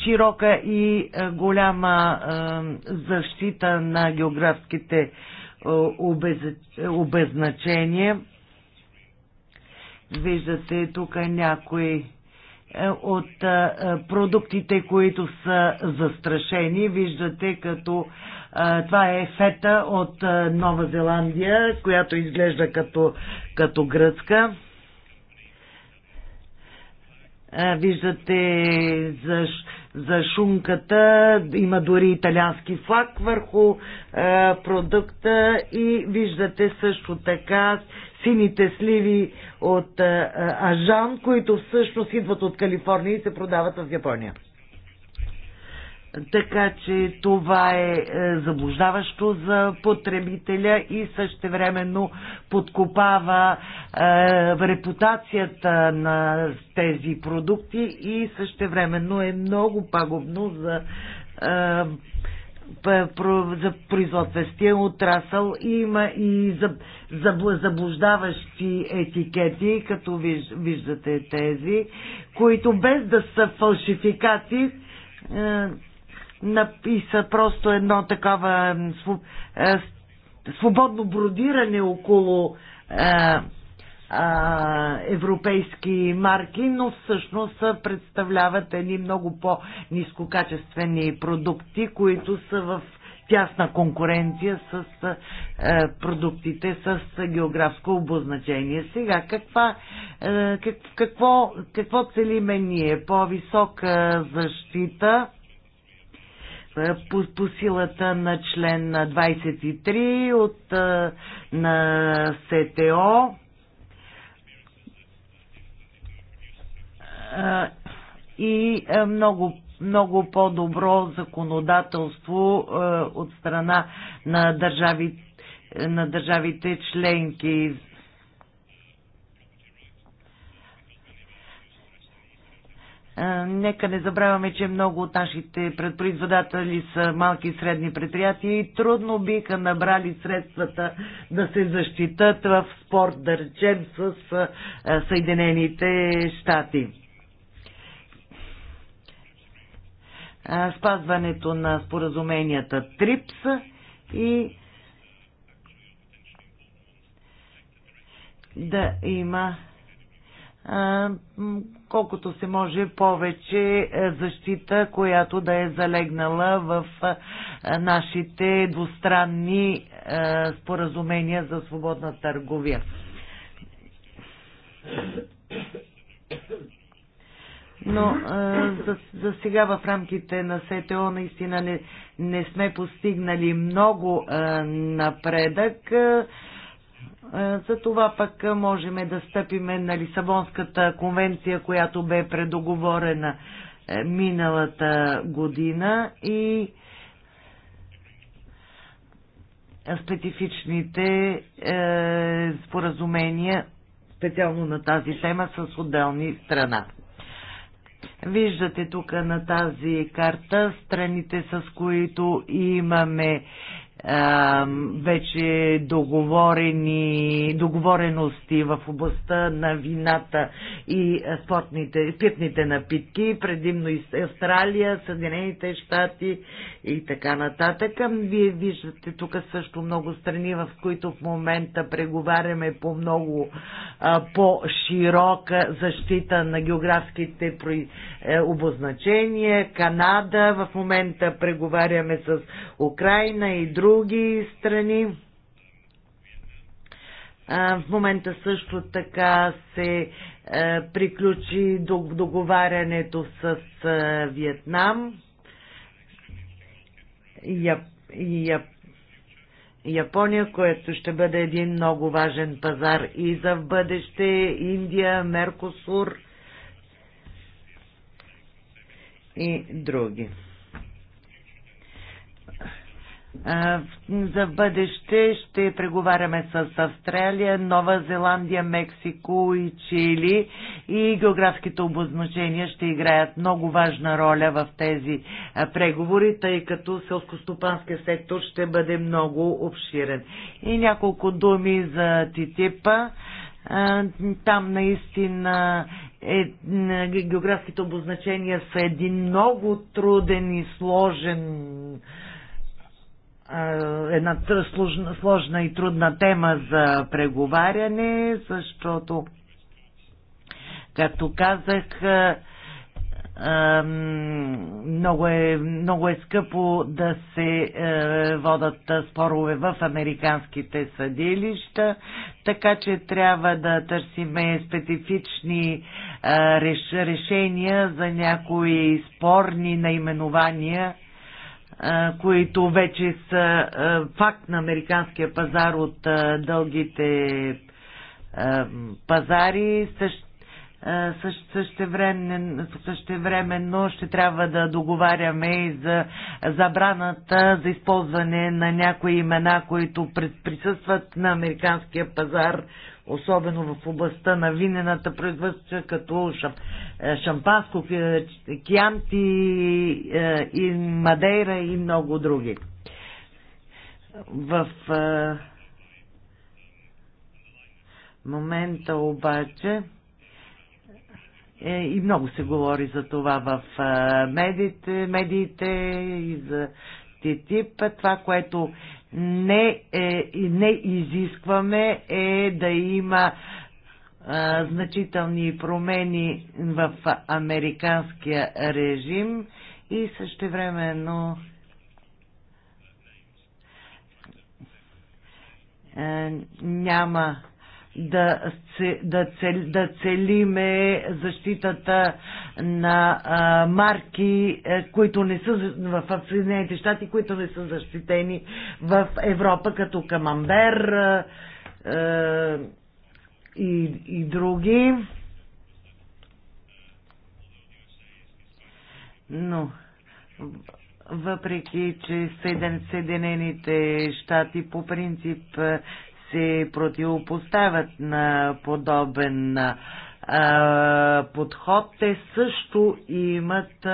широка и голяма е, защита на географските обез, обезначения. Виждате тук някои е, от е, продуктите, които са застрашени. Виждате като е, това е фета от Нова Зеландия, която изглежда като, като гръцка. Виждате за, за шунката, има дори италиански флаг върху е, продукта и виждате също така сините сливи от Ажан, които всъщност идват от Калифорния и се продават в Япония. Така че това е, е, заблуждаващо за потребителя и същевременно подкопава е, репутацията на тези продукти и същевременно е много пагубно за е, за производствения отрасъл има и заблуждаващи етикети, като виждате тези, които без да са фалшификати е, и са просто едно такова е, свободно бродиране около е, а, европейски марки, но всъщност представляват едни много по-низкокачествени продукти, които са в тясна конкуренция с а, продуктите с географско обозначение. Сега, каква, а, как, какво, какво целиме ние? По-висока защита по, по силата на член 23 от а, на СТО и много, много по-добро законодателство от страна на, държави, на държавите членки. Нека не забравяме, че много от нашите предпроизводатели са малки и средни предприятия и трудно биха набрали средствата да се защитат в спорт, да речем, с Съединените щати. спазването на споразуменията ТРИПС и да има колкото се може повече е, защита, която да е залегнала в нашите двустранни споразумения за свободна търговия но а, за, за сега в рамките на СТО наистина не, не сме постигнали много а, напредък. за това пък можем да стъпиме на Лисабонската конвенция, която бе предоговорена е, миналата година и специфичните е, споразумения специално на тази тема с отделни страна. Виждате тук на тази карта страните, с които имаме вече договорени, договорености в областта на вината и спортните, питните напитки, предимно и Австралия, Съединените щати и така нататък. Вие виждате тук също много страни, в които в момента преговаряме по много по-широка защита на географските е, обозначения. Канада в момента преговаряме с Украина и други други страни. В момента също така се приключи договарянето с Виетнам. и Япония, което ще бъде един много важен пазар и за в бъдеще, Индия, Меркосур и други. За бъдеще ще преговаряме с Австралия, Нова Зеландия, Мексико и Чили и географските обозначения ще играят много важна роля в тези преговори, тъй като селскостопанския сектор ще бъде много обширен. И няколко думи за Титипа. Там наистина е, географските обозначения са един много труден и сложен е, една сложна, сложна и трудна тема за преговаряне, защото, както казах, е, е, много е, много е скъпо да се водат спорове в американските съдилища, така че трябва да търсиме специфични решения за някои спорни наименования които вече са факт на американския пазар от дългите пазари. Същевременно ще трябва да договаряме и за забраната за използване на някои имена, които присъстват на американския пазар особено в областта на винената производство, като шам, е, шампанско, кианти е, и мадейра и много други. В е, момента обаче е, и много се говори за това в медиите, медиите и за ТТИП. Това, което не, е, не изискваме е да има а, значителни промени в американския режим и същевременно а, няма да, да, цел, да целиме защитата на а, марки, е, които не са в Съединените щати, които не са защитени в Европа, като Камамбер а, а, и, и други. Но въпреки че Съединените щати по принцип е, се противопоставят на подобен а, подход, те също имат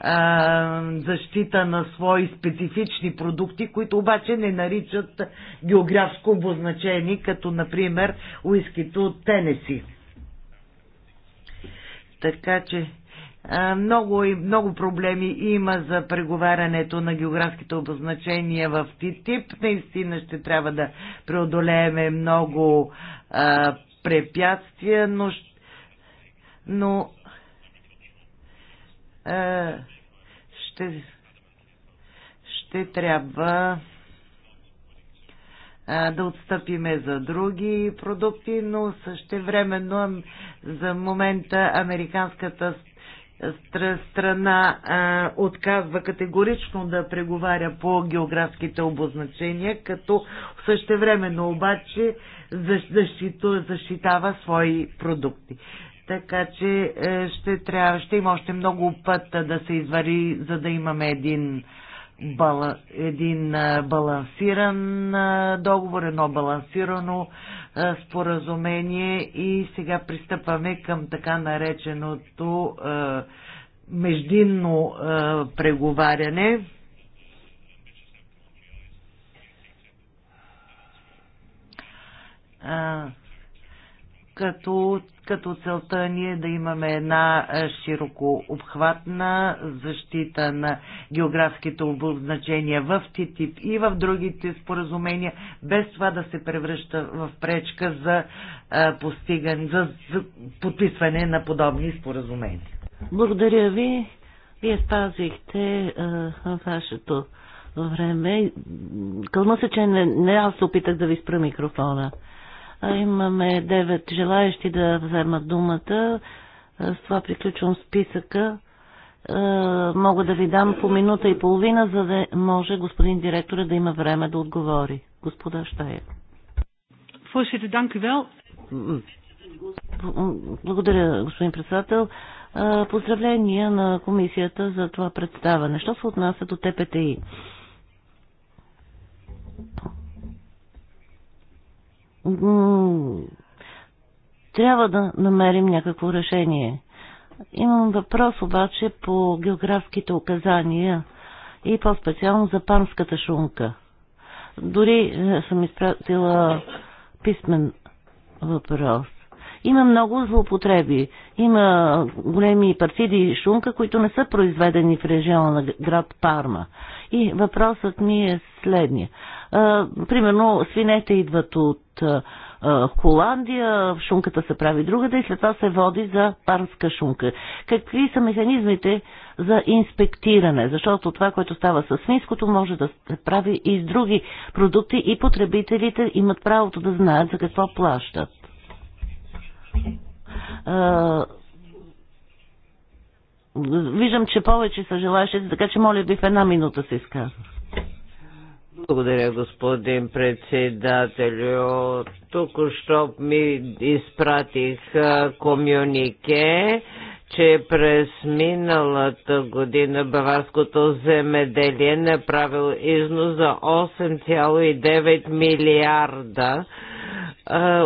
а, защита на свои специфични продукти, които обаче не наричат географско обозначение, като например уискито от Тенеси. Така че много, много проблеми има за преговарянето на географските обозначения в ТИТИП. Наистина ще трябва да преодолееме много а, препятствия, но, но а, ще, ще трябва да отстъпиме за други продукти, но също времено за момента американската страна а, отказва категорично да преговаря по географските обозначения, като същевременно обаче защиту, защитава свои продукти. Така че е, ще, трябва, ще има още много път да се извари, за да имаме един бала, един балансиран договор, едно балансирано споразумение и сега пристъпваме към така нареченото междинно преговаряне. като като целта ни е да имаме една е, широко обхватна защита на географските обозначения в ТИТИП и в другите споразумения, без това да се превръща в пречка за, е, постигане, за, за подписване на подобни споразумения. Благодаря ви. Вие спазихте а, е, вашето време. Кълма се, че не, не аз опитах да ви спра микрофона. Имаме девет желаящи да вземат думата. С това приключвам списъка. Мога да ви дам по минута и половина, за да може господин директора да има време да отговори. Господа Штая. Voorzitter, dank u Благодаря, господин председател. Поздравления на комисията за това представане. Що се отнася до ТПТИ? трябва да намерим някакво решение. Имам въпрос обаче по географските указания и по-специално за панската шунка. Дори е, съм изпратила писмен въпрос. Има много злоупотреби. Има големи партиди и шунка, които не са произведени в региона на град Парма. И въпросът ми е следния примерно свинете идват от Холандия, шунката се прави другаде и след това се води за парска шунка. Какви са механизмите за инспектиране? Защото това, което става с свинското, може да се прави и с други продукти и потребителите имат правото да знаят за какво плащат. Виждам, че повече са желаящите, така че моля би в една минута се изказвам. Благодаря, господин председателю. Тук-що ми изпратих комюнике че през миналата година баварското земеделие направил износ за 8,9 милиарда,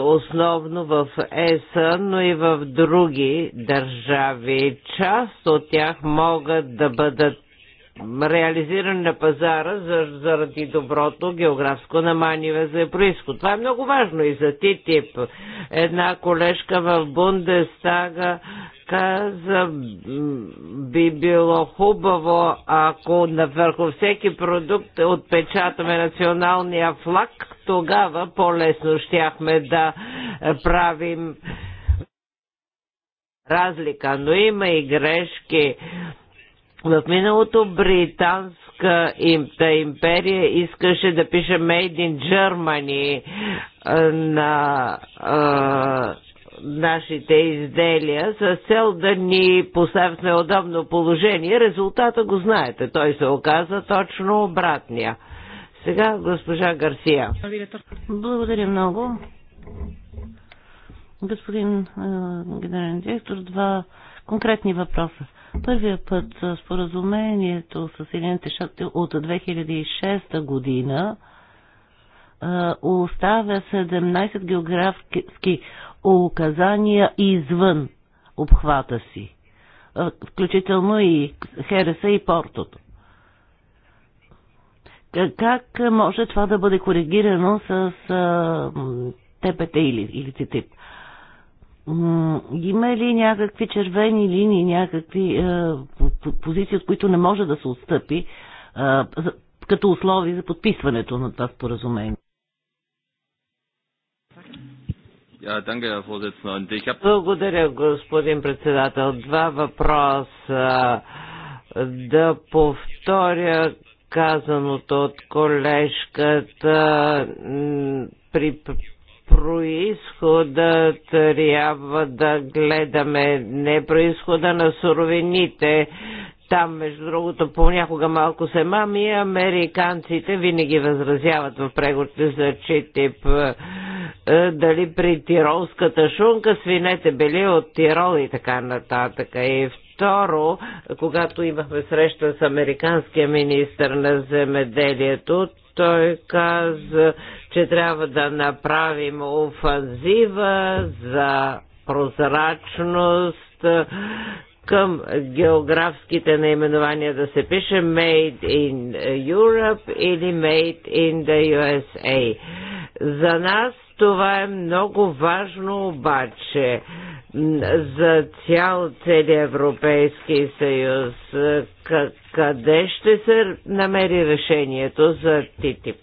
основно в ЕСА, но и в други държави. Част от тях могат да бъдат Реализиране на пазара заради доброто географско наманиве за происход. Това е много важно и за тип. Една колежка в Бундестага каза, би било хубаво, ако върху всеки продукт отпечатаме националния флаг, тогава по-лесно щяхме да правим разлика. Но има и грешки в миналото британска империя искаше да пише Made in Germany на нашите изделия с цел да ни поставят в неудобно положение. Резултата го знаете. Той се оказа точно обратния. Сега госпожа Гарсия. Благодаря много. Господин е, генерален директор, два конкретни въпроса. Първия път споразумението с Съединените щати от 2006 година оставя 17 географски указания извън обхвата си, включително и Хереса и Портото. Как може това да бъде коригирано с ТПТ или, или ТТИП? Има ли някакви червени линии, някакви е, позиции, от които не може да се отстъпи е, като условие за подписването на това споразумение? Благодаря, господин председател. Два въпроса. Да повторя казаното от колежката при происхода трябва да гледаме, не происхода на суровините. Там, между другото, понякога малко се мами, американците винаги възразяват в преговорите за ЧИТИП. Е, дали при тиролската шунка свинете били от Тирол и така нататък. И в второ, когато имахме среща с американския министр на земеделието, той каза, че трябва да направим офанзива за прозрачност към географските наименования да се пише Made in Europe или Made in the USA. За нас това е много важно обаче за цял цели Европейски съюз. Къде ще се намери решението за ТИТИП?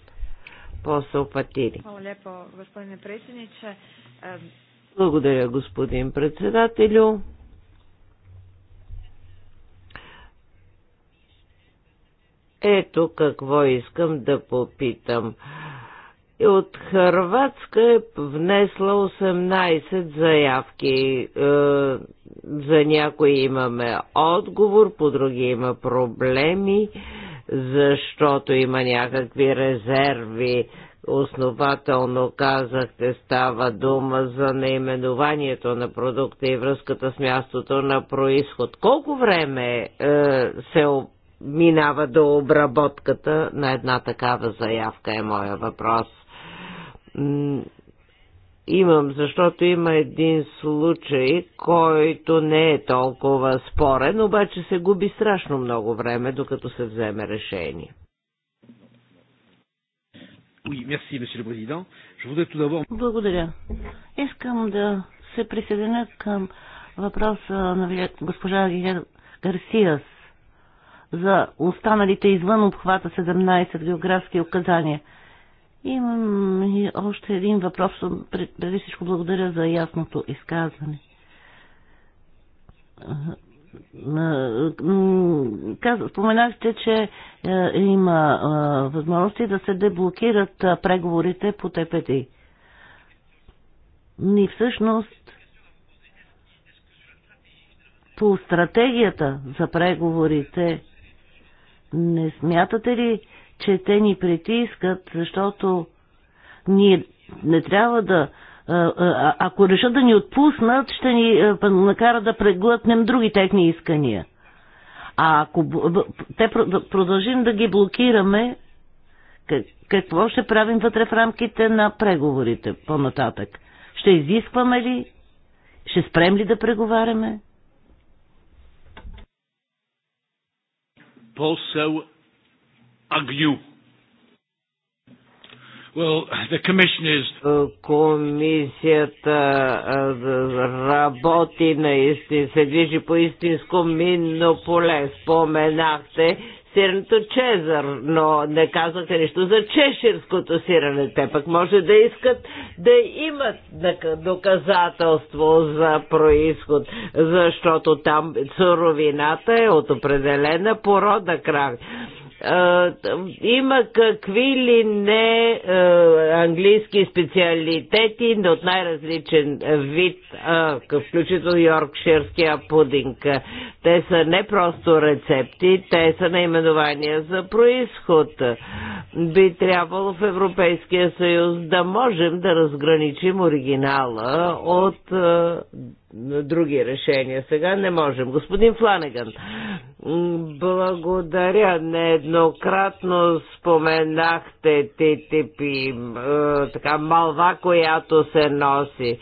По-съпатири. Благодаря, господин председателю. Ето какво искам да попитам от Харватска е внесла 18 заявки. Е, за някои имаме отговор, по други има проблеми, защото има някакви резерви. Основателно казахте, става дума за наименованието на продукта и връзката с мястото на происход. Колко време е, се минава до обработката на една такава заявка е моя въпрос имам, защото има един случай, който не е толкова спорен, обаче се губи страшно много време, докато се вземе решение. Благодаря. Искам да се присъединя към въпроса на госпожа Гарсиас за останалите извън обхвата 17 географски указания – Имам и още един въпрос. Преди всичко благодаря за ясното изказване. Споменахте, че е, има е, възможности да се деблокират е, преговорите по ТПД. И всъщност по стратегията за преговорите не смятате ли, че те ни притискат, защото ние не трябва да. Ако решат да ни отпуснат, ще ни накарат да преглътнем други техни искания. А ако те продължим да ги блокираме, какво ще правим вътре в рамките на преговорите по-нататък? Ще изискваме ли? Ще спрем ли да преговаряме? Посел Агню. Well, the commission is... Е, комисията е, работи наистина, се движи по истинско минно поле. Споменахте сиренето Чезър, но не казвате нищо за чеширското сирене. Те пък може да искат да имат доказателство за происход, защото там суровината е от определена порода крави. Има какви ли не английски специалитети, но от най-различен вид, включително йоркширския пудинг. Те са не просто рецепти, те са наименования за происход. Би трябвало в Европейския съюз да можем да разграничим оригинала от други решения. Сега не можем. Господин Фланеган, благодаря. Нееднократно споменахте ТТП е, така малва, която се носи.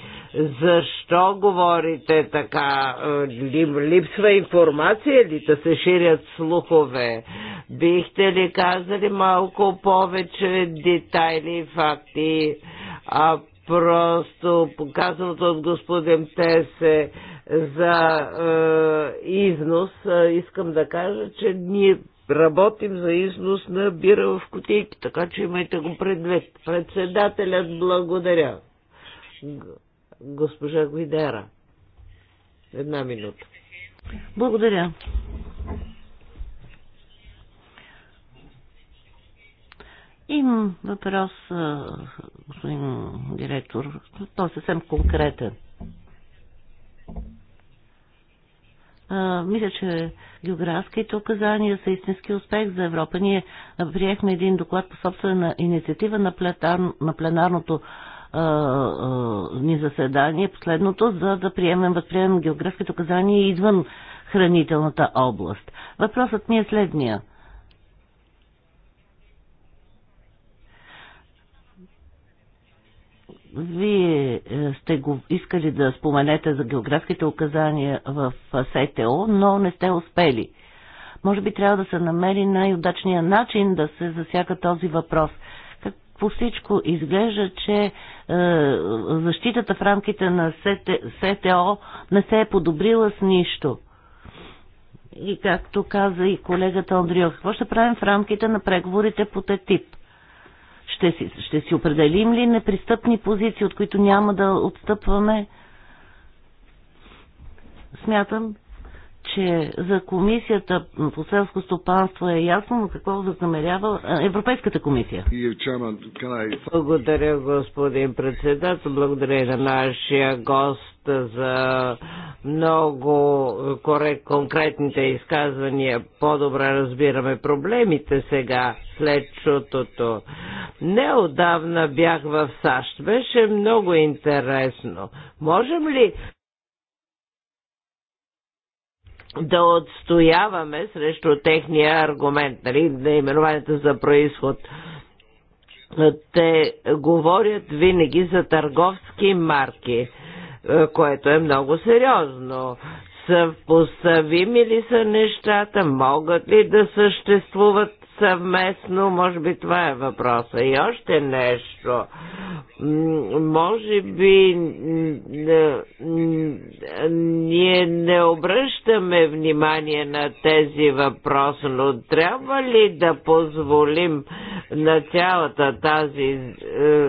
Защо говорите така? Е, липсва информация ли да се ширят слухове? Бихте ли казали малко повече детайли и факти? А просто показаното от господин Песе за е, износ, е, искам да кажа, че ние работим за износ на бира в кутийки, така че имайте го предвид. Председателят благодаря. Госпожа Гуидера. Една минута. Благодаря. Имам въпрос, господин директор. Той е съвсем конкретен. А, мисля, че географските указания са истински успех за Европа. Ние приехме един доклад по собствена инициатива на, плетар, на пленарното а, а, ни заседание, последното, за да приемем, възприемем географските указания извън хранителната област. Въпросът ми е следния – Вие е, сте го искали да споменете за географските указания в СТО, но не сте успели. Може би трябва да се намери най-удачния начин да се засяга този въпрос. Какво всичко изглежда, че е, защитата в рамките на СТО не се е подобрила с нищо. И както каза и колегата Андрио, какво ще правим в рамките на преговорите по ТЕТИП? Ще си, ще си определим ли непристъпни позиции, от които няма да отстъпваме? Смятам, че за комисията по селско стопанство е ясно но какво замерява Европейската комисия. Благодаря, господин председател. Благодаря на нашия гост за много конкретните изказвания. По-добре разбираме проблемите сега, след чутото. Неодавна бях в САЩ. Беше много интересно. Можем ли да отстояваме срещу техния аргумент, нали, наименованието за происход. Те говорят винаги за търговски марки, е, което е много сериозно. Съпоставими ли са нещата? Могат ли да съществуват съвместно, може би това е въпроса. И още нещо. Може би ние не обръщаме внимание на тези въпроси, но трябва ли да позволим на цялата тази е,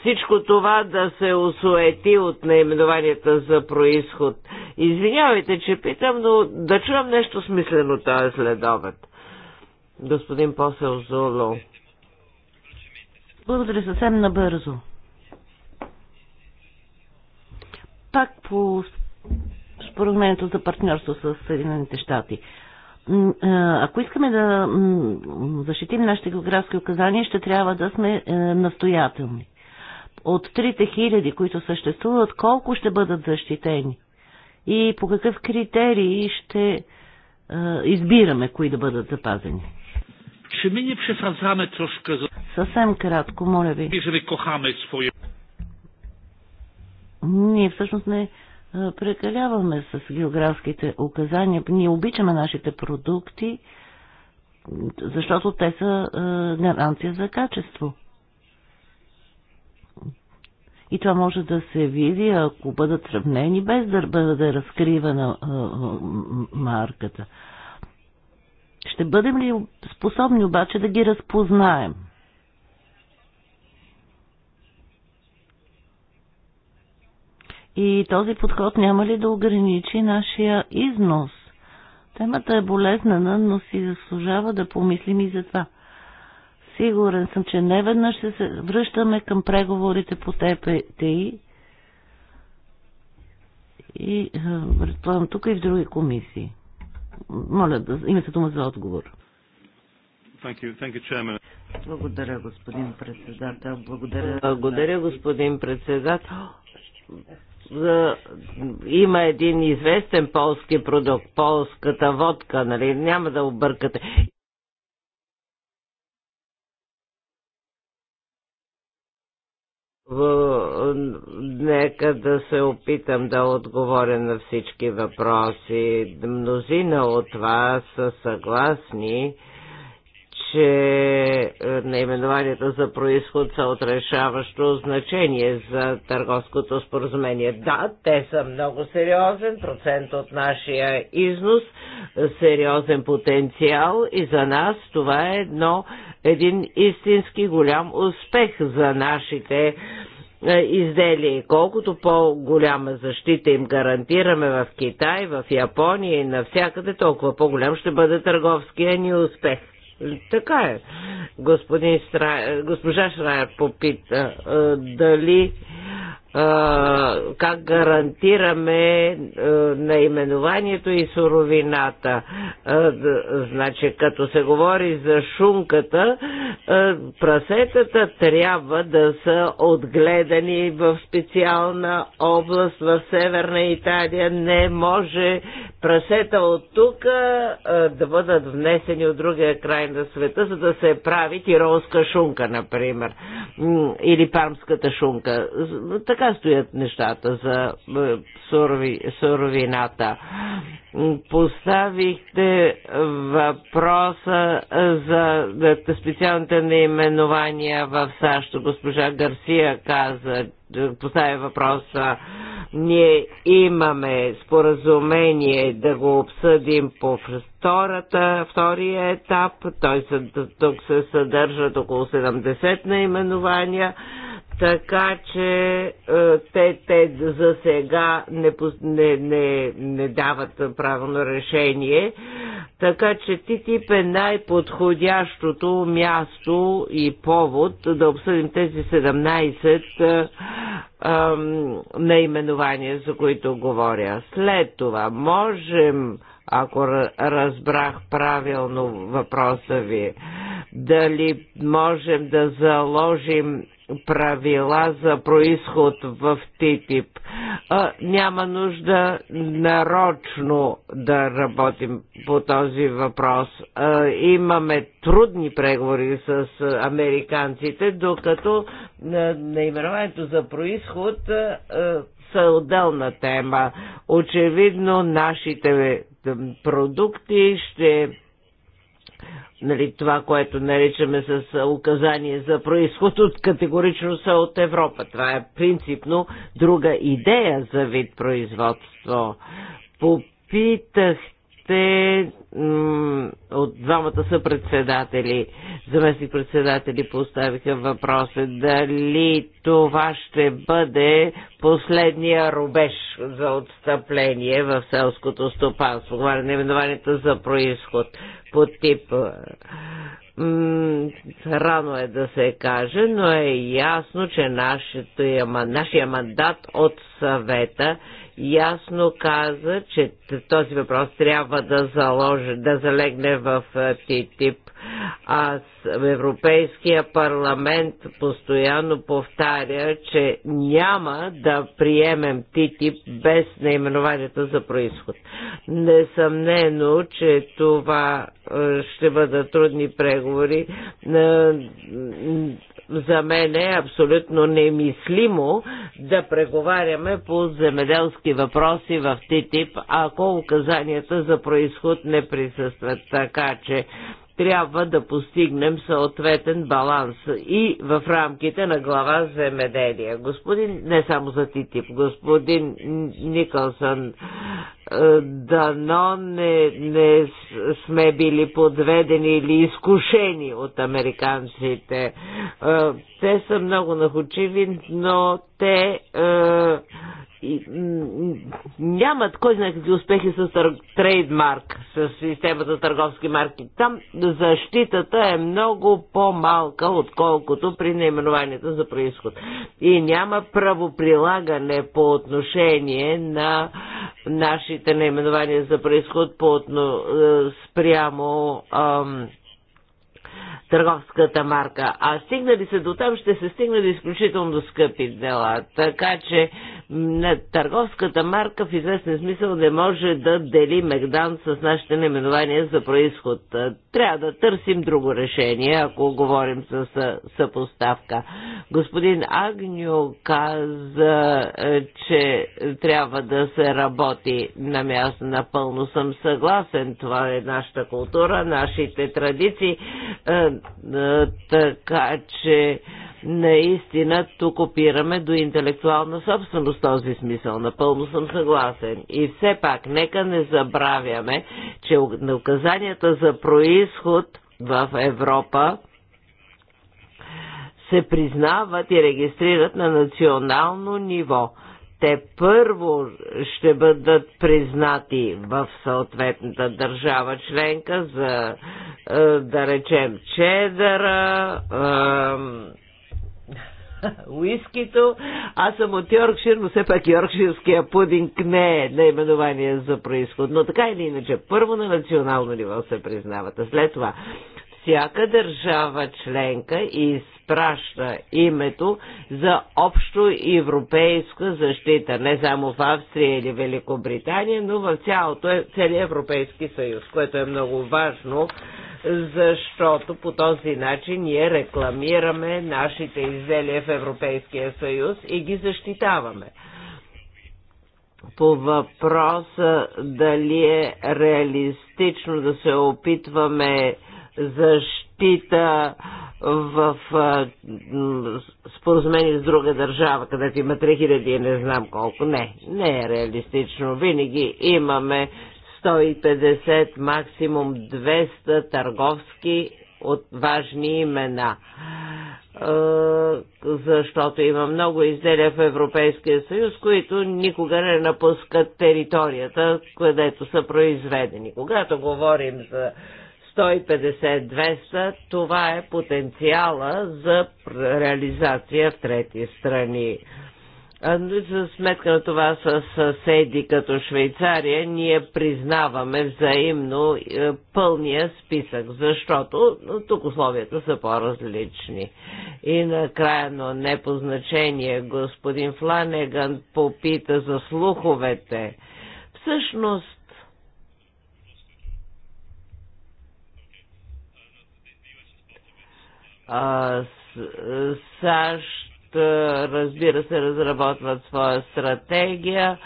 всичко това да се осуети от наименованията за происход. Извинявайте, че питам, но да чувам нещо смислено този следобед. Господин Посел Золо. Благодаря съвсем набързо. Пак по споразумението за партньорство с Съединените щати. Ако искаме да защитим нашите географски указания, ще трябва да сме е, настоятелни. От трите хиляди, които съществуват, колко ще бъдат защитени? И по какъв критерий ще е, избираме кои да бъдат запазени? Czy my nie przesadzamy troszkę... Съвсем кратко, моля ви. my kochamy swoje... Ние всъщност не прекаляваме с географските указания. Ние обичаме нашите продукти, защото те са gwarancje за качество. И това може да се види, ако бъдат сравнени, без да бъде разкривана марката. Ще бъдем ли способни обаче да ги разпознаем? И този подход няма ли да ограничи нашия износ? Темата е болезнена, но си заслужава да помислим и за това. Сигурен съм, че не веднъж ще се връщаме към преговорите по ТПТИ и е, предполагам тук и в други комисии. Моля да имате дума за отговор. Thank you. Thank you, Благодаря, господин председател. Благодаря. Благодаря, господин председател. За... Има един известен полски продукт, полската водка, нали? Няма да объркате. Нека да се опитам да отговоря на всички въпроси. Мнозина от вас са съгласни, че е, наименованието за происход са от решаващо значение за търговското споразумение. Да, те са много сериозен процент от нашия износ, сериозен потенциал и за нас това е едно, един истински голям успех за нашите е, изделия. Колкото по-голяма защита им гарантираме в Китай, в Япония и навсякъде, толкова по-голям ще бъде търговския ни успех. Така е. Господин Стра... Госпожа Шрая попита дали как гарантираме наименованието и суровината. Значи, като се говори за шунката, прасетата трябва да са отгледани в специална област в Северна Италия. Не може прасета от тук да бъдат внесени от другия край на света, за да се прави тиролска шунка, например, или пармската шунка така стоят нещата за е, суровината. Поставихте въпроса е, за е, специалните наименования в САЩ. Госпожа Гарсия каза, поставя въпроса. Ние имаме споразумение да го обсъдим по втората, втория етап. Той тук се съдържат около 70 наименования така че е, те, те за сега не, не, не, не дават правилно решение. Така че ТТИП е най-подходящото място и повод да обсъдим тези 17 е, а, наименования, за които говоря. След това можем ако разбрах правилно въпроса ви. Дали можем да заложим правила за происход в ТИТИП. А, няма нужда нарочно да работим по този въпрос. А, имаме трудни преговори с американците, докато наименованието за происход а, са отделна тема. Очевидно, нашите продукти, ще нали, това, което наричаме с указание за происход от категорично са от Европа. Това е принципно друга идея за вид производство. Попитахте ще от двамата са председатели, заместник председатели поставиха въпроса дали това ще бъде последния рубеж за отстъпление в селското стопанство. Говоря наименованието за происход по тип е, рано е да се каже, но е ясно, че е, нашия мандат от съвета ясно каза, че този въпрос трябва да, заложи, да залегне в тип. Аз в Европейския парламент постоянно повтаря, че няма да приемем ТИТИП без наименованието за происход. Несъмнено, че това е, ще бъдат трудни преговори. Е, за мен е абсолютно немислимо да преговаряме по земеделски въпроси в ТИТИП, ако указанията за происход не присъстват. Така че трябва да постигнем съответен баланс и в рамките на глава земеделие. Господин, не само за ТИТИП, господин Никълсън, е, дано не, не сме били подведени или изкушени от американците. Е, те са много нахочиви, но те е, и, нямат кой знае какви успехи с тър... трейдмарк, с системата търговски марки. Там защитата е много по-малка, отколкото при наименованията за происход. И няма правоприлагане по отношение на нашите наименования за происход по, е, спрямо ам, търговската марка. А стигнали се до там, ще се стигнали изключително скъпи дела. Така че търговската марка в известен смисъл не може да дели Мегдан с нашите наименования за происход. Трябва да търсим друго решение, ако говорим с съпоставка. Господин Агню каза, е, че трябва да се работи на място. Напълно съм съгласен. Това е нашата култура, нашите традиции е, така че наистина тук опираме до интелектуална собственост в този смисъл. Напълно съм съгласен. И все пак, нека не забравяме, че указанията за происход в Европа се признават и регистрират на национално ниво те първо ще бъдат признати в съответната държава членка за, е, да речем, чедъра, е, уискито. Аз съм от Йоркшир, но все пак йоркширския пудинг не е наименование за происход. Но така или иначе, първо на национално ниво се признават, а след това всяка държава членка и изпраща името за общо европейска защита, не само в Австрия или Великобритания, но в цялото, е- целия Европейски съюз, което е много важно, защото по този начин ние рекламираме нашите изделия в Европейския съюз и ги защитаваме по въпроса дали е реалистично да се опитваме защита в споразумение с друга държава, където има 3000 и не знам колко. Не, не е реалистично. Винаги имаме 150, максимум 200 търговски от важни имена. Защото има много изделия в Европейския съюз, които никога не напускат територията, където са произведени. Когато говорим за 150-200, това е потенциала за реализация в трети страни. За сметка на това с съседи като Швейцария, ние признаваме взаимно е, пълния списък, защото тук условията са по-различни. И накрая, но не по значение, господин Фланеган попита за слуховете. Всъщност САЩ, разбира се, разработват своя стратегия.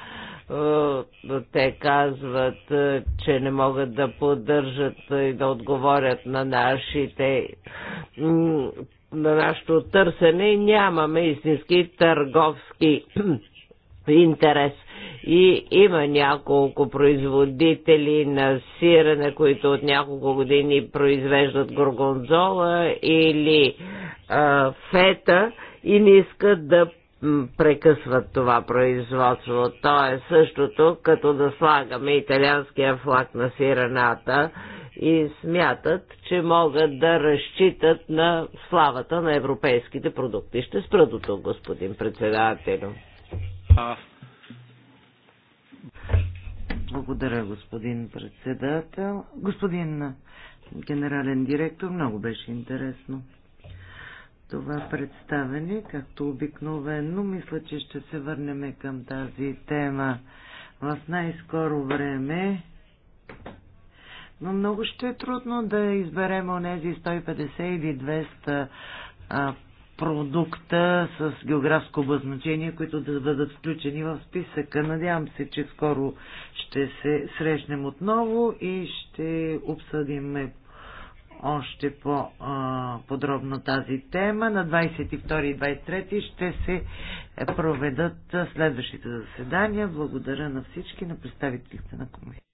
Е, те казват, е, че не могат да поддържат и да отговорят на нашите на нашето търсене нямаме истински търговски интерес и има няколко производители на сирене, които от няколко години произвеждат горгонзола или а, фета и не искат да прекъсват това производство. То е същото, като да слагаме италианския флаг на сирената и смятат, че могат да разчитат на славата на европейските продукти. Ще спра до тук, господин председател. Благодаря, господин председател. Господин генерален директор, много беше интересно това представене, както обикновено. Мисля, че ще се върнем към тази тема в най-скоро време. Но много ще е трудно да изберем онези 150 или 200 продукта с географско обозначение, които да бъдат включени в списъка. Надявам се, че скоро ще се срещнем отново и ще обсъдим още по-подробно тази тема. На 22 и 23 ще се проведат следващите заседания. Благодаря на всички, на представителите на комисията.